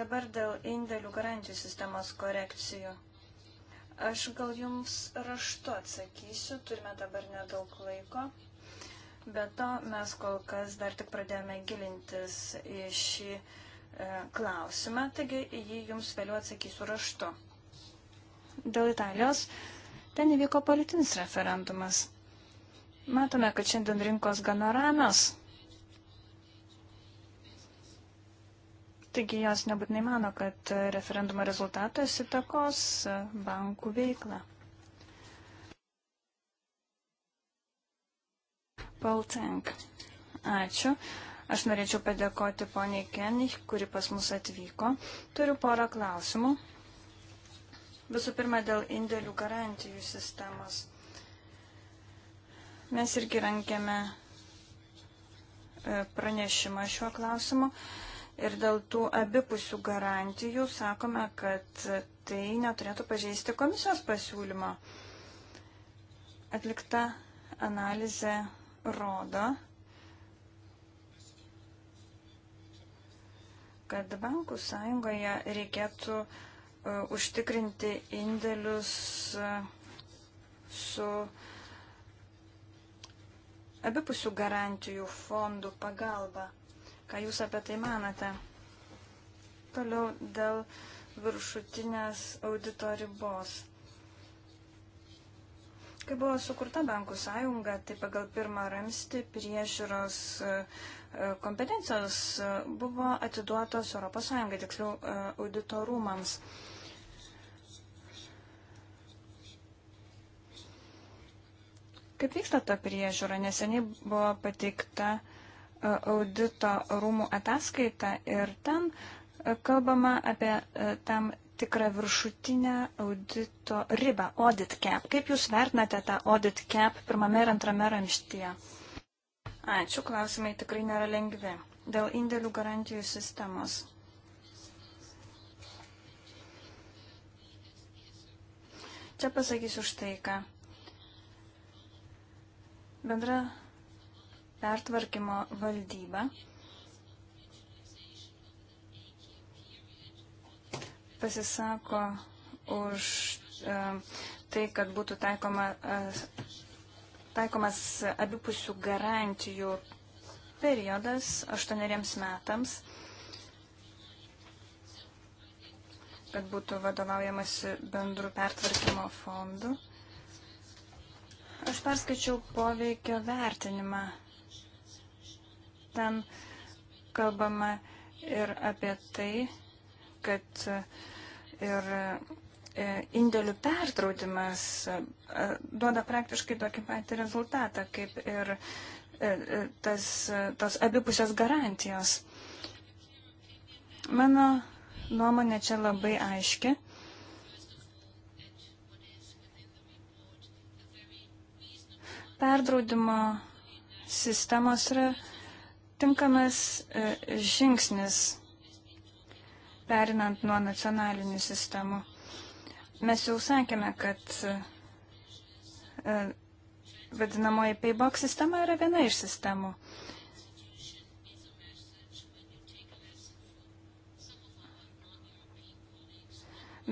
Dabar dėl indėlių garantijų sistemos korekcijų. Aš gal jums raštu atsakysiu, turime dabar nedaug laiko. Be to, mes kol kas dar tik pradėjome gilintis į šį e, klausimą, taigi jį jums vėliau atsakysiu raštu dėl Italijos, ten įvyko politinis referendumas. Matome, kad šiandien rinkos gana ramios. Taigi jos nebūtinai mano, kad referendumo rezultatas įtakos bankų veiklą. Paul Tank. Ačiū. Aš norėčiau padėkoti poniai Kenich, kuri pas mus atvyko. Turiu porą klausimų. Visų pirma, dėl indėlių garantijų sistemos. Mes irgi rankėme e, pranešimą šiuo klausimu ir dėl tų abipusių garantijų sakome, kad tai neturėtų pažeisti komisijos pasiūlymo. Atlikta analizė rodo, kad bankų sąjungoje reikėtų uh, E, užtikrinti indėlius e, su abipusių garantijų fondų pagalba. Ką Jūs apie tai manate? Toliau dėl viršutinės audito ribos. Kai buvo sukurta bankų sąjunga, tai pagal pirmą ramstį priežiūros e, kompetencijos buvo atiduotos ES, tiksliau auditorumams. rūmams. kaip vyksta ta priežiūra. Neseniai buvo pateikta e, audito rūmų ataskaita ir ten e, kalbama apie e, tam tikrą viršutinę audito ribą, audit cap. Kaip Jūs vertinate tą audit cap pirmame ir antrame ramštyje? Ačiū, klausimai tikrai nėra lengvi. Dėl indėlių garantijų sistemos. Čia pasakysiu štai ką. Bendra pertvarkymo valdyba pasisako už e, tai, kad būtų taikoma, e, taikomas abipusių garantijų periodas aštuoneriems metams, kad būtų vadovaujamasi bendrų pertvarkymo fondų. Aš perskaičiau poveikio vertinimą. Ten kalbama ir apie tai, kad ir e, indėlių pertraudimas e, e, duoda praktiškai tokį patį rezultatą, kaip ir tas, tos abipusės garantijos. Mano nuomonė čia labai aiški. perdraudimo sistemos yra tinkamas e, žingsnis perinant nuo nacionalinių sistemų. Mes jau sakėme, kad e, vadinamoji paybox sistema yra viena iš sistemų.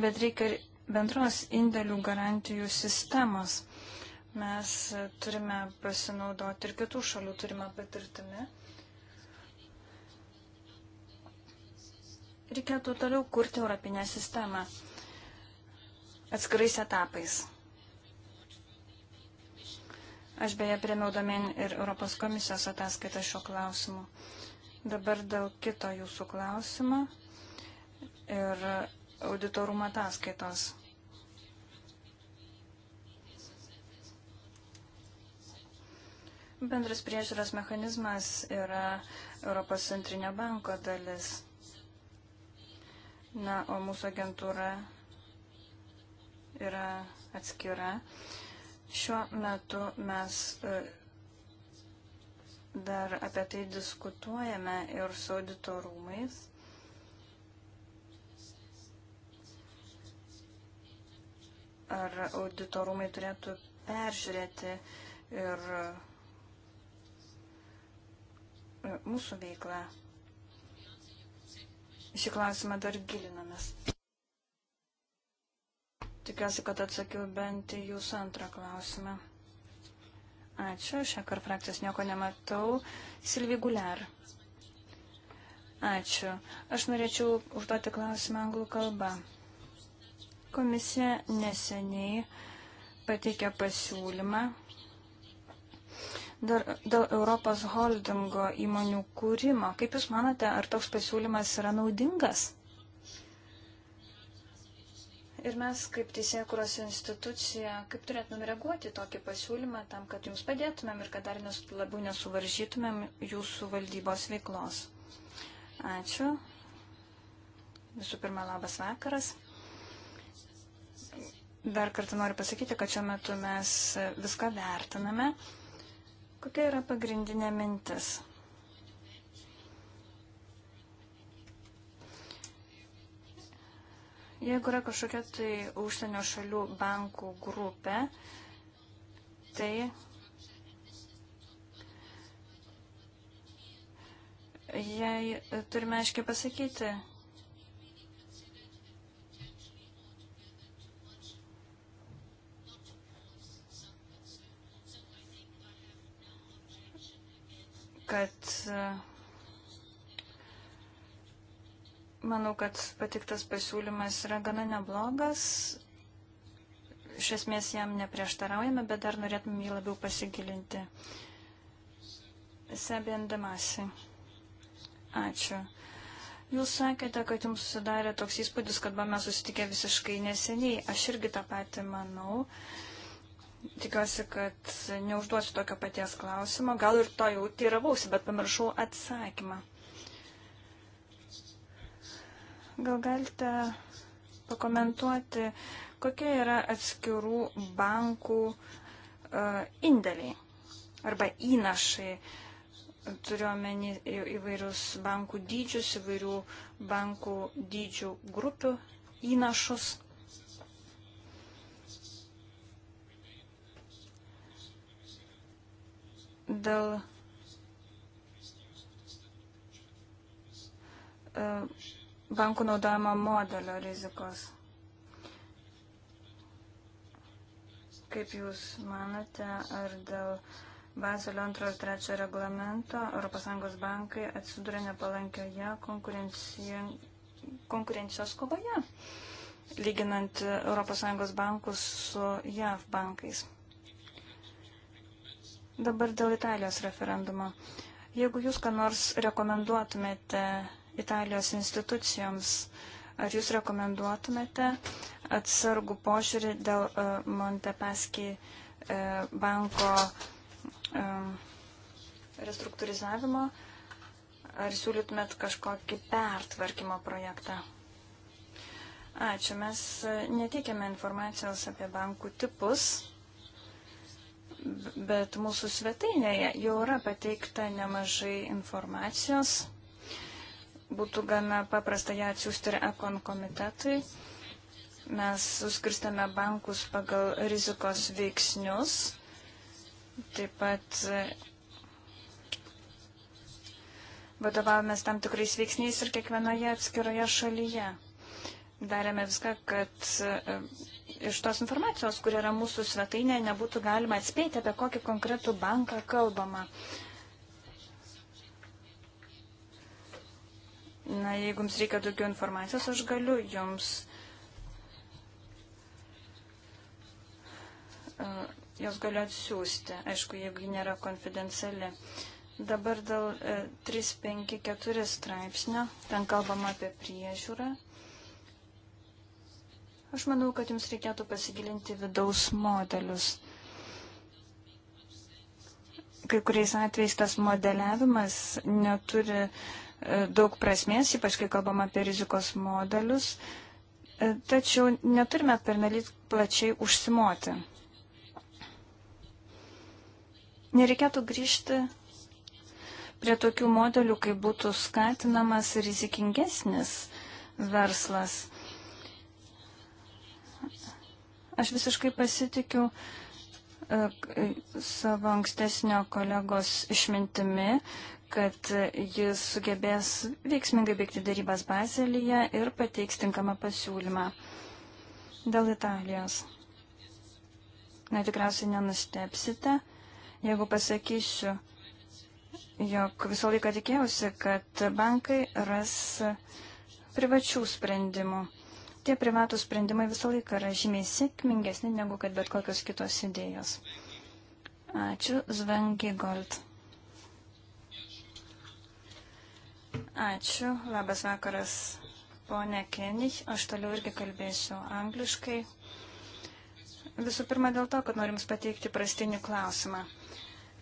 Bet reikia bendros indėlių garantijų sistemos. Mes turime pasinaudoti ir kitų šalių turimą patirtimį. Reikėtų toliau kurti Europinę sistemą atskirais etapais. Aš beje priemiau domenį ir Europos komisijos ataskaitą šio klausimu. Dabar dėl kito jūsų klausimo ir auditorumo ataskaitos. Bendras priežiūros mechanizmas yra Europos centrinio banko dalis. Na, o mūsų agentūra yra atskira. Šiuo metu mes e, dar apie tai diskutuojame ir su audito rūmais. Ar auditorumai turėtų peržiūrėti ir mūsų veiklą. Šį klausimą dar gilinamės. Tikiuosi, kad atsakiau bent į jūsų antrą klausimą. Ačiū, šią kartą frakcijos nieko nematau. Silvi Guler. Ačiū. Aš norėčiau užduoti klausimą anglų kalbą. Komisija neseniai pateikė pasiūlymą Dar dėl Europos holdingo įmonių kūrimo. Kaip Jūs manote, ar toks pasiūlymas yra naudingas? Ir mes, kaip teisėkuros institucija, kaip turėtumėm reaguoti tokį pasiūlymą tam, kad Jums padėtumėm ir kad dar nes, labiau nesuvaržytumėm Jūsų valdybos veiklos. Ačiū. Visų pirma, labas vakaras. Dar kartą noriu pasakyti, kad šiuo metu mes viską vertiname. Kokia yra pagrindinė mintis? Jeigu yra kažkokia tai užsienio šalių bankų grupė, tai jai turime aiškiai pasakyti, kad manau, kad patiktas pasiūlymas yra gana neblogas. Iš esmės jam neprieštaraujame, bet dar norėtum jį labiau pasigilinti. Sebendamasi. Ačiū. Jūs sakėte, kad jums susidarė toks įspūdis, kad buvome susitikę visiškai neseniai. Aš irgi tą patį manau. Uh, Tikiuosi, kad neužduosiu tokio paties klausimo. Gal ir to jau tyravausi, bet pamiršau atsakymą. Gal galite pakomentuoti, kokie yra atskirų bankų uh, indėliai arba įnašai. Turiuomenį įvairius bankų dydžius, įvairių bankų dydžių grupių įnašus. dėl e, bankų naudojama modelio rizikos. Kaip Jūs manate, ar dėl Baselio 2 ir 3 reglamento ES bankai atsiduria nepalankioje konkurencijos kovoje, lyginant ES bankus su JAV bankais? Dabar dėl Italijos referendumo. Jeigu jūs ką nors rekomenduotumėte Italijos institucijoms, ar jūs rekomenduotumėte atsargų požiūrį dėl uh, e, Montepaski uh, e, banko uh, restruktūrizavimo, ar siūlytumėt kažkokį pertvarkymo projektą? Ačiū, mes netikėme informacijos apie bankų tipus bet mūsų svetainėje jau yra pateikta nemažai informacijos. Būtų gana paprasta ją atsiųsti ir ekon komitetui. Mes suskirstame bankus pagal rizikos veiksnius. Taip pat e, vadovavomės tam tikrais veiksniais ir kiekvienoje atskiroje šalyje darėme viską, kad e, iš tos informacijos, kur yra mūsų svetainė, nebūtų galima atspėti, apie kokį konkretų banką kalbama. Na, jeigu jums reikia daugiau informacijos, aš galiu jums e, jos galiu atsiųsti, aišku, jeigu ji nėra konfidenciali. Dabar dėl 354 e, straipsnio, ten kalbama apie priežiūrą. Aš manau, kad jums reikėtų pasigilinti vidaus modelius. Kai kuriais atvejais tas modeliavimas neturi e, daug prasmės, ypač kai kalbam apie rizikos modelius, e, tačiau neturime pernelyg plačiai užsimoti. Nereikėtų grįžti prie tokių modelių, kai būtų skatinamas rizikingesnis verslas. Aš visiškai pasitikiu e, savo ankstesnio kolegos išmintimi, kad jis sugebės veiksmingai baigti darybas Bazelyje ir pateiks tinkamą pasiūlymą dėl Italijos. Na, tikriausiai nenustepsite, jeigu pasakysiu, jog visą laiką tikėjausi, kad bankai ras privačių sprendimų. Tie privatų sprendimai visą laiką yra žymiai sėkmingesni negu kad bet kokios kitos idėjos. Ačiū, Zvengi Gold. Ačiū, labas vakaras, ponė Kenich. Aš toliau irgi kalbėsiu angliškai. Visų pirma dėl to, kad norim pateikti prastinį klausimą.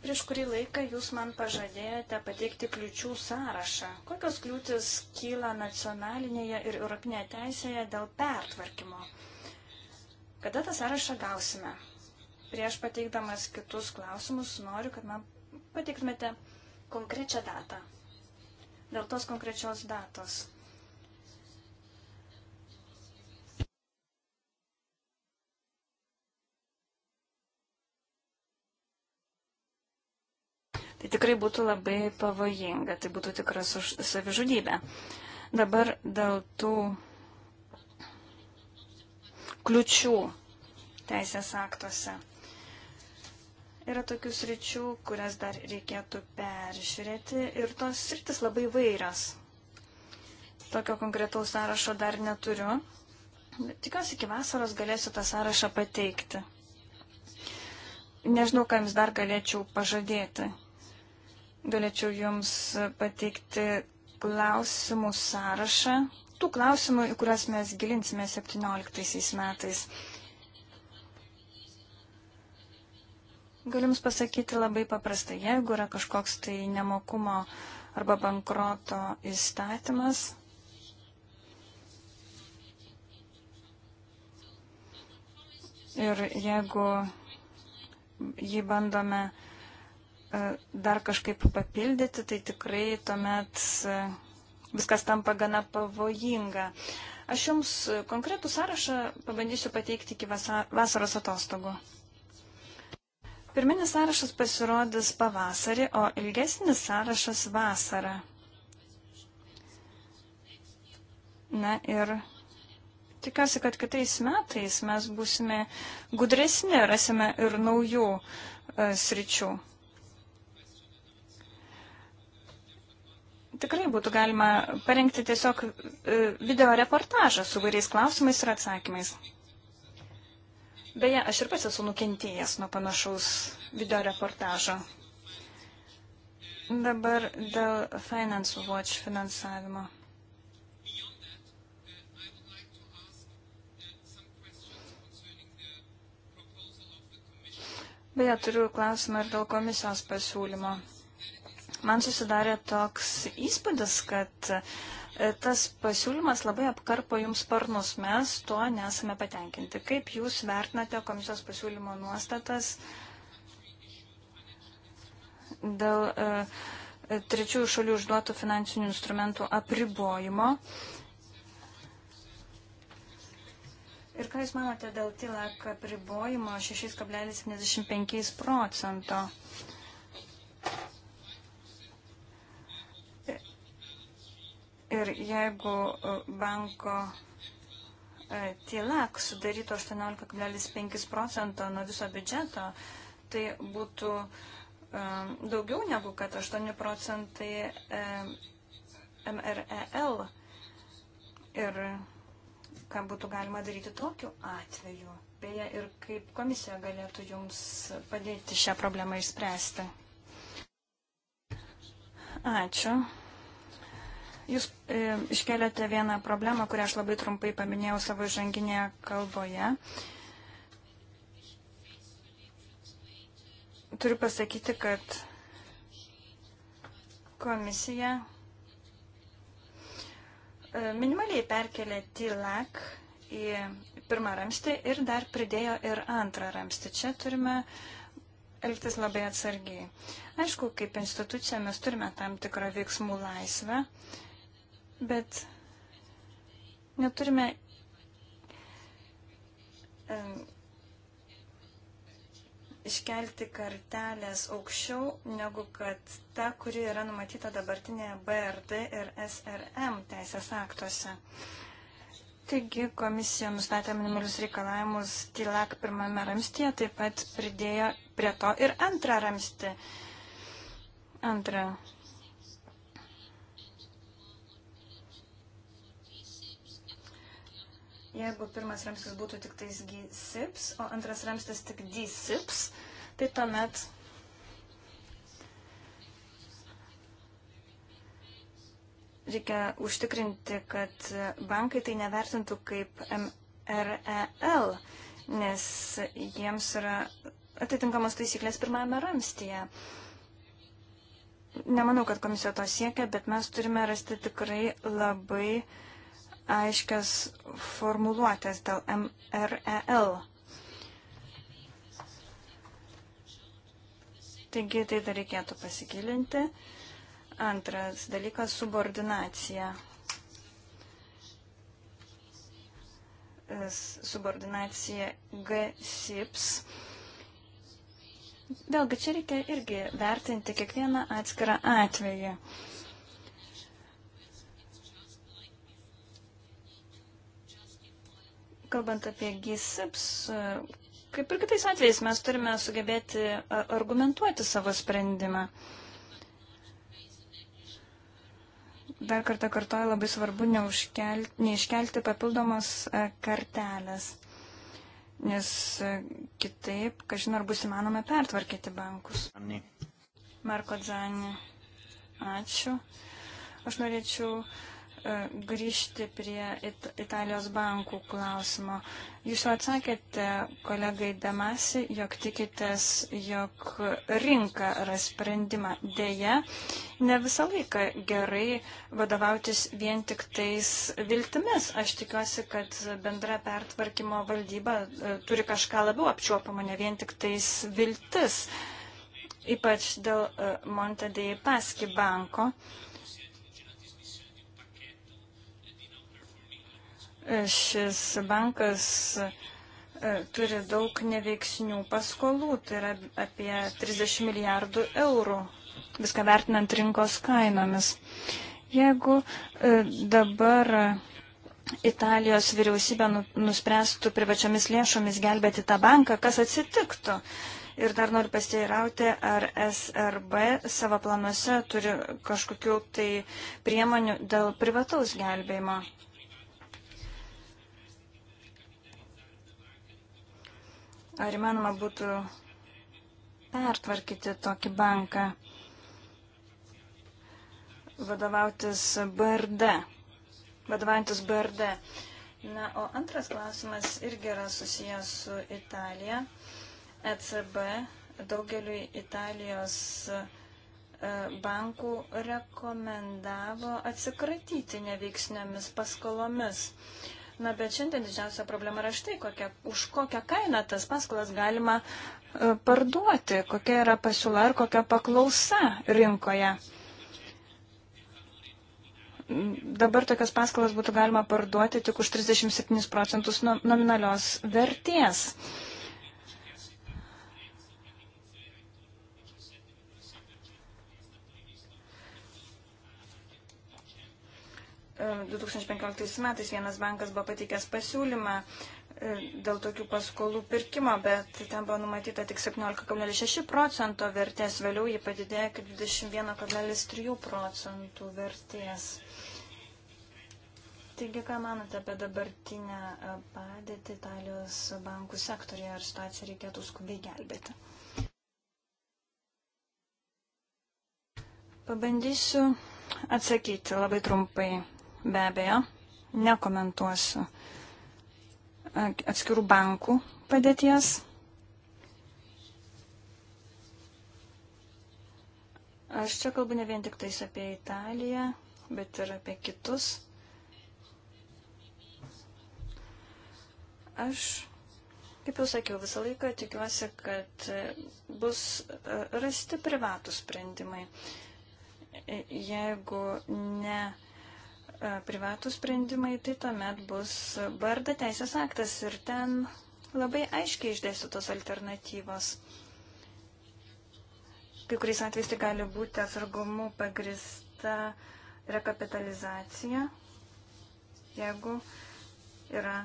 Prieš kurį laiką jūs man pažadėjote pateikti kliučių sąrašą. Kokios kliūtis kyla nacionalinėje ir europinėje teisėje dėl pertvarkymo? Kada tą sąrašą gausime? Prieš pateikdamas kitus klausimus noriu, kad man pateiktumėte konkrečią datą. Dėl tos konkrečios datos tai tikrai būtų labai pavojinga, tai būtų tikras savižudybė. Dabar dėl tų kliučių teisės aktuose. Yra tokių sričių, kurias dar reikėtų peržiūrėti ir tos sritis labai vairios. Tokio konkretaus sąrašo dar neturiu. Tikiuosi, iki vasaros galėsiu tą sąrašą pateikti. Nežinau, ką jums dar galėčiau pažadėti. Galėčiau Jums pateikti klausimų sąrašą, tų klausimų, į kuriuos mes gilinsime 17 metais. Galim pasakyti labai paprastai, jeigu yra kažkoks tai nemokumo arba bankroto įstatymas, ir jeigu jį bandome uh, dar kažkaip papildyti, tai tikrai tuomet e, viskas tampa gana pavojinga. Aš jums konkretų sąrašą pabandysiu pateikti iki vasaros atostogų. Pirminis sąrašas pasirodys pavasarį, o ilgesnis sąrašas vasarą. Na ir tikiuosi, kad kitais metais mes būsime gudresni, rasime ir naujų e, sričių. tikrai būtų galima parengti tiesiog e, video reportažą su vairiais klausimais ir atsakymais. Beje, aš ir pats esu nukentėjęs nuo panašaus video reportažo. Dabar dėl Finance Watch finansavimo. Beje, turiu klausimą ir dėl komisijos pasiūlymo. Man susidarė toks įspūdis, kad e, tas pasiūlymas labai apkarpo jums sparnus. Mes tuo nesame patenkinti. Kaip jūs vertinate komisijos pasiūlymo nuostatas dėl e, e, trečiųjų šalių užduotų finansinių instrumentų apribojimo? Ir ką Jūs manote dėl TILAK apribojimo 6,75 procento? Ir jeigu e, banko e, tylak sudarytų 18,5 procento nuo viso biudžeto, tai būtų e, daugiau negu kad 8 procentai MREL. Ir ką būtų galima daryti tokiu atveju? Beje, ir kaip komisija galėtų jums padėti šią problemą išspręsti? Ačiū. Jūs e, iškeliate vieną problemą, kurią aš labai trumpai paminėjau savo žanginėje kalboje. Turiu pasakyti, kad komisija e, minimaliai perkelė TILAC į pirmą ramstį ir dar pridėjo ir antrą ramstį. Čia turime elgtis labai atsargiai. Aišku, kaip institucija mes turime tam tikrą veiksmų laisvę bet neturime iškelti kartelės aukščiau negu kad ta, kuri yra numatyta dabartinėje BRD ir SRM teisės aktuose. Taigi komisija nustatė minimalius reikalavimus TILAK pirmame ramstyje, taip pat pridėjo prie to ir antrą ramstį. Antrą Jeigu pirmas ramstis būtų tik tais G-SIPS, o antras ramstis tik D-SIPS, tai tuomet reikia užtikrinti, kad bankai tai nevertintų kaip MREL, nes jiems yra atitinkamos taisyklės pirmame ramstyje. Nemanau, kad komisija to siekia, bet mes turime rasti tikrai labai uh, aiškias formuluotės dėl MREL. Taigi tai dar reikėtų pasigilinti. Antras dalykas - subordinacija. Subordinacija GSIPS. Vėlgi čia reikia irgi vertinti kiekvieną atskirą atvejį. Uh, Kalbant apie GSIPS, kaip ir kitais atvejais, mes turime sugebėti argumentuoti savo sprendimą. Dar kartą kartoju, labai svarbu neiškelti papildomos kartelės, nes kitaip, kažin ar bus įmanoma pertvarkyti bankus. Marko Dzani, ačiū. Aš norėčiau uh, E, grįžti prie it Italijos bankų klausimo. Jūs jau atsakėte kolegai Damasi, jog tikitės, jog rinka ras sprendimą. Deja, ne visą laiką gerai vadovautis vien tik tais viltimis. Aš tikiuosi, kad bendra pertvarkymo valdyba e, turi kažką labiau apčiuopamą, ne vien tik tais viltis. Ypač dėl e, Montedei Paski banko. Uh, Šis bankas e, turi daug neveiksnių paskolų, tai yra apie 30 milijardų eurų, viską vertinant rinkos kainomis. Jeigu e, dabar Italijos vyriausybė nu, nuspręstų privačiomis lėšomis gelbėti tą banką, kas atsitiktų? Ir dar noriu pasiteirauti, ar SRB savo planuose turi kažkokių tai priemonių dėl privataus gelbėjimo. Ar įmanoma būtų pertvarkyti tokį banką, vadovautis BRD, vadovantis BRD? Na, o antras klausimas irgi yra susijęs su Italija. ECB daugeliui Italijos e, bankų rekomendavo atsikratyti neveiksniomis paskolomis. Na, bet šiandien didžiausia problema yra štai, kokia, už kokią kainą tas paskolas galima e, parduoti, kokia yra pasiūla ir kokia paklausa rinkoje. Dabar tokias paskolas būtų galima parduoti tik už 37 procentus nominalios vertės. Uh, 2015 metais vienas bankas buvo pateikęs pasiūlymą e, dėl tokių paskolų pirkimo, bet ten buvo numatyta tik 17,6 procento vertės, vėliau jį padidėjo iki 21,3 procentų vertės. Taigi, ką manote apie dabartinę e, padėtį Italijos bankų sektorėje, ar situaciją reikėtų skubiai gelbėti? Pabandysiu atsakyti labai trumpai be abejo nekomentuosiu atskirų bankų padėties. Aš čia kalbu ne vien tik tais apie Italiją, bet ir apie kitus. Aš, kaip jau sakiau, visą laiką tikiuosi, kad bus rasti privatų sprendimai. Jeigu ne E, privatų sprendimai, tai tuomet bus barda teisės aktas ir ten labai aiškiai išdėstytos alternatyvos. Kai kuriais atvejais tai gali būti atsargumu pagrista rekapitalizacija, jeigu yra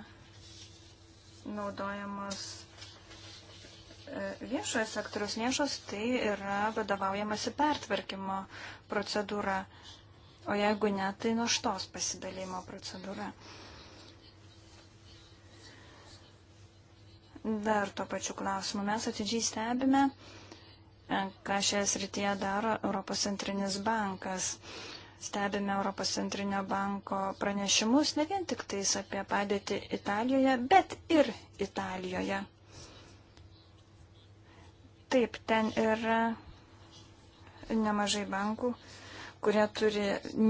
naudojamos e, viešojo sektoriaus lėšos, tai yra vadovaujamasi pertvarkymo procedūra o jeigu ne, tai naštos pasidalėjimo procedūra. Dar to pačiu klausimu. Mes atidžiai stebime, e, ką šioje srityje daro Europos centrinis bankas. Stebime Europos centrinio banko pranešimus ne vien tik tais apie padėtį Italijoje, bet ir Italijoje. Taip, ten yra nemažai bankų, uh, kurie turi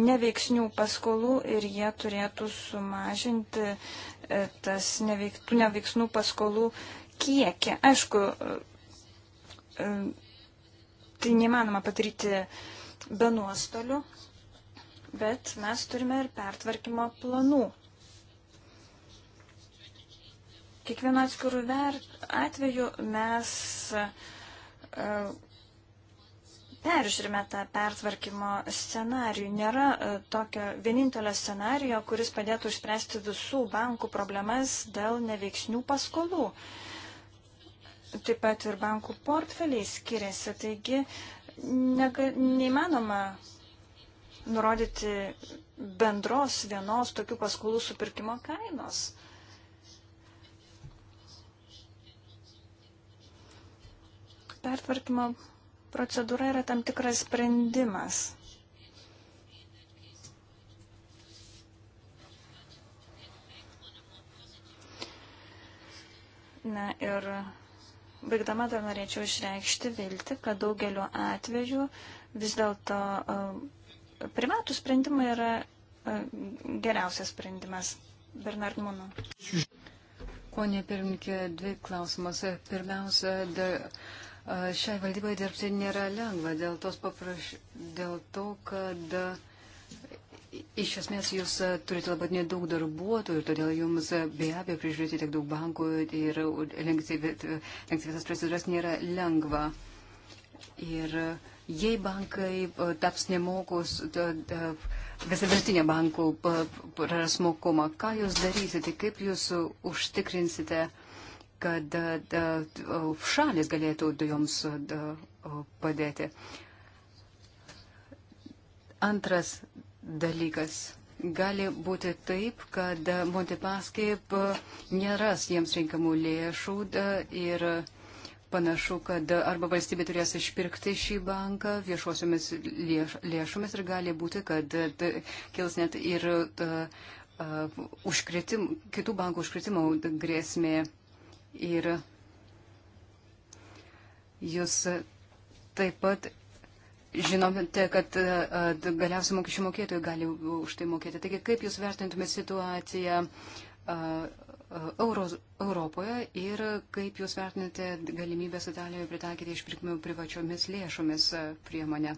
neveiksnių paskolų ir jie turėtų sumažinti e, tas neveik, tų neveiksnių paskolų kiekį. Aišku, e, tai neįmanoma padaryti be nuostolių, bet mes turime ir pertvarkymo planų. Kiekvienu atskirų atveju mes e, peržiūrime tą pertvarkymo scenarijų. Nėra e, tokio vienintelio scenarijo, kuris padėtų išspręsti visų bankų problemas dėl neveiksnių paskolų. Taip pat ir bankų portfeliai skiriasi, taigi nega, neįmanoma nurodyti bendros vienos tokių paskolų supirkimo kainos. Pertvarkymo Procedūra yra tam tikras sprendimas. Na ir baigdama dar norėčiau išreikšti vilti, kad daugeliu atveju vis dėlto e, privatų sprendimai yra e, geriausias sprendimas. Bernard Muno. Pone pirmininkė, dvi klausimas. Pirmiausia, de, Šiai valdybai dirbti nėra lengva dėl, papraš... dėl to, kad iš esmės jūs turite labai nedaug darbuotojų ir todėl jums be abejo prižiūrėti tiek daug bankų ir lenkti, lenkti visas procedūras nėra lengva. Ir jei bankai taps nemokus, visavertinė bankų praras mokumą, ką jūs darysite, kaip jūs užtikrinsite? kad e, šalis galėtų joms e, padėti. Antras dalykas. Gali būti taip, kad Montepaskeip neras jiems rinkamų lėšų ir panašu, kad arba valstybė turės išpirkti šį banką viešuosiomis lėš, lėšomis ir gali būti, kad t, kils net ir t, uh, užkritim, kitų bankų užkritimo grėsmė. Uh, Ir jūs taip pat žinote, kad e, e, galiausiai mokesčių mokėtojai gali už tai mokėti. Taigi, kaip jūs vertintumėte situaciją e, Euro, Europoje ir kaip jūs vertinate galimybės Italijoje pritaikyti išpirkimų privačiomis lėšomis priemonę?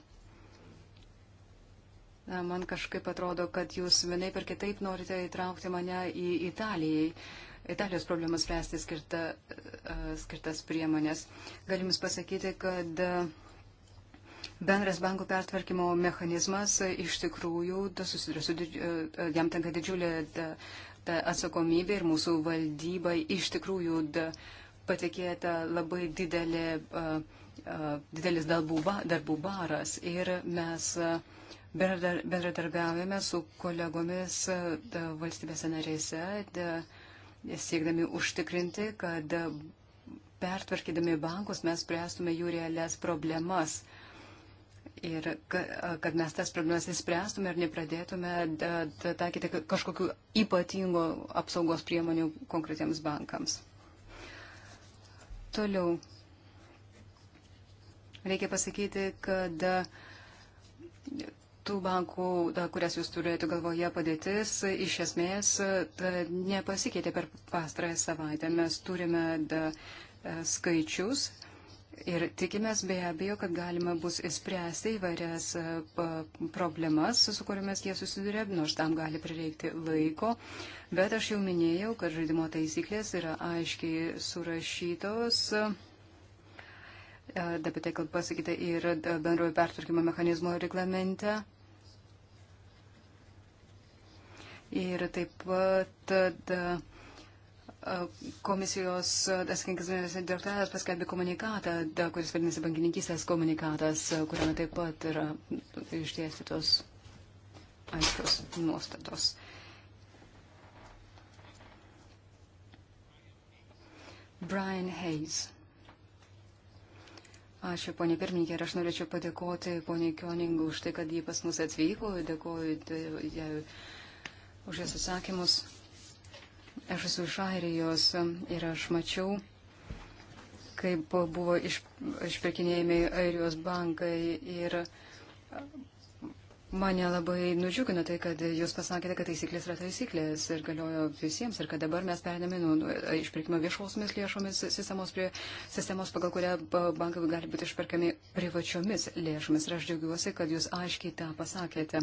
Man kažkaip atrodo, kad jūs vienai per kitaip norite įtraukti mane į Italijai Italijos problemas spręsti skirta, e, skirtas priemonės. Galim Jums pasakyti, kad e, bendras bankų pertvarkymo mechanizmas iš tikrųjų susiduria su, e, jam tenka didžiulė atsakomybė ir mūsų valdybai iš tikrųjų patikėta labai didelė, didelis darbų, darbų baras ir mes bendradarbiavime su kolegomis valstybėse narėse. De, siekdami užtikrinti, kad pertvarkydami bankus mes spręstume jų realias problemas. Ir kad mes tas problemas įspręstume ir nepradėtume taikyti kažkokiu ypatingo apsaugos priemonių konkretiems bankams. Toliau. Reikia pasakyti, kad tų bankų, da, kurias jūs turėjote galvoje padėtis, e, iš esmės e, da, nepasikeitė per pastarąją savaitę. Mes turime da, e, skaičius ir tikimės be abejo, kad galima bus įspręsti įvairias problemas, su kuriomis jie susiduria, nors nu, tam gali prireikti laiko. Bet aš jau minėjau, kad žaidimo taisyklės yra aiškiai surašytos. Apie tai, kad pasakyta ir bendrojo pertvarkymo mechanizmo reglamente. ir taip pat da, e, e, komisijos atsakingas e, direktoras paskelbė komunikatą, da, kuris vadinasi bankininkystės komunikatas, kuriame taip pat yra išdėstytos aiškios nuostatos. Brian Hayes. Ačiū, ponė pirmininkė, ir aš norėčiau padėkoti ponė Kioning už tai, kad jį pas mus atvyko. Dėkoju tai, jai. Ja, už jūsų sakymus. Aš esu iš Airijos ir aš mačiau, kaip buvo iš, išpirkinėjami Airijos bankai ir Mane labai nudžiugino tai, kad jūs pasakėte, kad taisyklės yra taisyklės ir galiojo visiems ir kad dabar mes perėmėme nu, nu išpirkimo viešosomis lėšomis sistemos prie sistemos, pagal kurią bankai gali būti išperkami privačiomis lėšomis. Ir aš džiaugiuosi, kad jūs aiškiai tą pasakėte,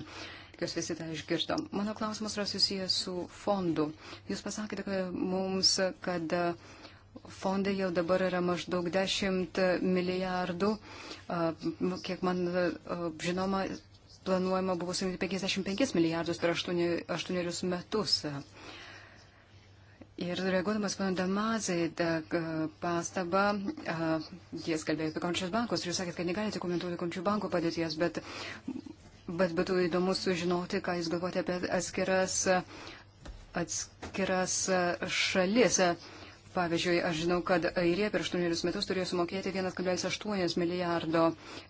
jūs visi tą išgirdo. Mano klausimas yra susijęs su fondu. Jūs pasakėte kad mums, kad fondai jau dabar yra maždaug 10 milijardų, kiek man žinoma, planuojama buvo surinkti 55 milijardus per 8, 8 metus. Ir reaguodamas pana Damazai e, pastabą, e, jis kalbėjo apie končius bankus ir jūs sakėt, kad negalite komentuoti končių bankų padėties, bet, bet būtų įdomu sužinoti, ką jūs galvojate apie atskiras, atskiras e, šalis. A, Pavyzdžiui, aš žinau, kad Airija per 8 metus turėjo sumokėti 1,8 milijardo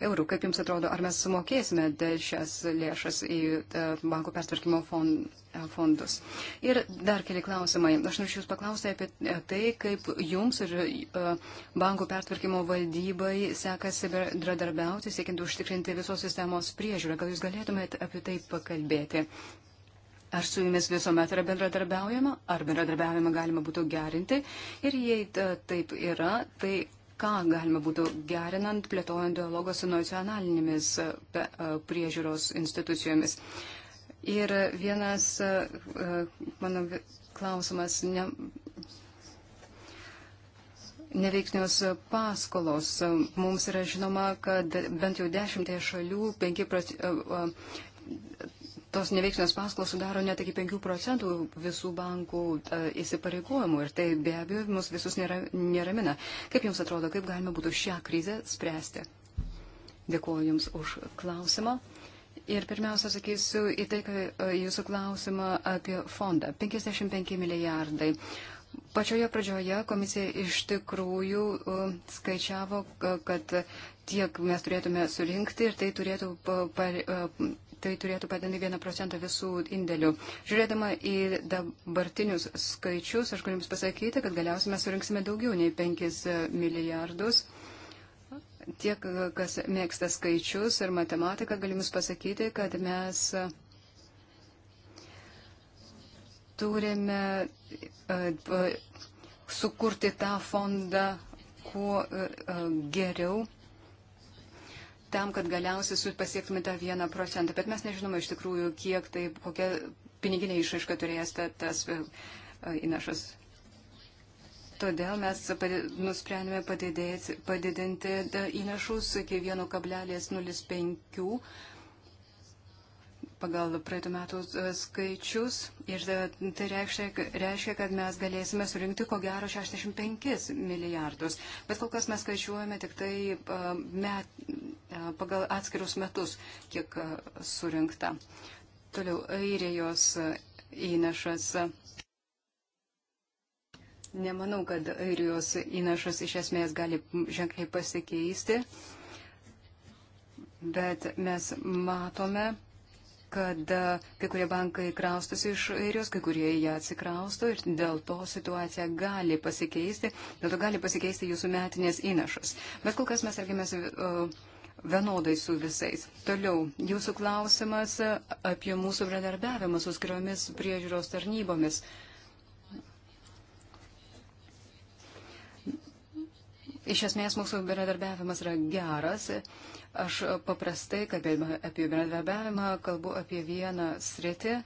eurų. Kaip Jums atrodo, ar mes sumokėsime šias lėšas į e, bankų pertvarkymo e, fondus? Ir dar keli klausimai. Aš noriu Jūs paklausti apie e, tai, kaip Jums ir bankų pertvarkymo valdybai sekasi bendradarbiauti, siekiant užtikrinti visos sistemos priežiūrą. Gal Jūs galėtumėte apie tai pakalbėti? ar su jumis visuomet yra bendradarbiaujama, ar bendradarbiavimą galima būtų gerinti. Ir jei e, taip yra, tai ką galima būtų gerinant, plėtojant dialogą su nacionalinėmis e, e, priežiūros institucijomis. Ir vienas mano klausimas. Ne, Neveiksnios paskolos. Mums yra žinoma, kad bent jau dešimtėje šalių 5 proc tos neveiksnios paskolos sudaro net iki 5 procentų visų bankų ta, e, įsipareigojimų ir tai be abejo mus visus nėra, neramina. Kaip Jums atrodo, kaip galima būtų šią krizę spręsti? Dėkuoju Jums už klausimą. Ir pirmiausia, sakysiu į tai, ką e, Jūsų klausimą apie fondą. 55 milijardai. Pačioje pradžioje komisija iš tikrųjų e, skaičiavo, kad tiek mes turėtume surinkti ir tai turėtų tai turėtų padengti 1 procentą visų indėlių. Žiūrėdama į dabartinius skaičius, aš galiu Jums pasakyti, kad galiausiai mes surinksime daugiau nei 5 milijardus. Tie, kas mėgsta skaičius ir matematiką, galiu Jums pasakyti, kad mes turime e, e, sukurti tą fondą kuo e, geriau tam, kad galiausiai pasiektume tą vieną procentą. Bet mes nežinome iš tikrųjų, kiek tai, kokia piniginė išaiška turės tas e, įnašas. Todėl mes nusprendėme padidėti, padidinti įnašus iki 1,05 pagal praeitų metų e, skaičius ir e, tai reiškia, reiškia, kad mes galėsime surinkti ko gero 65 milijardus. Bet kol kas mes skaičiuojame tik tai e, met, pagal atskirus metus, kiek surinkta. Toliau airijos įnašas. Nemanau, kad airijos įnašas iš esmės gali ženkliai pasikeisti, bet mes matome, kad e, kai kurie bankai kraustosi iš airijos, kai kurie ją atsikrausto ir dėl to situacija gali pasikeisti, dėl to gali pasikeisti jūsų metinės įnašas. Bet kol kas mes elgiamės e, vienodai su visais. Toliau, jūsų klausimas apie mūsų bradarbiavimą su skiriomis priežiūros tarnybomis. Uh, Iš esmės mūsų bendradarbiavimas yra geras. Aš paprastai, kalbėdama apie bendradarbiavimą, kalbu apie vieną sritį.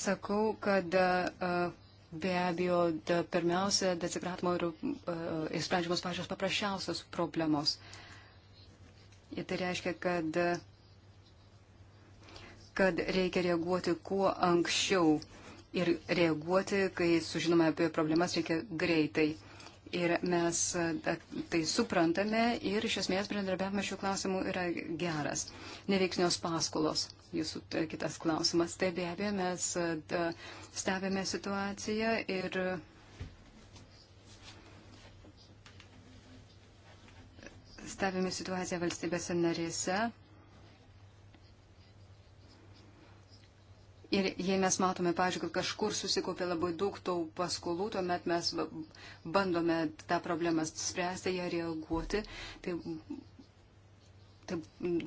Sakau, kad be abejo, da, pirmiausia, atsikratimo yra išsprendžiamos pačios paprasčiausios problemos. Ir tai reiškia, kad kad reikia reaguoti kuo anksčiau ir reaguoti, kai sužinome apie problemas, reikia greitai. Ir mes tai suprantame ir iš esmės bendradarbiavimas šių klausimų yra geras. Neveiksnios paskolos, jūsų kitas klausimas. Tai be abejo, mes stebėme situaciją ir. Stebime situaciją valstybėse narėse Ir jei mes matome, pažiūrėjau, kad kažkur susikopė labai daug tų paskolų, tuomet mes bandome tą problemą spręsti, ją reaguoti. Tai, tai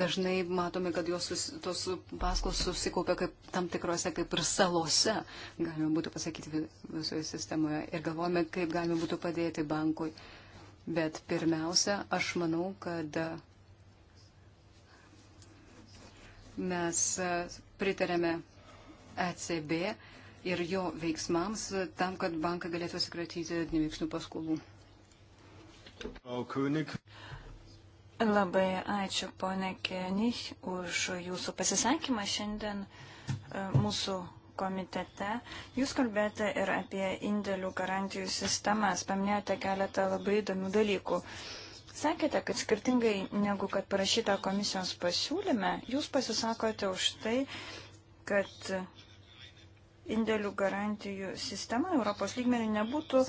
dažnai matome, kad jos, tos paskolos susikopė kaip tam tikrose, kaip ir salose, galima būtų pasakyti visoje sistemoje. Ir galvojame, kaip galima būtų padėti bankui. Bet pirmiausia, aš manau, kad e, mes e, pritarėme ECB ir jo veiksmams tam, kad bankai galėtų atsikratyti neveiksnių paskolų. Labai ačiū, ponė Kenich, už jūsų pasisakymą šiandien e, mūsų komitete. Jūs kalbėjote ir apie indėlių garantijų sistemas, paminėjote keletą labai įdomių dalykų. Sakėte, kad skirtingai negu kad parašyta komisijos pasiūlyme, jūs pasisakote už tai, kad indėlių garantijų sistema Europos lygmenių nebūtų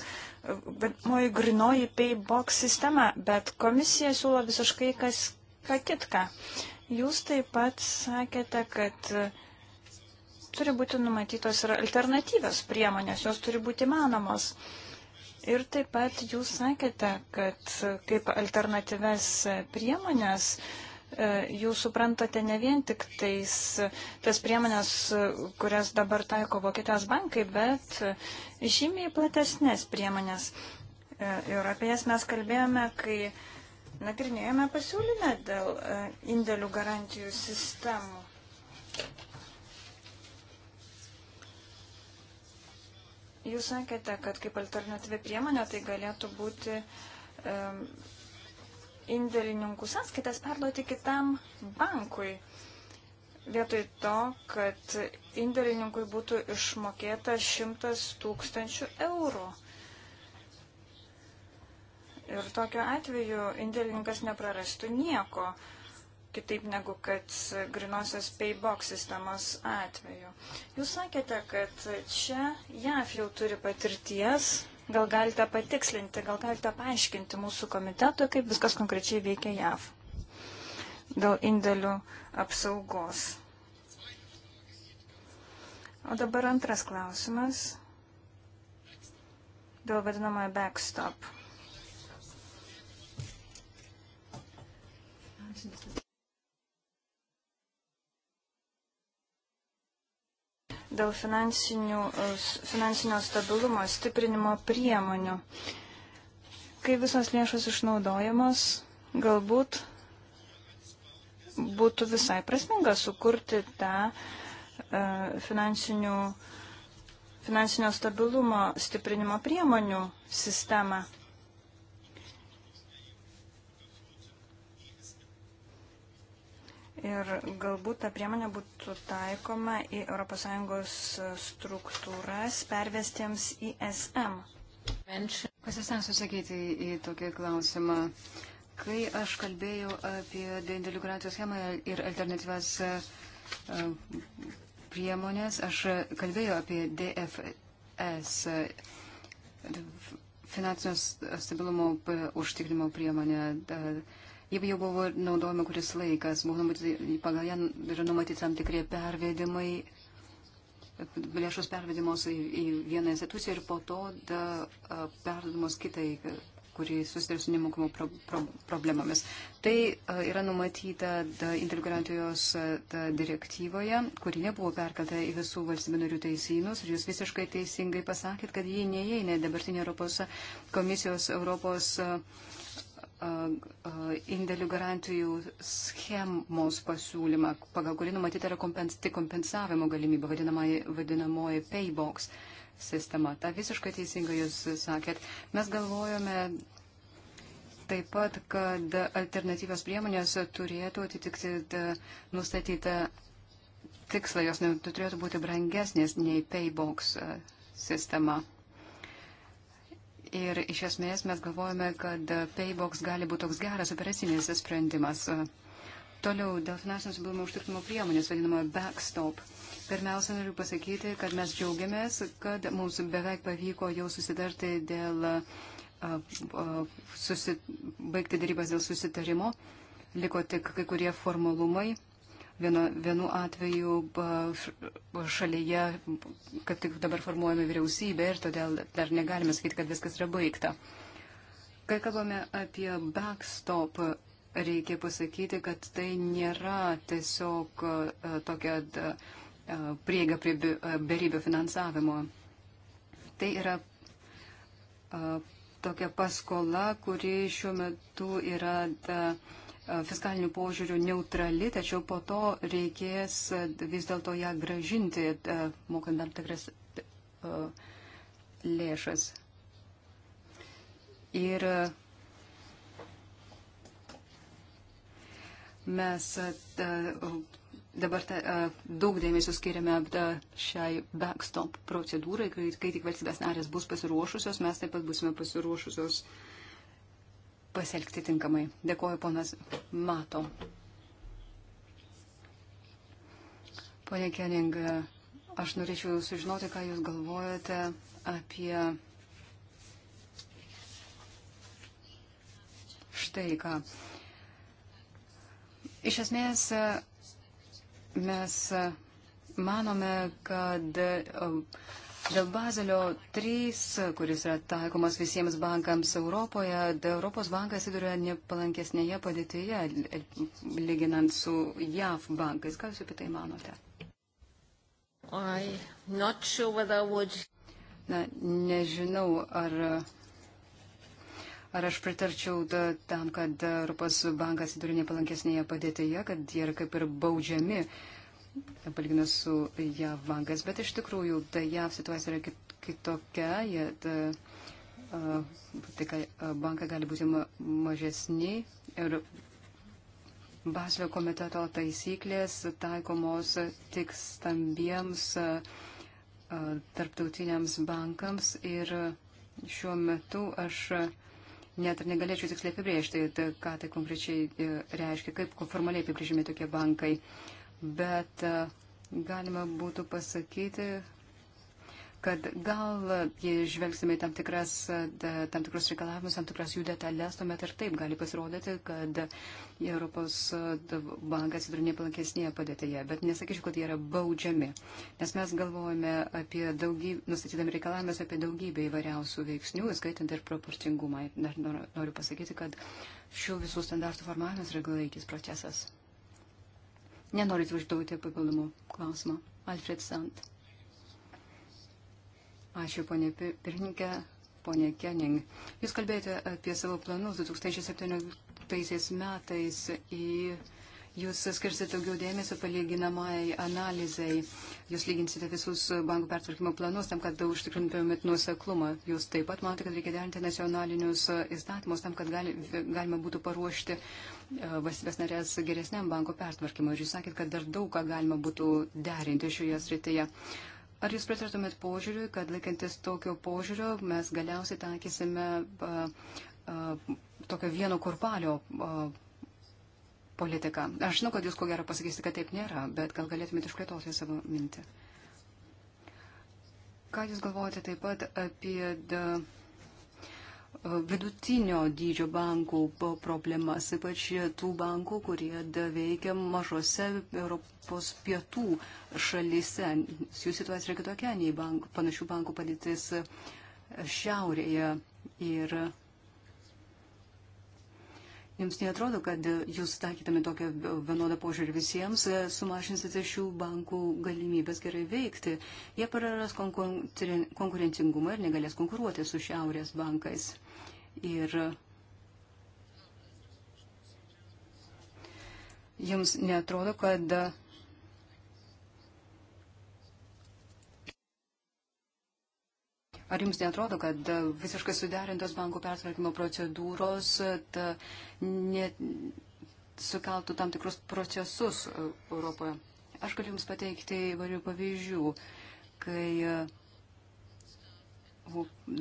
vadimoji e, grinoji paybox sistema, bet komisija siūlo visiškai kas ką kitką. Jūs taip pat sakėte, kad e, turi būti numatytos ir alternatyvios priemonės, jos turi būti manomos. Ir taip pat jūs sakėte, kad e, kaip alternatyves priemonės uh, E, jūs suprantate ne vien tik tais tas priemonės, kurias dabar taiko Vokietijos bankai, bet žymiai platesnės priemonės. E, ir apie jas mes kalbėjome, kai nagrinėjome pasiūlymę dėl e, indėlių garantijų sistemų. Jūs sakėte, kad kaip alternatyvi priemonė tai galėtų būti indėlininkų sąskaitas perduoti kitam bankui. Vietoj to, kad indėlininkui būtų išmokėta 100 tūkstančių eurų. Ir tokiu atveju indėlininkas neprarastų nieko, kitaip negu kad grinosios paybox sistemos atveju. Jūs sakėte, kad čia JAF jau turi patirties Gal galite patikslinti, gal galite paaiškinti mūsų komitetui, kaip viskas konkrečiai veikia JAV dėl indėlių apsaugos. O dabar antras klausimas dėl vadinamojo backstop. dėl e, finansinio stabilumo stiprinimo priemonių. Kai visos lėšos išnaudojamos, galbūt būtų visai prasminga sukurti tą e, finansinių, finansinio stabilumo stiprinimo priemonių sistemą. ir galbūt ta priemonė būtų taikoma į ES struktūras pervestiems į SM. Pasistengsiu sakyti į tokį klausimą. Kai aš kalbėjau apie deinteliguracijos schemą ir alternatyvas e, priemonės, aš kalbėjau apie DFS, finansinio stabilumo e, užtikrimo priemonę. Da, e, Jie jau buvo naudojama kuris laikas, buvo numatyti, pagal ją yra numatyti tam tikrie pervedimai, lėšos pervedimos į, į vieną instituciją ir po to da, pervedimos kitai kuri susiduria su nemokumo pro, pro, problemomis. Tai a, yra numatyta inteligentijos direktyvoje, kuri nebuvo perkelta į visų valstybių narių teisynus. Ir jūs visiškai teisingai pasakėt, kad jie neįeina dabartinė Europos komisijos Europos. A, indėlių garantijų schemos pasiūlymą, pagal kurį numatyta yra kompens, tik kompensavimo galimybė, vadinamoji paybox sistema. Ta visiškai teisingai jūs sakėt. Mes galvojome taip pat, kad alternatyvios priemonės turėtų atitikti nustatytą tikslą, jos neturėtų būti brangesnės nei paybox sistema. Ir iš esmės mes galvojame, kad Paybox gali būti toks geras operacinis sprendimas. Toliau, dėl finansinio stabilumo užtikrimo priemonės, vadinamojo backstop. Pirmiausia, noriu pasakyti, kad mes džiaugiamės, kad mums beveik pavyko jau susidarti dėl, susi, baigti darybas dėl susitarimo. Liko tik kai kurie formalumai Vienu, vienu atveju šalyje, kaip tik dabar formuojame vyriausybę ir todėl dar negalime sakyti, kad viskas yra baigta. Kai kalbame apie backstop, reikia pasakyti, kad tai nėra tiesiog e, tokia e, prieiga prie e, beribio finansavimo. Tai yra tokia paskola, kuri šiuo metu yra. Da, fiskalinių požiūrių neutrali, tačiau po to reikės e, vis dėlto ją gražinti, e, mokant tam tikras e, lėšas. Ir mes dabar daug dėmesio skiriame šiai backstop procedūrai, kai, kai tik valstybės narės bus pasiruošusios, mes taip pat busime pasiruošusios uh, pasielgti tinkamai. Dėkuoju, ponas Mato. Pone Kening, aš norėčiau sužinoti, ką Jūs galvojate apie štai ką. Iš esmės, mes manome, kad uh, Dėl Bazelio 3, kuris yra taikomas visiems bankams Europoje, Europos bankas įduria nepalankesnėje padėtyje, lyginant su JAV bankais. Ką Jūs apie tai manote? Sure would... Na, nežinau, ar Ar aš pritarčiau da, tam, kad Europos bankas įdurinė palankesnėje padėtėje, kad jie yra kaip ir baudžiami palyginus su JAV bankas, bet iš tikrųjų ta JAV situacija yra kitokia. Jie, ta, tai ką bankai gali būti mažesni ir Baslio komiteto taisyklės taikomos tik stambiems tarptautiniams bankams ir šiuo metu aš net ir negalėčiau tiksliai apibrėžti, ką tai konkrečiai e, reiškia, kaip formaliai apibrėžimi tokie bankai. Uh, bet e, galima būtų pasakyti, kad gal, jei žvelgsime į tam, tikras, e, tam tikrus reikalavimus, tam tikras jų detalės, tuomet ir taip gali pasirodyti, kad Europos e, bankas yra nepalankesnėje padėtėje, bet nesakyčiau, kad jie yra baudžiami, nes mes galvojame apie daugybę, nustatydami reikalavimus apie daugybę įvairiausių veiksnių, skaitant ir proporcingumą. Dar noriu pasakyti, kad šių visų standartų formavimas yra galaikis procesas. Nenorit užduoti papildomų klausimų. Alfred Sant. Ačiū, ponė pirmininkė, ponė Kenning. Jūs kalbėjote apie savo planus 2017 metais į Jūs skirsite daugiau dėmesio palyginamai analizai. Jūs lyginsite visus bankų pertvarkymo planus tam, kad užtikrintumėt nuoseklumą. Jūs taip pat manote, kad reikia derinti nacionalinius įstatymus tam, kad gali, galima būtų paruošti e, valstybės narės geresniam banko pertvarkymui. Ir jūs sakėt, kad dar daug ką galima būtų derinti šioje srityje. Ar jūs pritartumėt požiūriui, kad laikantis tokio požiūrio mes galiausiai taikysime e, e, tokio vieno kurpalio a, politiką. Aš žinau, kad jūs ko gero pasakysite, kad taip nėra, bet gal galėtumėte išplėtoti savo mintį. Ką jūs galvojate taip pat apie da, vidutinio dydžio bankų problemas, ypač tų bankų, kurie veikia mažose Europos pietų šalyse. Jų situacija yra kitokia nei bank, panašių bankų padėtis šiaurėje. Ir Jums netrodo, kad jūs takytami tokią vienodą požiūrį visiems e, sumažinsite šių bankų galimybės gerai veikti. Jie praras konkurencingumą ir negalės konkuruoti su šiaurės bankais. Ir jums netrodo, kad Ar jums netrodo, tai kad e, visiškai suderintos bankų pertvarkymo procedūros e, ta, ne, sukeltų tam tikrus procesus e, Europoje? Aš galiu jums pateikti įvairių pavyzdžių, kai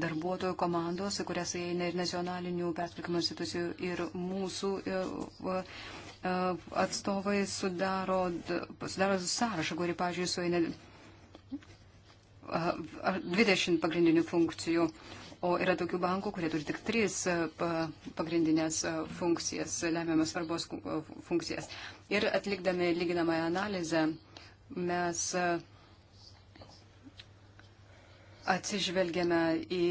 darbuotojų komandos, į kurias įeina ir nacionalinių pertvarkymo institucijų, ir mūsų atstovai sudaro, sudaro sąrašą, kurį, pažiūrėjau, sueina 20 pagrindinių funkcijų, o yra tokių bankų, kurie turi tik 3 pagrindinės funkcijas, lemiamas svarbos funkcijas. Ir atlikdami lyginamąją analizę mes atsižvelgiame į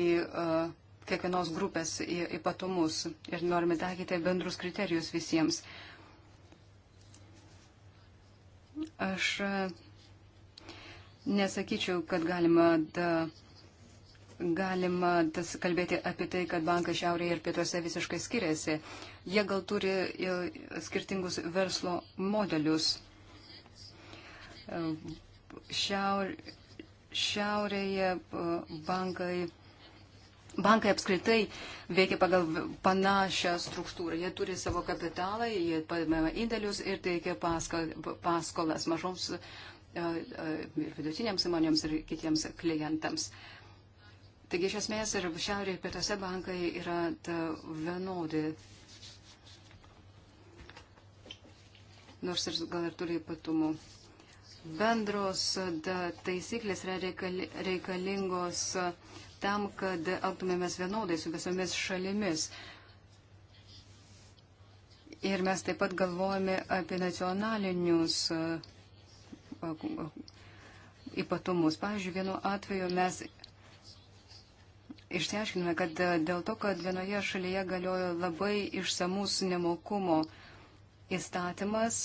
kiekvienos grupės ypatumus ir norime taikyti bendrus kriterijus visiems. Aš Nesakyčiau, kad galima, da, galima das, kalbėti apie tai, kad bankai šiaurėje ir pietuose visiškai skiriasi. Jie gal turi e, skirtingus verslo modelius. E, šiaur, šiaurėje e, bankai. Bankai apskritai veikia pagal panašią struktūrą. Jie turi savo kapitalą, jie padėmėma indėlius ir teikia paskolas mažoms ir e, e, vidutiniams įmonėms, ir kitiems klientams. Taigi iš esmės ir šiaurėje pietose bankai yra vienodi. Nors ir gal ir turi ypatumų. Bendros da, taisyklės yra reikali, reikalingos tam, kad elgtumėmės vienodai su visomis šalimis. Ir mes taip pat galvojame apie nacionalinius uh, ypatumus. Pavyzdžiui, vienu atveju mes išsiaiškinome, kad dėl to, kad vienoje šalyje galiojo labai išsamus nemokumo įstatymas,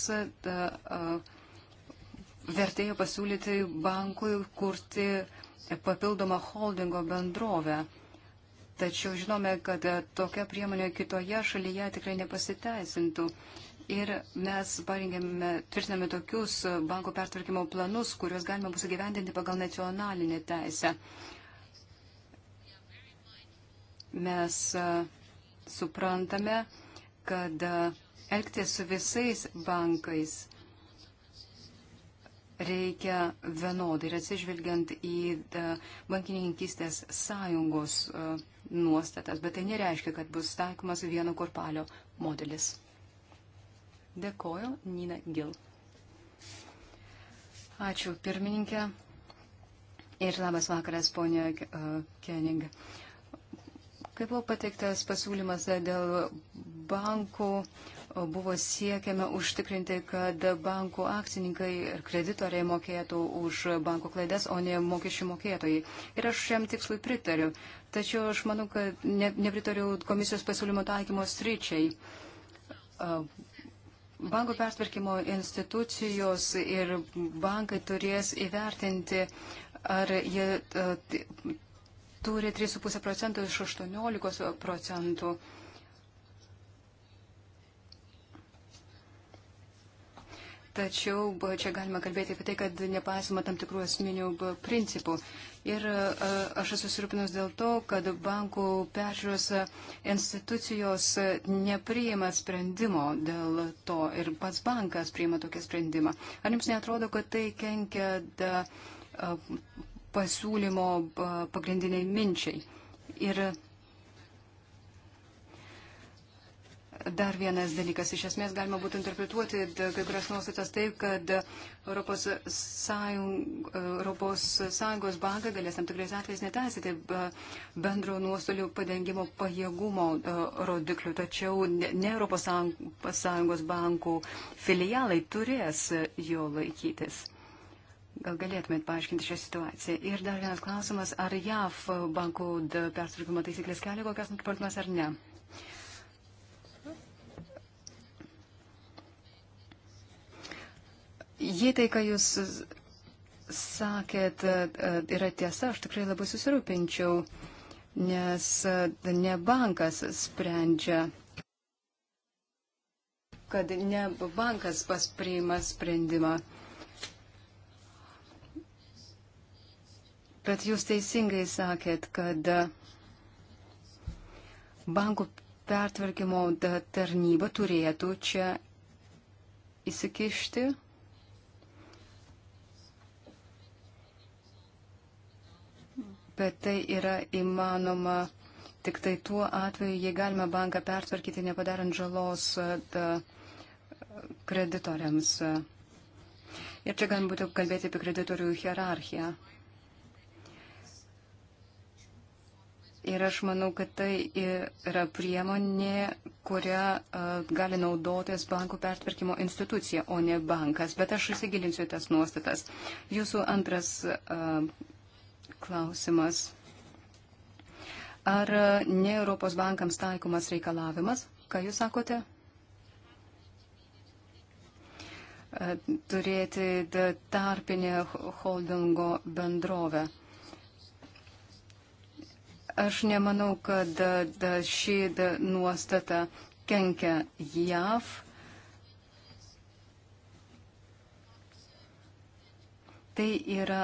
vertėjo pasiūlyti bankui kurti papildomą holdingo bendrovę. Tačiau žinome, kad tokia priemonė kitoje šalyje tikrai nepasiteisintų. Ir mes parengėme, tvirtiname tokius bankų pertvarkymo planus, kuriuos galima bus įgyvendinti pagal nacionalinę teisę. Mes e, suprantame, kad e, elgtis su visais bankais reikia vienodai ir atsižvelgiant į e, bankininkistės sąjungos nuostatas, bet tai nereiškia, kad bus taikomas vieno korpalio modelis. Dėkoju, Nina Gil. Ačiū, pirmininkė. Ir labas vakaras, ponė e, Kening. Kai buvo pateiktas pasiūlymas dėl bankų, e, buvo siekiama užtikrinti, kad bankų akcininkai ir kreditoriai mokėtų už bankų klaidas, o ne mokesčių mokėtojai. Ir aš šiam tikslui pritariu. Tačiau aš manau, kad ne, nepritariu komisijos pasiūlymo taikymo sryčiai. E, Bankų pertvarkymo institucijos ir bankai turės įvertinti, ar jie e, turi 3,5 procentų iš 18 procentų. Tačiau čia galima kalbėti apie tai, kad nepaisoma tam tikrų esminių principų. Ir e, aš esu susirūpinus dėl to, kad bankų peržiūros institucijos nepriima sprendimo dėl to ir pats bankas priima tokį sprendimą. Ar jums netrodo, kad tai kenkia da, e, pasiūlymo e, pagrindiniai minčiai? Ir dar vienas dalykas. Iš esmės galima būtų interpretuoti kai kurias nuostatas taip, kad Europos, Sąjung, Europos Sąjungos bankai galės tam tikrais atvejais neteisyti bendro nuostolių padengimo pajėgumo e, rodiklių, tačiau ne Europos Sąjungos bankų filialai turės jo laikytis. Gal galėtumėt paaiškinti šią situaciją? Ir dar vienas klausimas, ar JAF bankų pertvarkymo taisyklės kelia kokias nutvarkymas ar ne? Jei tai, ką jūs sakėt, yra tiesa, aš tikrai labai susirūpinčiau, nes ne bankas sprendžia, kad ne bankas paspriima sprendimą. Bet jūs teisingai sakėt, kad bankų pertvarkymo tarnyba turėtų čia įsikišti. bet tai yra įmanoma tik tai tuo atveju, jei galima banką pertvarkyti, nepadarant žalos e, kreditoriams. Ir čia galima būtų kalbėti apie kreditorių hierarchiją. Ir aš manau, kad tai yra priemonė, kurią uh, e, gali naudotis bankų pertvarkymo institucija, o ne bankas. Bet aš įsigilinsiu tas nuostatas. Jūsų antras uh, klausimas. Ar ne Europos bankams taikomas reikalavimas, ką jūs sakote, e, turėti tarpinę holdingo bendrovę? Aš nemanau, kad ši nuostata kenkia JAV tai yra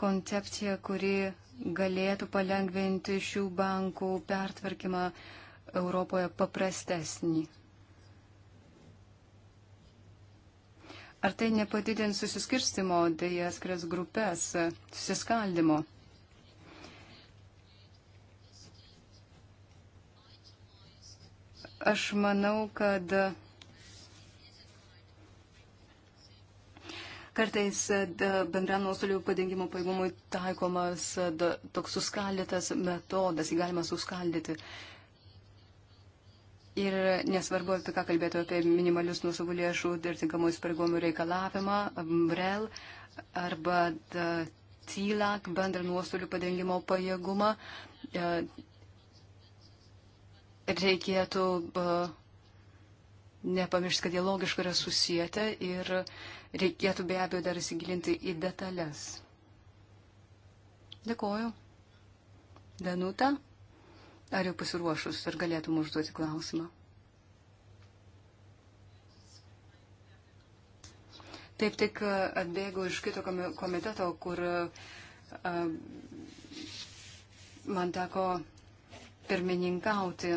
koncepcija, kuri galėtų palengventi šių bankų pertvarkymą Europoje paprastesnį. Ar tai nepadidins susiskirstimo tai į atskiras grupės, susiskaldimo? Aš manau, kad Kartais e, bendra nuostolių padengimo paėmumui taikomas e, da, toks suskaldytas metodas, jį galima suskaldyti. Ir nesvarbu, apie ką kalbėtų apie minimalius nuosavų lėšų ir tinkamų įsipareigomų reikalavimą, MREL arba TILAK, bendrą nuostolių padengimo pajėgumą, e, reikėtų nepamiršti, kad jie logiškai yra susijęta ir Reikėtų be abejo dar įsigilinti į detalės. Dėkoju. Danuta, ar jau pasiruošus, ar galėtum užduoti klausimą? Taip tik e, atbėgu iš kito komiteto, kur e, a, man teko pirmininkauti.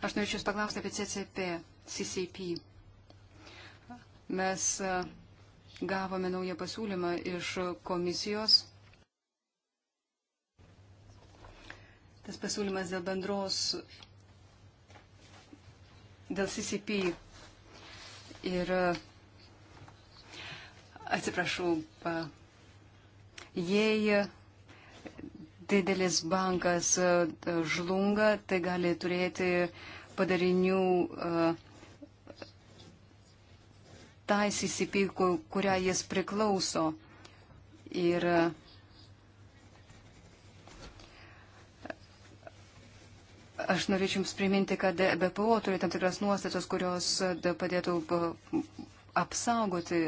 Aš norėčiau jūs paklausti apie CCP, CCP. Mes e, gavome naują pasiūlymą iš komisijos. Tas pasiūlymas dėl bendros, dėl CCP ir e, atsiprašau, jei didelis bankas e, žlunga, tai gali turėti padarinių uh, tai CCP, kurią jis priklauso. Ir aš norėčiau Jums priminti, kad BPO turi tam tikras nuostatas, kurios e, padėtų e, apsaugoti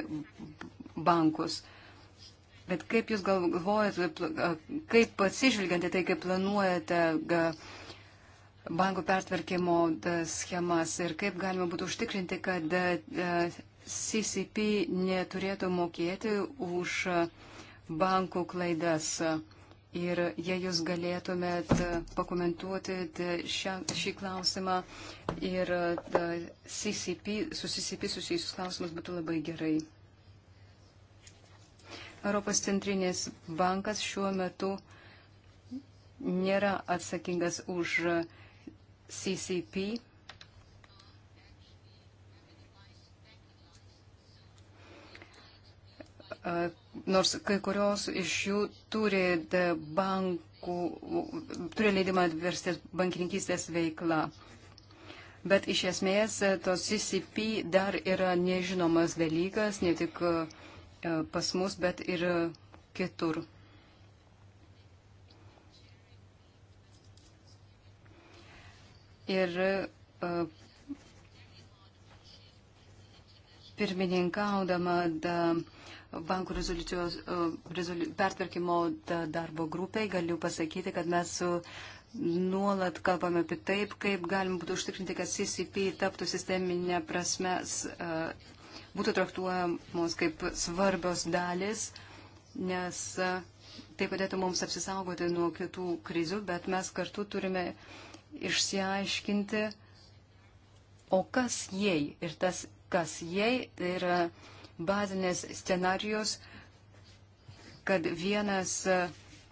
bankus. Bet kaip Jūs galvojat, e, kaip atsižvelgiant į tai, kaip planuojate bankų pertvarkymo schemas ir kaip galima būtų užtikrinti, kad CCP neturėtų mokėti už bankų klaidas. Ir jei jūs galėtumėt pakomentuoti šią, šį klausimą ir CCP, su CCP susijusius klausimus būtų labai gerai. Europos centrinės bankas šiuo metu nėra atsakingas už CCP nors kai kurios iš jų turi bankų, turi leidimą verstis bankininkystės veikla. Bet iš esmės tos CCP dar yra nežinomas dalykas, ne tik pas mus, bet ir kitur. Ir pirmininkaudama da, uh, bankų rezoliucijos e, rezoliu, pertvarkymo darbo grupiai, galiu pasakyti, kad mes su nuolat kalbame apie taip, kaip galim būtų užtikrinti, kad CCP taptų sisteminė prasme, e, būtų traktuojamos kaip svarbios dalis, nes e, tai padėtų mums apsisaugoti nuo kitų krizių, bet mes kartu turime išsiaiškinti, o kas jei ir tas kas jei tai yra bazinės scenarijos, kad vienas e,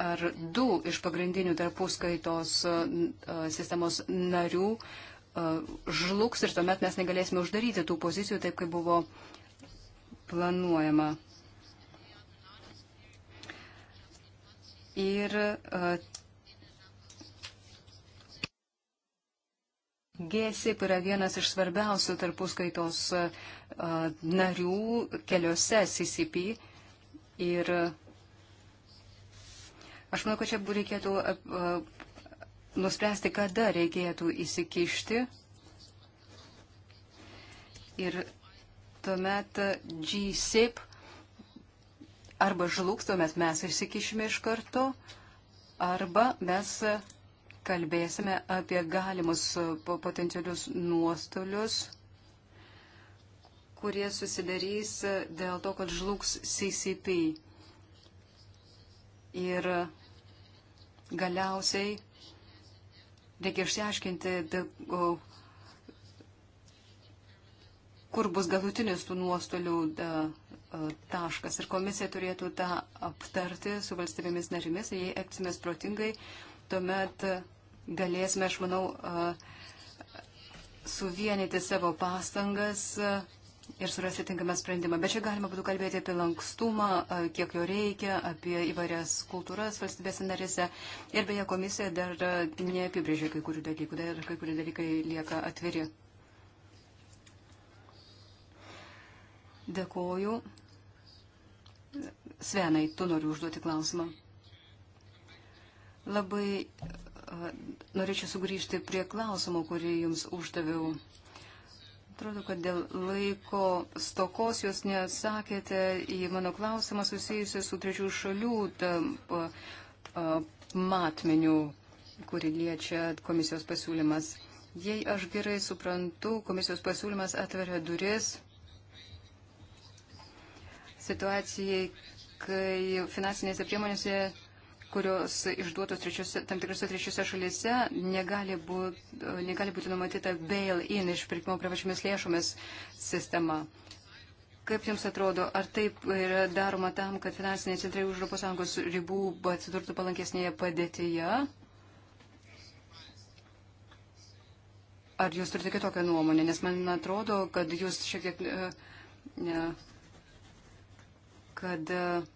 ar du iš pagrindinių tarpuskaitos e, e, sistemos narių žlugs ir tuomet mes negalėsime uždaryti tų pozicijų taip, kaip buvo planuojama. Ir GSIP yra vienas iš svarbiausių tarpuskaitos narių keliose CCP ir aš manau, kad čia reikėtų nuspręsti, kada reikėtų įsikišti ir tuomet GSIP arba žlugs, tuomet mes įsikišime iš karto arba mes kalbėsime apie galimus e, potencialius nuostolius, kurie susidarys e, dėl to, kad žlugs CCP. Ir galiausiai reikia išsiaiškinti, kur bus galutinis tų nuostolių e, taškas. Ir komisija turėtų tą aptarti su valstybėmis narimis, jei eksimės protingai, tuomet uh, galėsime, aš manau, suvienyti savo pastangas ir surasti tinkamą sprendimą. Bet čia galima būtų kalbėti apie lankstumą, kiek jo reikia, apie įvairias kultūras valstybėse narėse. Ir beje, komisija dar neapibrėžė kai kurių dalykų, dar kai kurie dalykai lieka atviri. Dėkoju. Svenai, tu noriu užduoti klausimą. Labai norėčiau sugrįžti prie klausimo, kurį jums uždaviau. Atrodo, kad dėl laiko stokos jūs neatsakėte į mano klausimą susijusią su trečių šalių tamp, matmeniu, kurį liečia komisijos pasiūlymas. Jei aš gerai suprantu, komisijos pasiūlymas atveria duris situacijai, kai finansinėse priemonėse kurios išduotos trečiose, tam tikrose trečiose šalyse, negali, būt, negali būti numatyta bail-in išpirkimo privačiomis lėšomis sistema. Kaip Jums atrodo, ar taip yra daroma tam, kad finansiniai centrai už ES ribų atsidurtų palankesnėje padėtyje? Ar Jūs turite kitokią nuomonę? Nes man atrodo, kad Jūs šiek tiek. Ne, kad. Uh,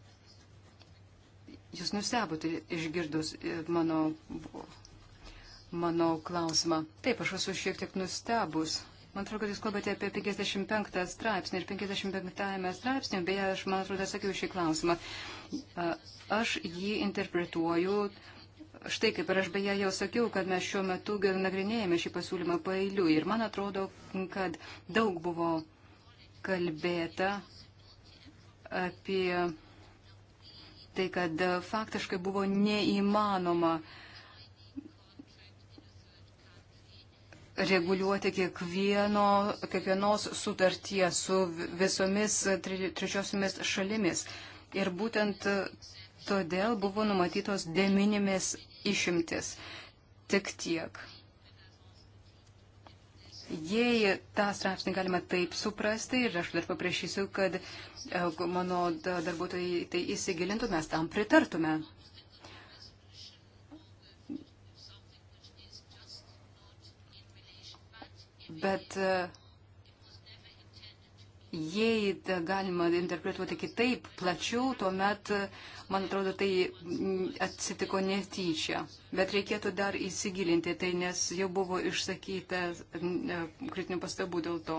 Jūs nustebote išgirdus e, mano, mano klausimą. Taip, aš esu šiek tiek nustebus. Man atrodo, kad jūs kalbate apie 55 straipsnį ir 55 straipsnį, beje, aš, man atrodo, sakiau šį klausimą. Aš jį interpretuoju, štai kaip ir aš beje jau sakiau, kad mes šiuo metu nagrinėjame šį pasiūlymą pailiu ir man atrodo, kad daug buvo kalbėta apie tai, kad e, faktiškai buvo neįmanoma reguliuoti kiekvieno, kiekvienos sutarties su visomis trečiosiomis šalimis. Ir būtent todėl buvo numatytos deminimis išimtis. Tik tiek. Jei tą straipsnį galima taip suprasti ir aš dar paprašysiu, kad e, mano darbuotojai tai įsigilintų, mes tam pritartume. Bet uh, Jei galima interpretuoti kitaip, plačiau, tuomet, man atrodo, tai atsitiko netyčia. Bet reikėtų dar įsigilinti tai, nes jau buvo išsakyta e, kritinių pastabų dėl to.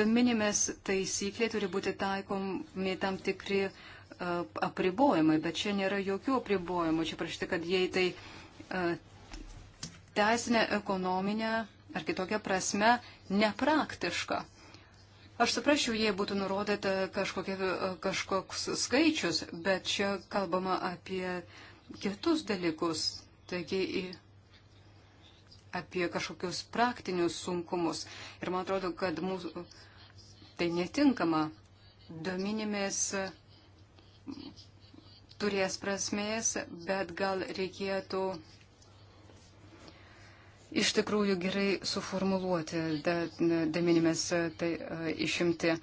Dominimis taisyklė turi būti taikomi tam tikri uh, apribojimai, bet čia nėra jokių apribojimų. Čia prašyti, kad jei tai uh, teisinė, ekonominė ar kitokia prasme nepraktiška Aš suprasčiau, jei būtų nurodyta kažkokia, e, kažkoks skaičius, bet čia kalbama apie kitus dalykus, taigi apie kažkokius praktinius sunkumus. Ir man atrodo, kad mūsų tai netinkama. Dominimis turės prasmės, bet gal reikėtų iš tikrųjų gerai suformuluoti deminimis e, tai e, išimti.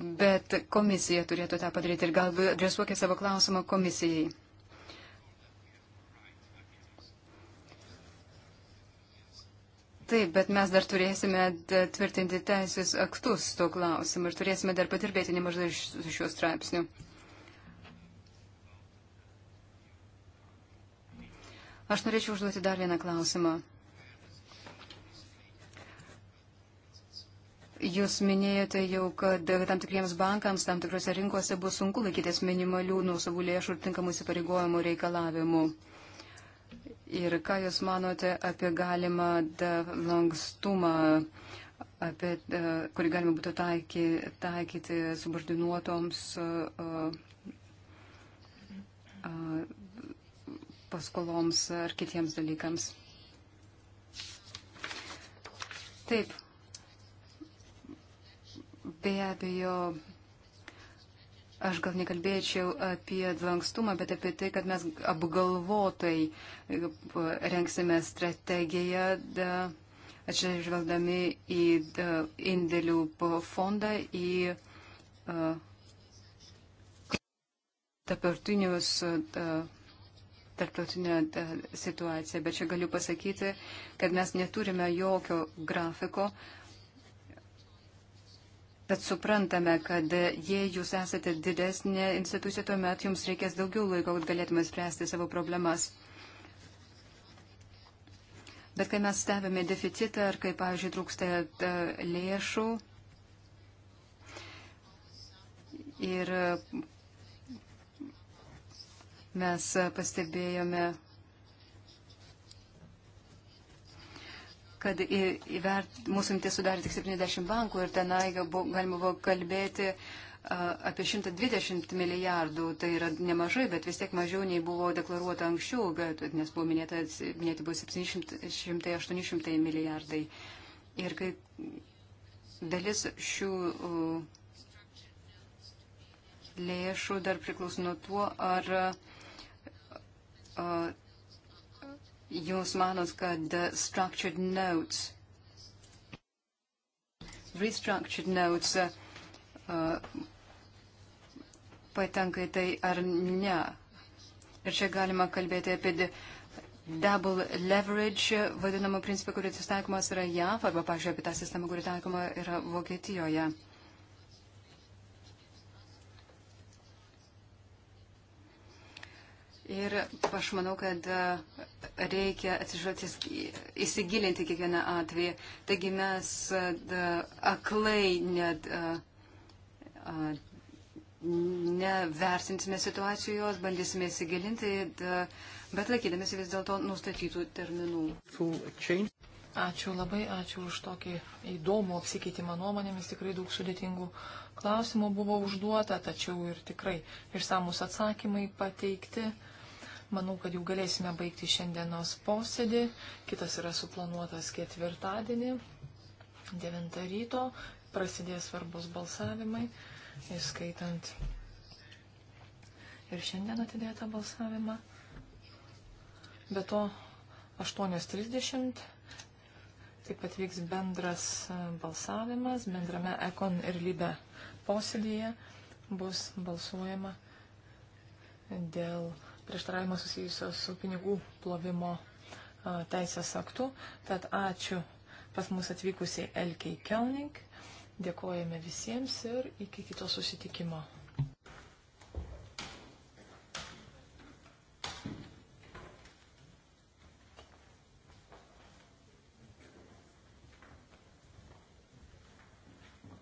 Bet komisija turėtų tą padaryti ir gal adresuokė savo klausimą komisijai. Taip, bet mes dar turėsime tvirtinti teisės aktus to klausimu ir turėsime dar padirbėti nemažai iš šios straipsnių. Aš norėčiau užduoti dar vieną klausimą. Jūs minėjote jau, kad tam tikriems bankams, tam tikrose rinkose bus sunku laikytis minimalių nuosavų lėšų ir tinkamų įsipareigojimų reikalavimų. Ir ką Jūs manote apie galimą lankstumą, apie, kurį galima būtų taiky, taikyti subordinuotoms paskoloms ar kitiems dalykams? Taip, Be abejo, aš gal nekalbėčiau apie lankstumą, bet apie tai, kad mes apgalvotai renksime strategiją. Da, atsižvelgdami į indėlių fondą, į tapartinius tarptautinę situaciją. Bet čia galiu pasakyti, kad mes neturime jokio grafiko, Bet suprantame, kad jei jūs esate didesnė institucija, tuomet jums reikės daugiau laiko, kad galėtume spręsti savo problemas. Bet kai mes stebime deficitą ar kai, pavyzdžiui, trūksta e, lėšų ir mes pastebėjome kad įvert, mūsų imtis sudarė tik 70 bankų ir tenai galima buvo kalbėti apie 120 milijardų, tai yra nemažai, bet vis tiek mažiau nei buvo deklaruota anksčiau, bet, nes buvo minėta, minėti buvo 700-800 milijardai. Ir kai dalis šių lėšų dar priklauso nuo tuo, ar jūs manot, kad structured notes, restructured notes uh, uh, patenka į tai ar ne. Ir čia galima kalbėti apie double leverage, vadinamą principą, kuris taikomas yra JAV, arba, pažiūrėjau, apie tą sistemą, kuri taikoma yra Vokietijoje. Uh, Ir aš manau, kad e, reikia atsižvelgti, įsigilinti kiekvieną atvejį. Taigi mes e, aklai net e, neversinsime situacijos, bandysime įsigilinti, bet laikydamėsi vis dėlto nustatytų terminų. Ačiū labai, ačiū už tokį įdomų apsikeitimą nuomonėmis. Tikrai daug sudėtingų klausimų buvo užduota, tačiau ir tikrai išsamus atsakymai pateikti. Manau, kad jau galėsime baigti šiandienos posėdį. Kitas yra suplanuotas ketvirtadienį, 9 ryto. Prasidės svarbus balsavimai, įskaitant ir šiandien atidėtą balsavimą. Be to, 8.30 taip pat vyks bendras e, balsavimas, bendrame Ekon ir Libe posėdėje bus balsuojama dėl prieštaravimą susijusios su pinigų plovimo teisės aktu. Tad ačiū pas mus atvykusiai Elkei Kelning. Dėkojame visiems ir iki kito susitikimo.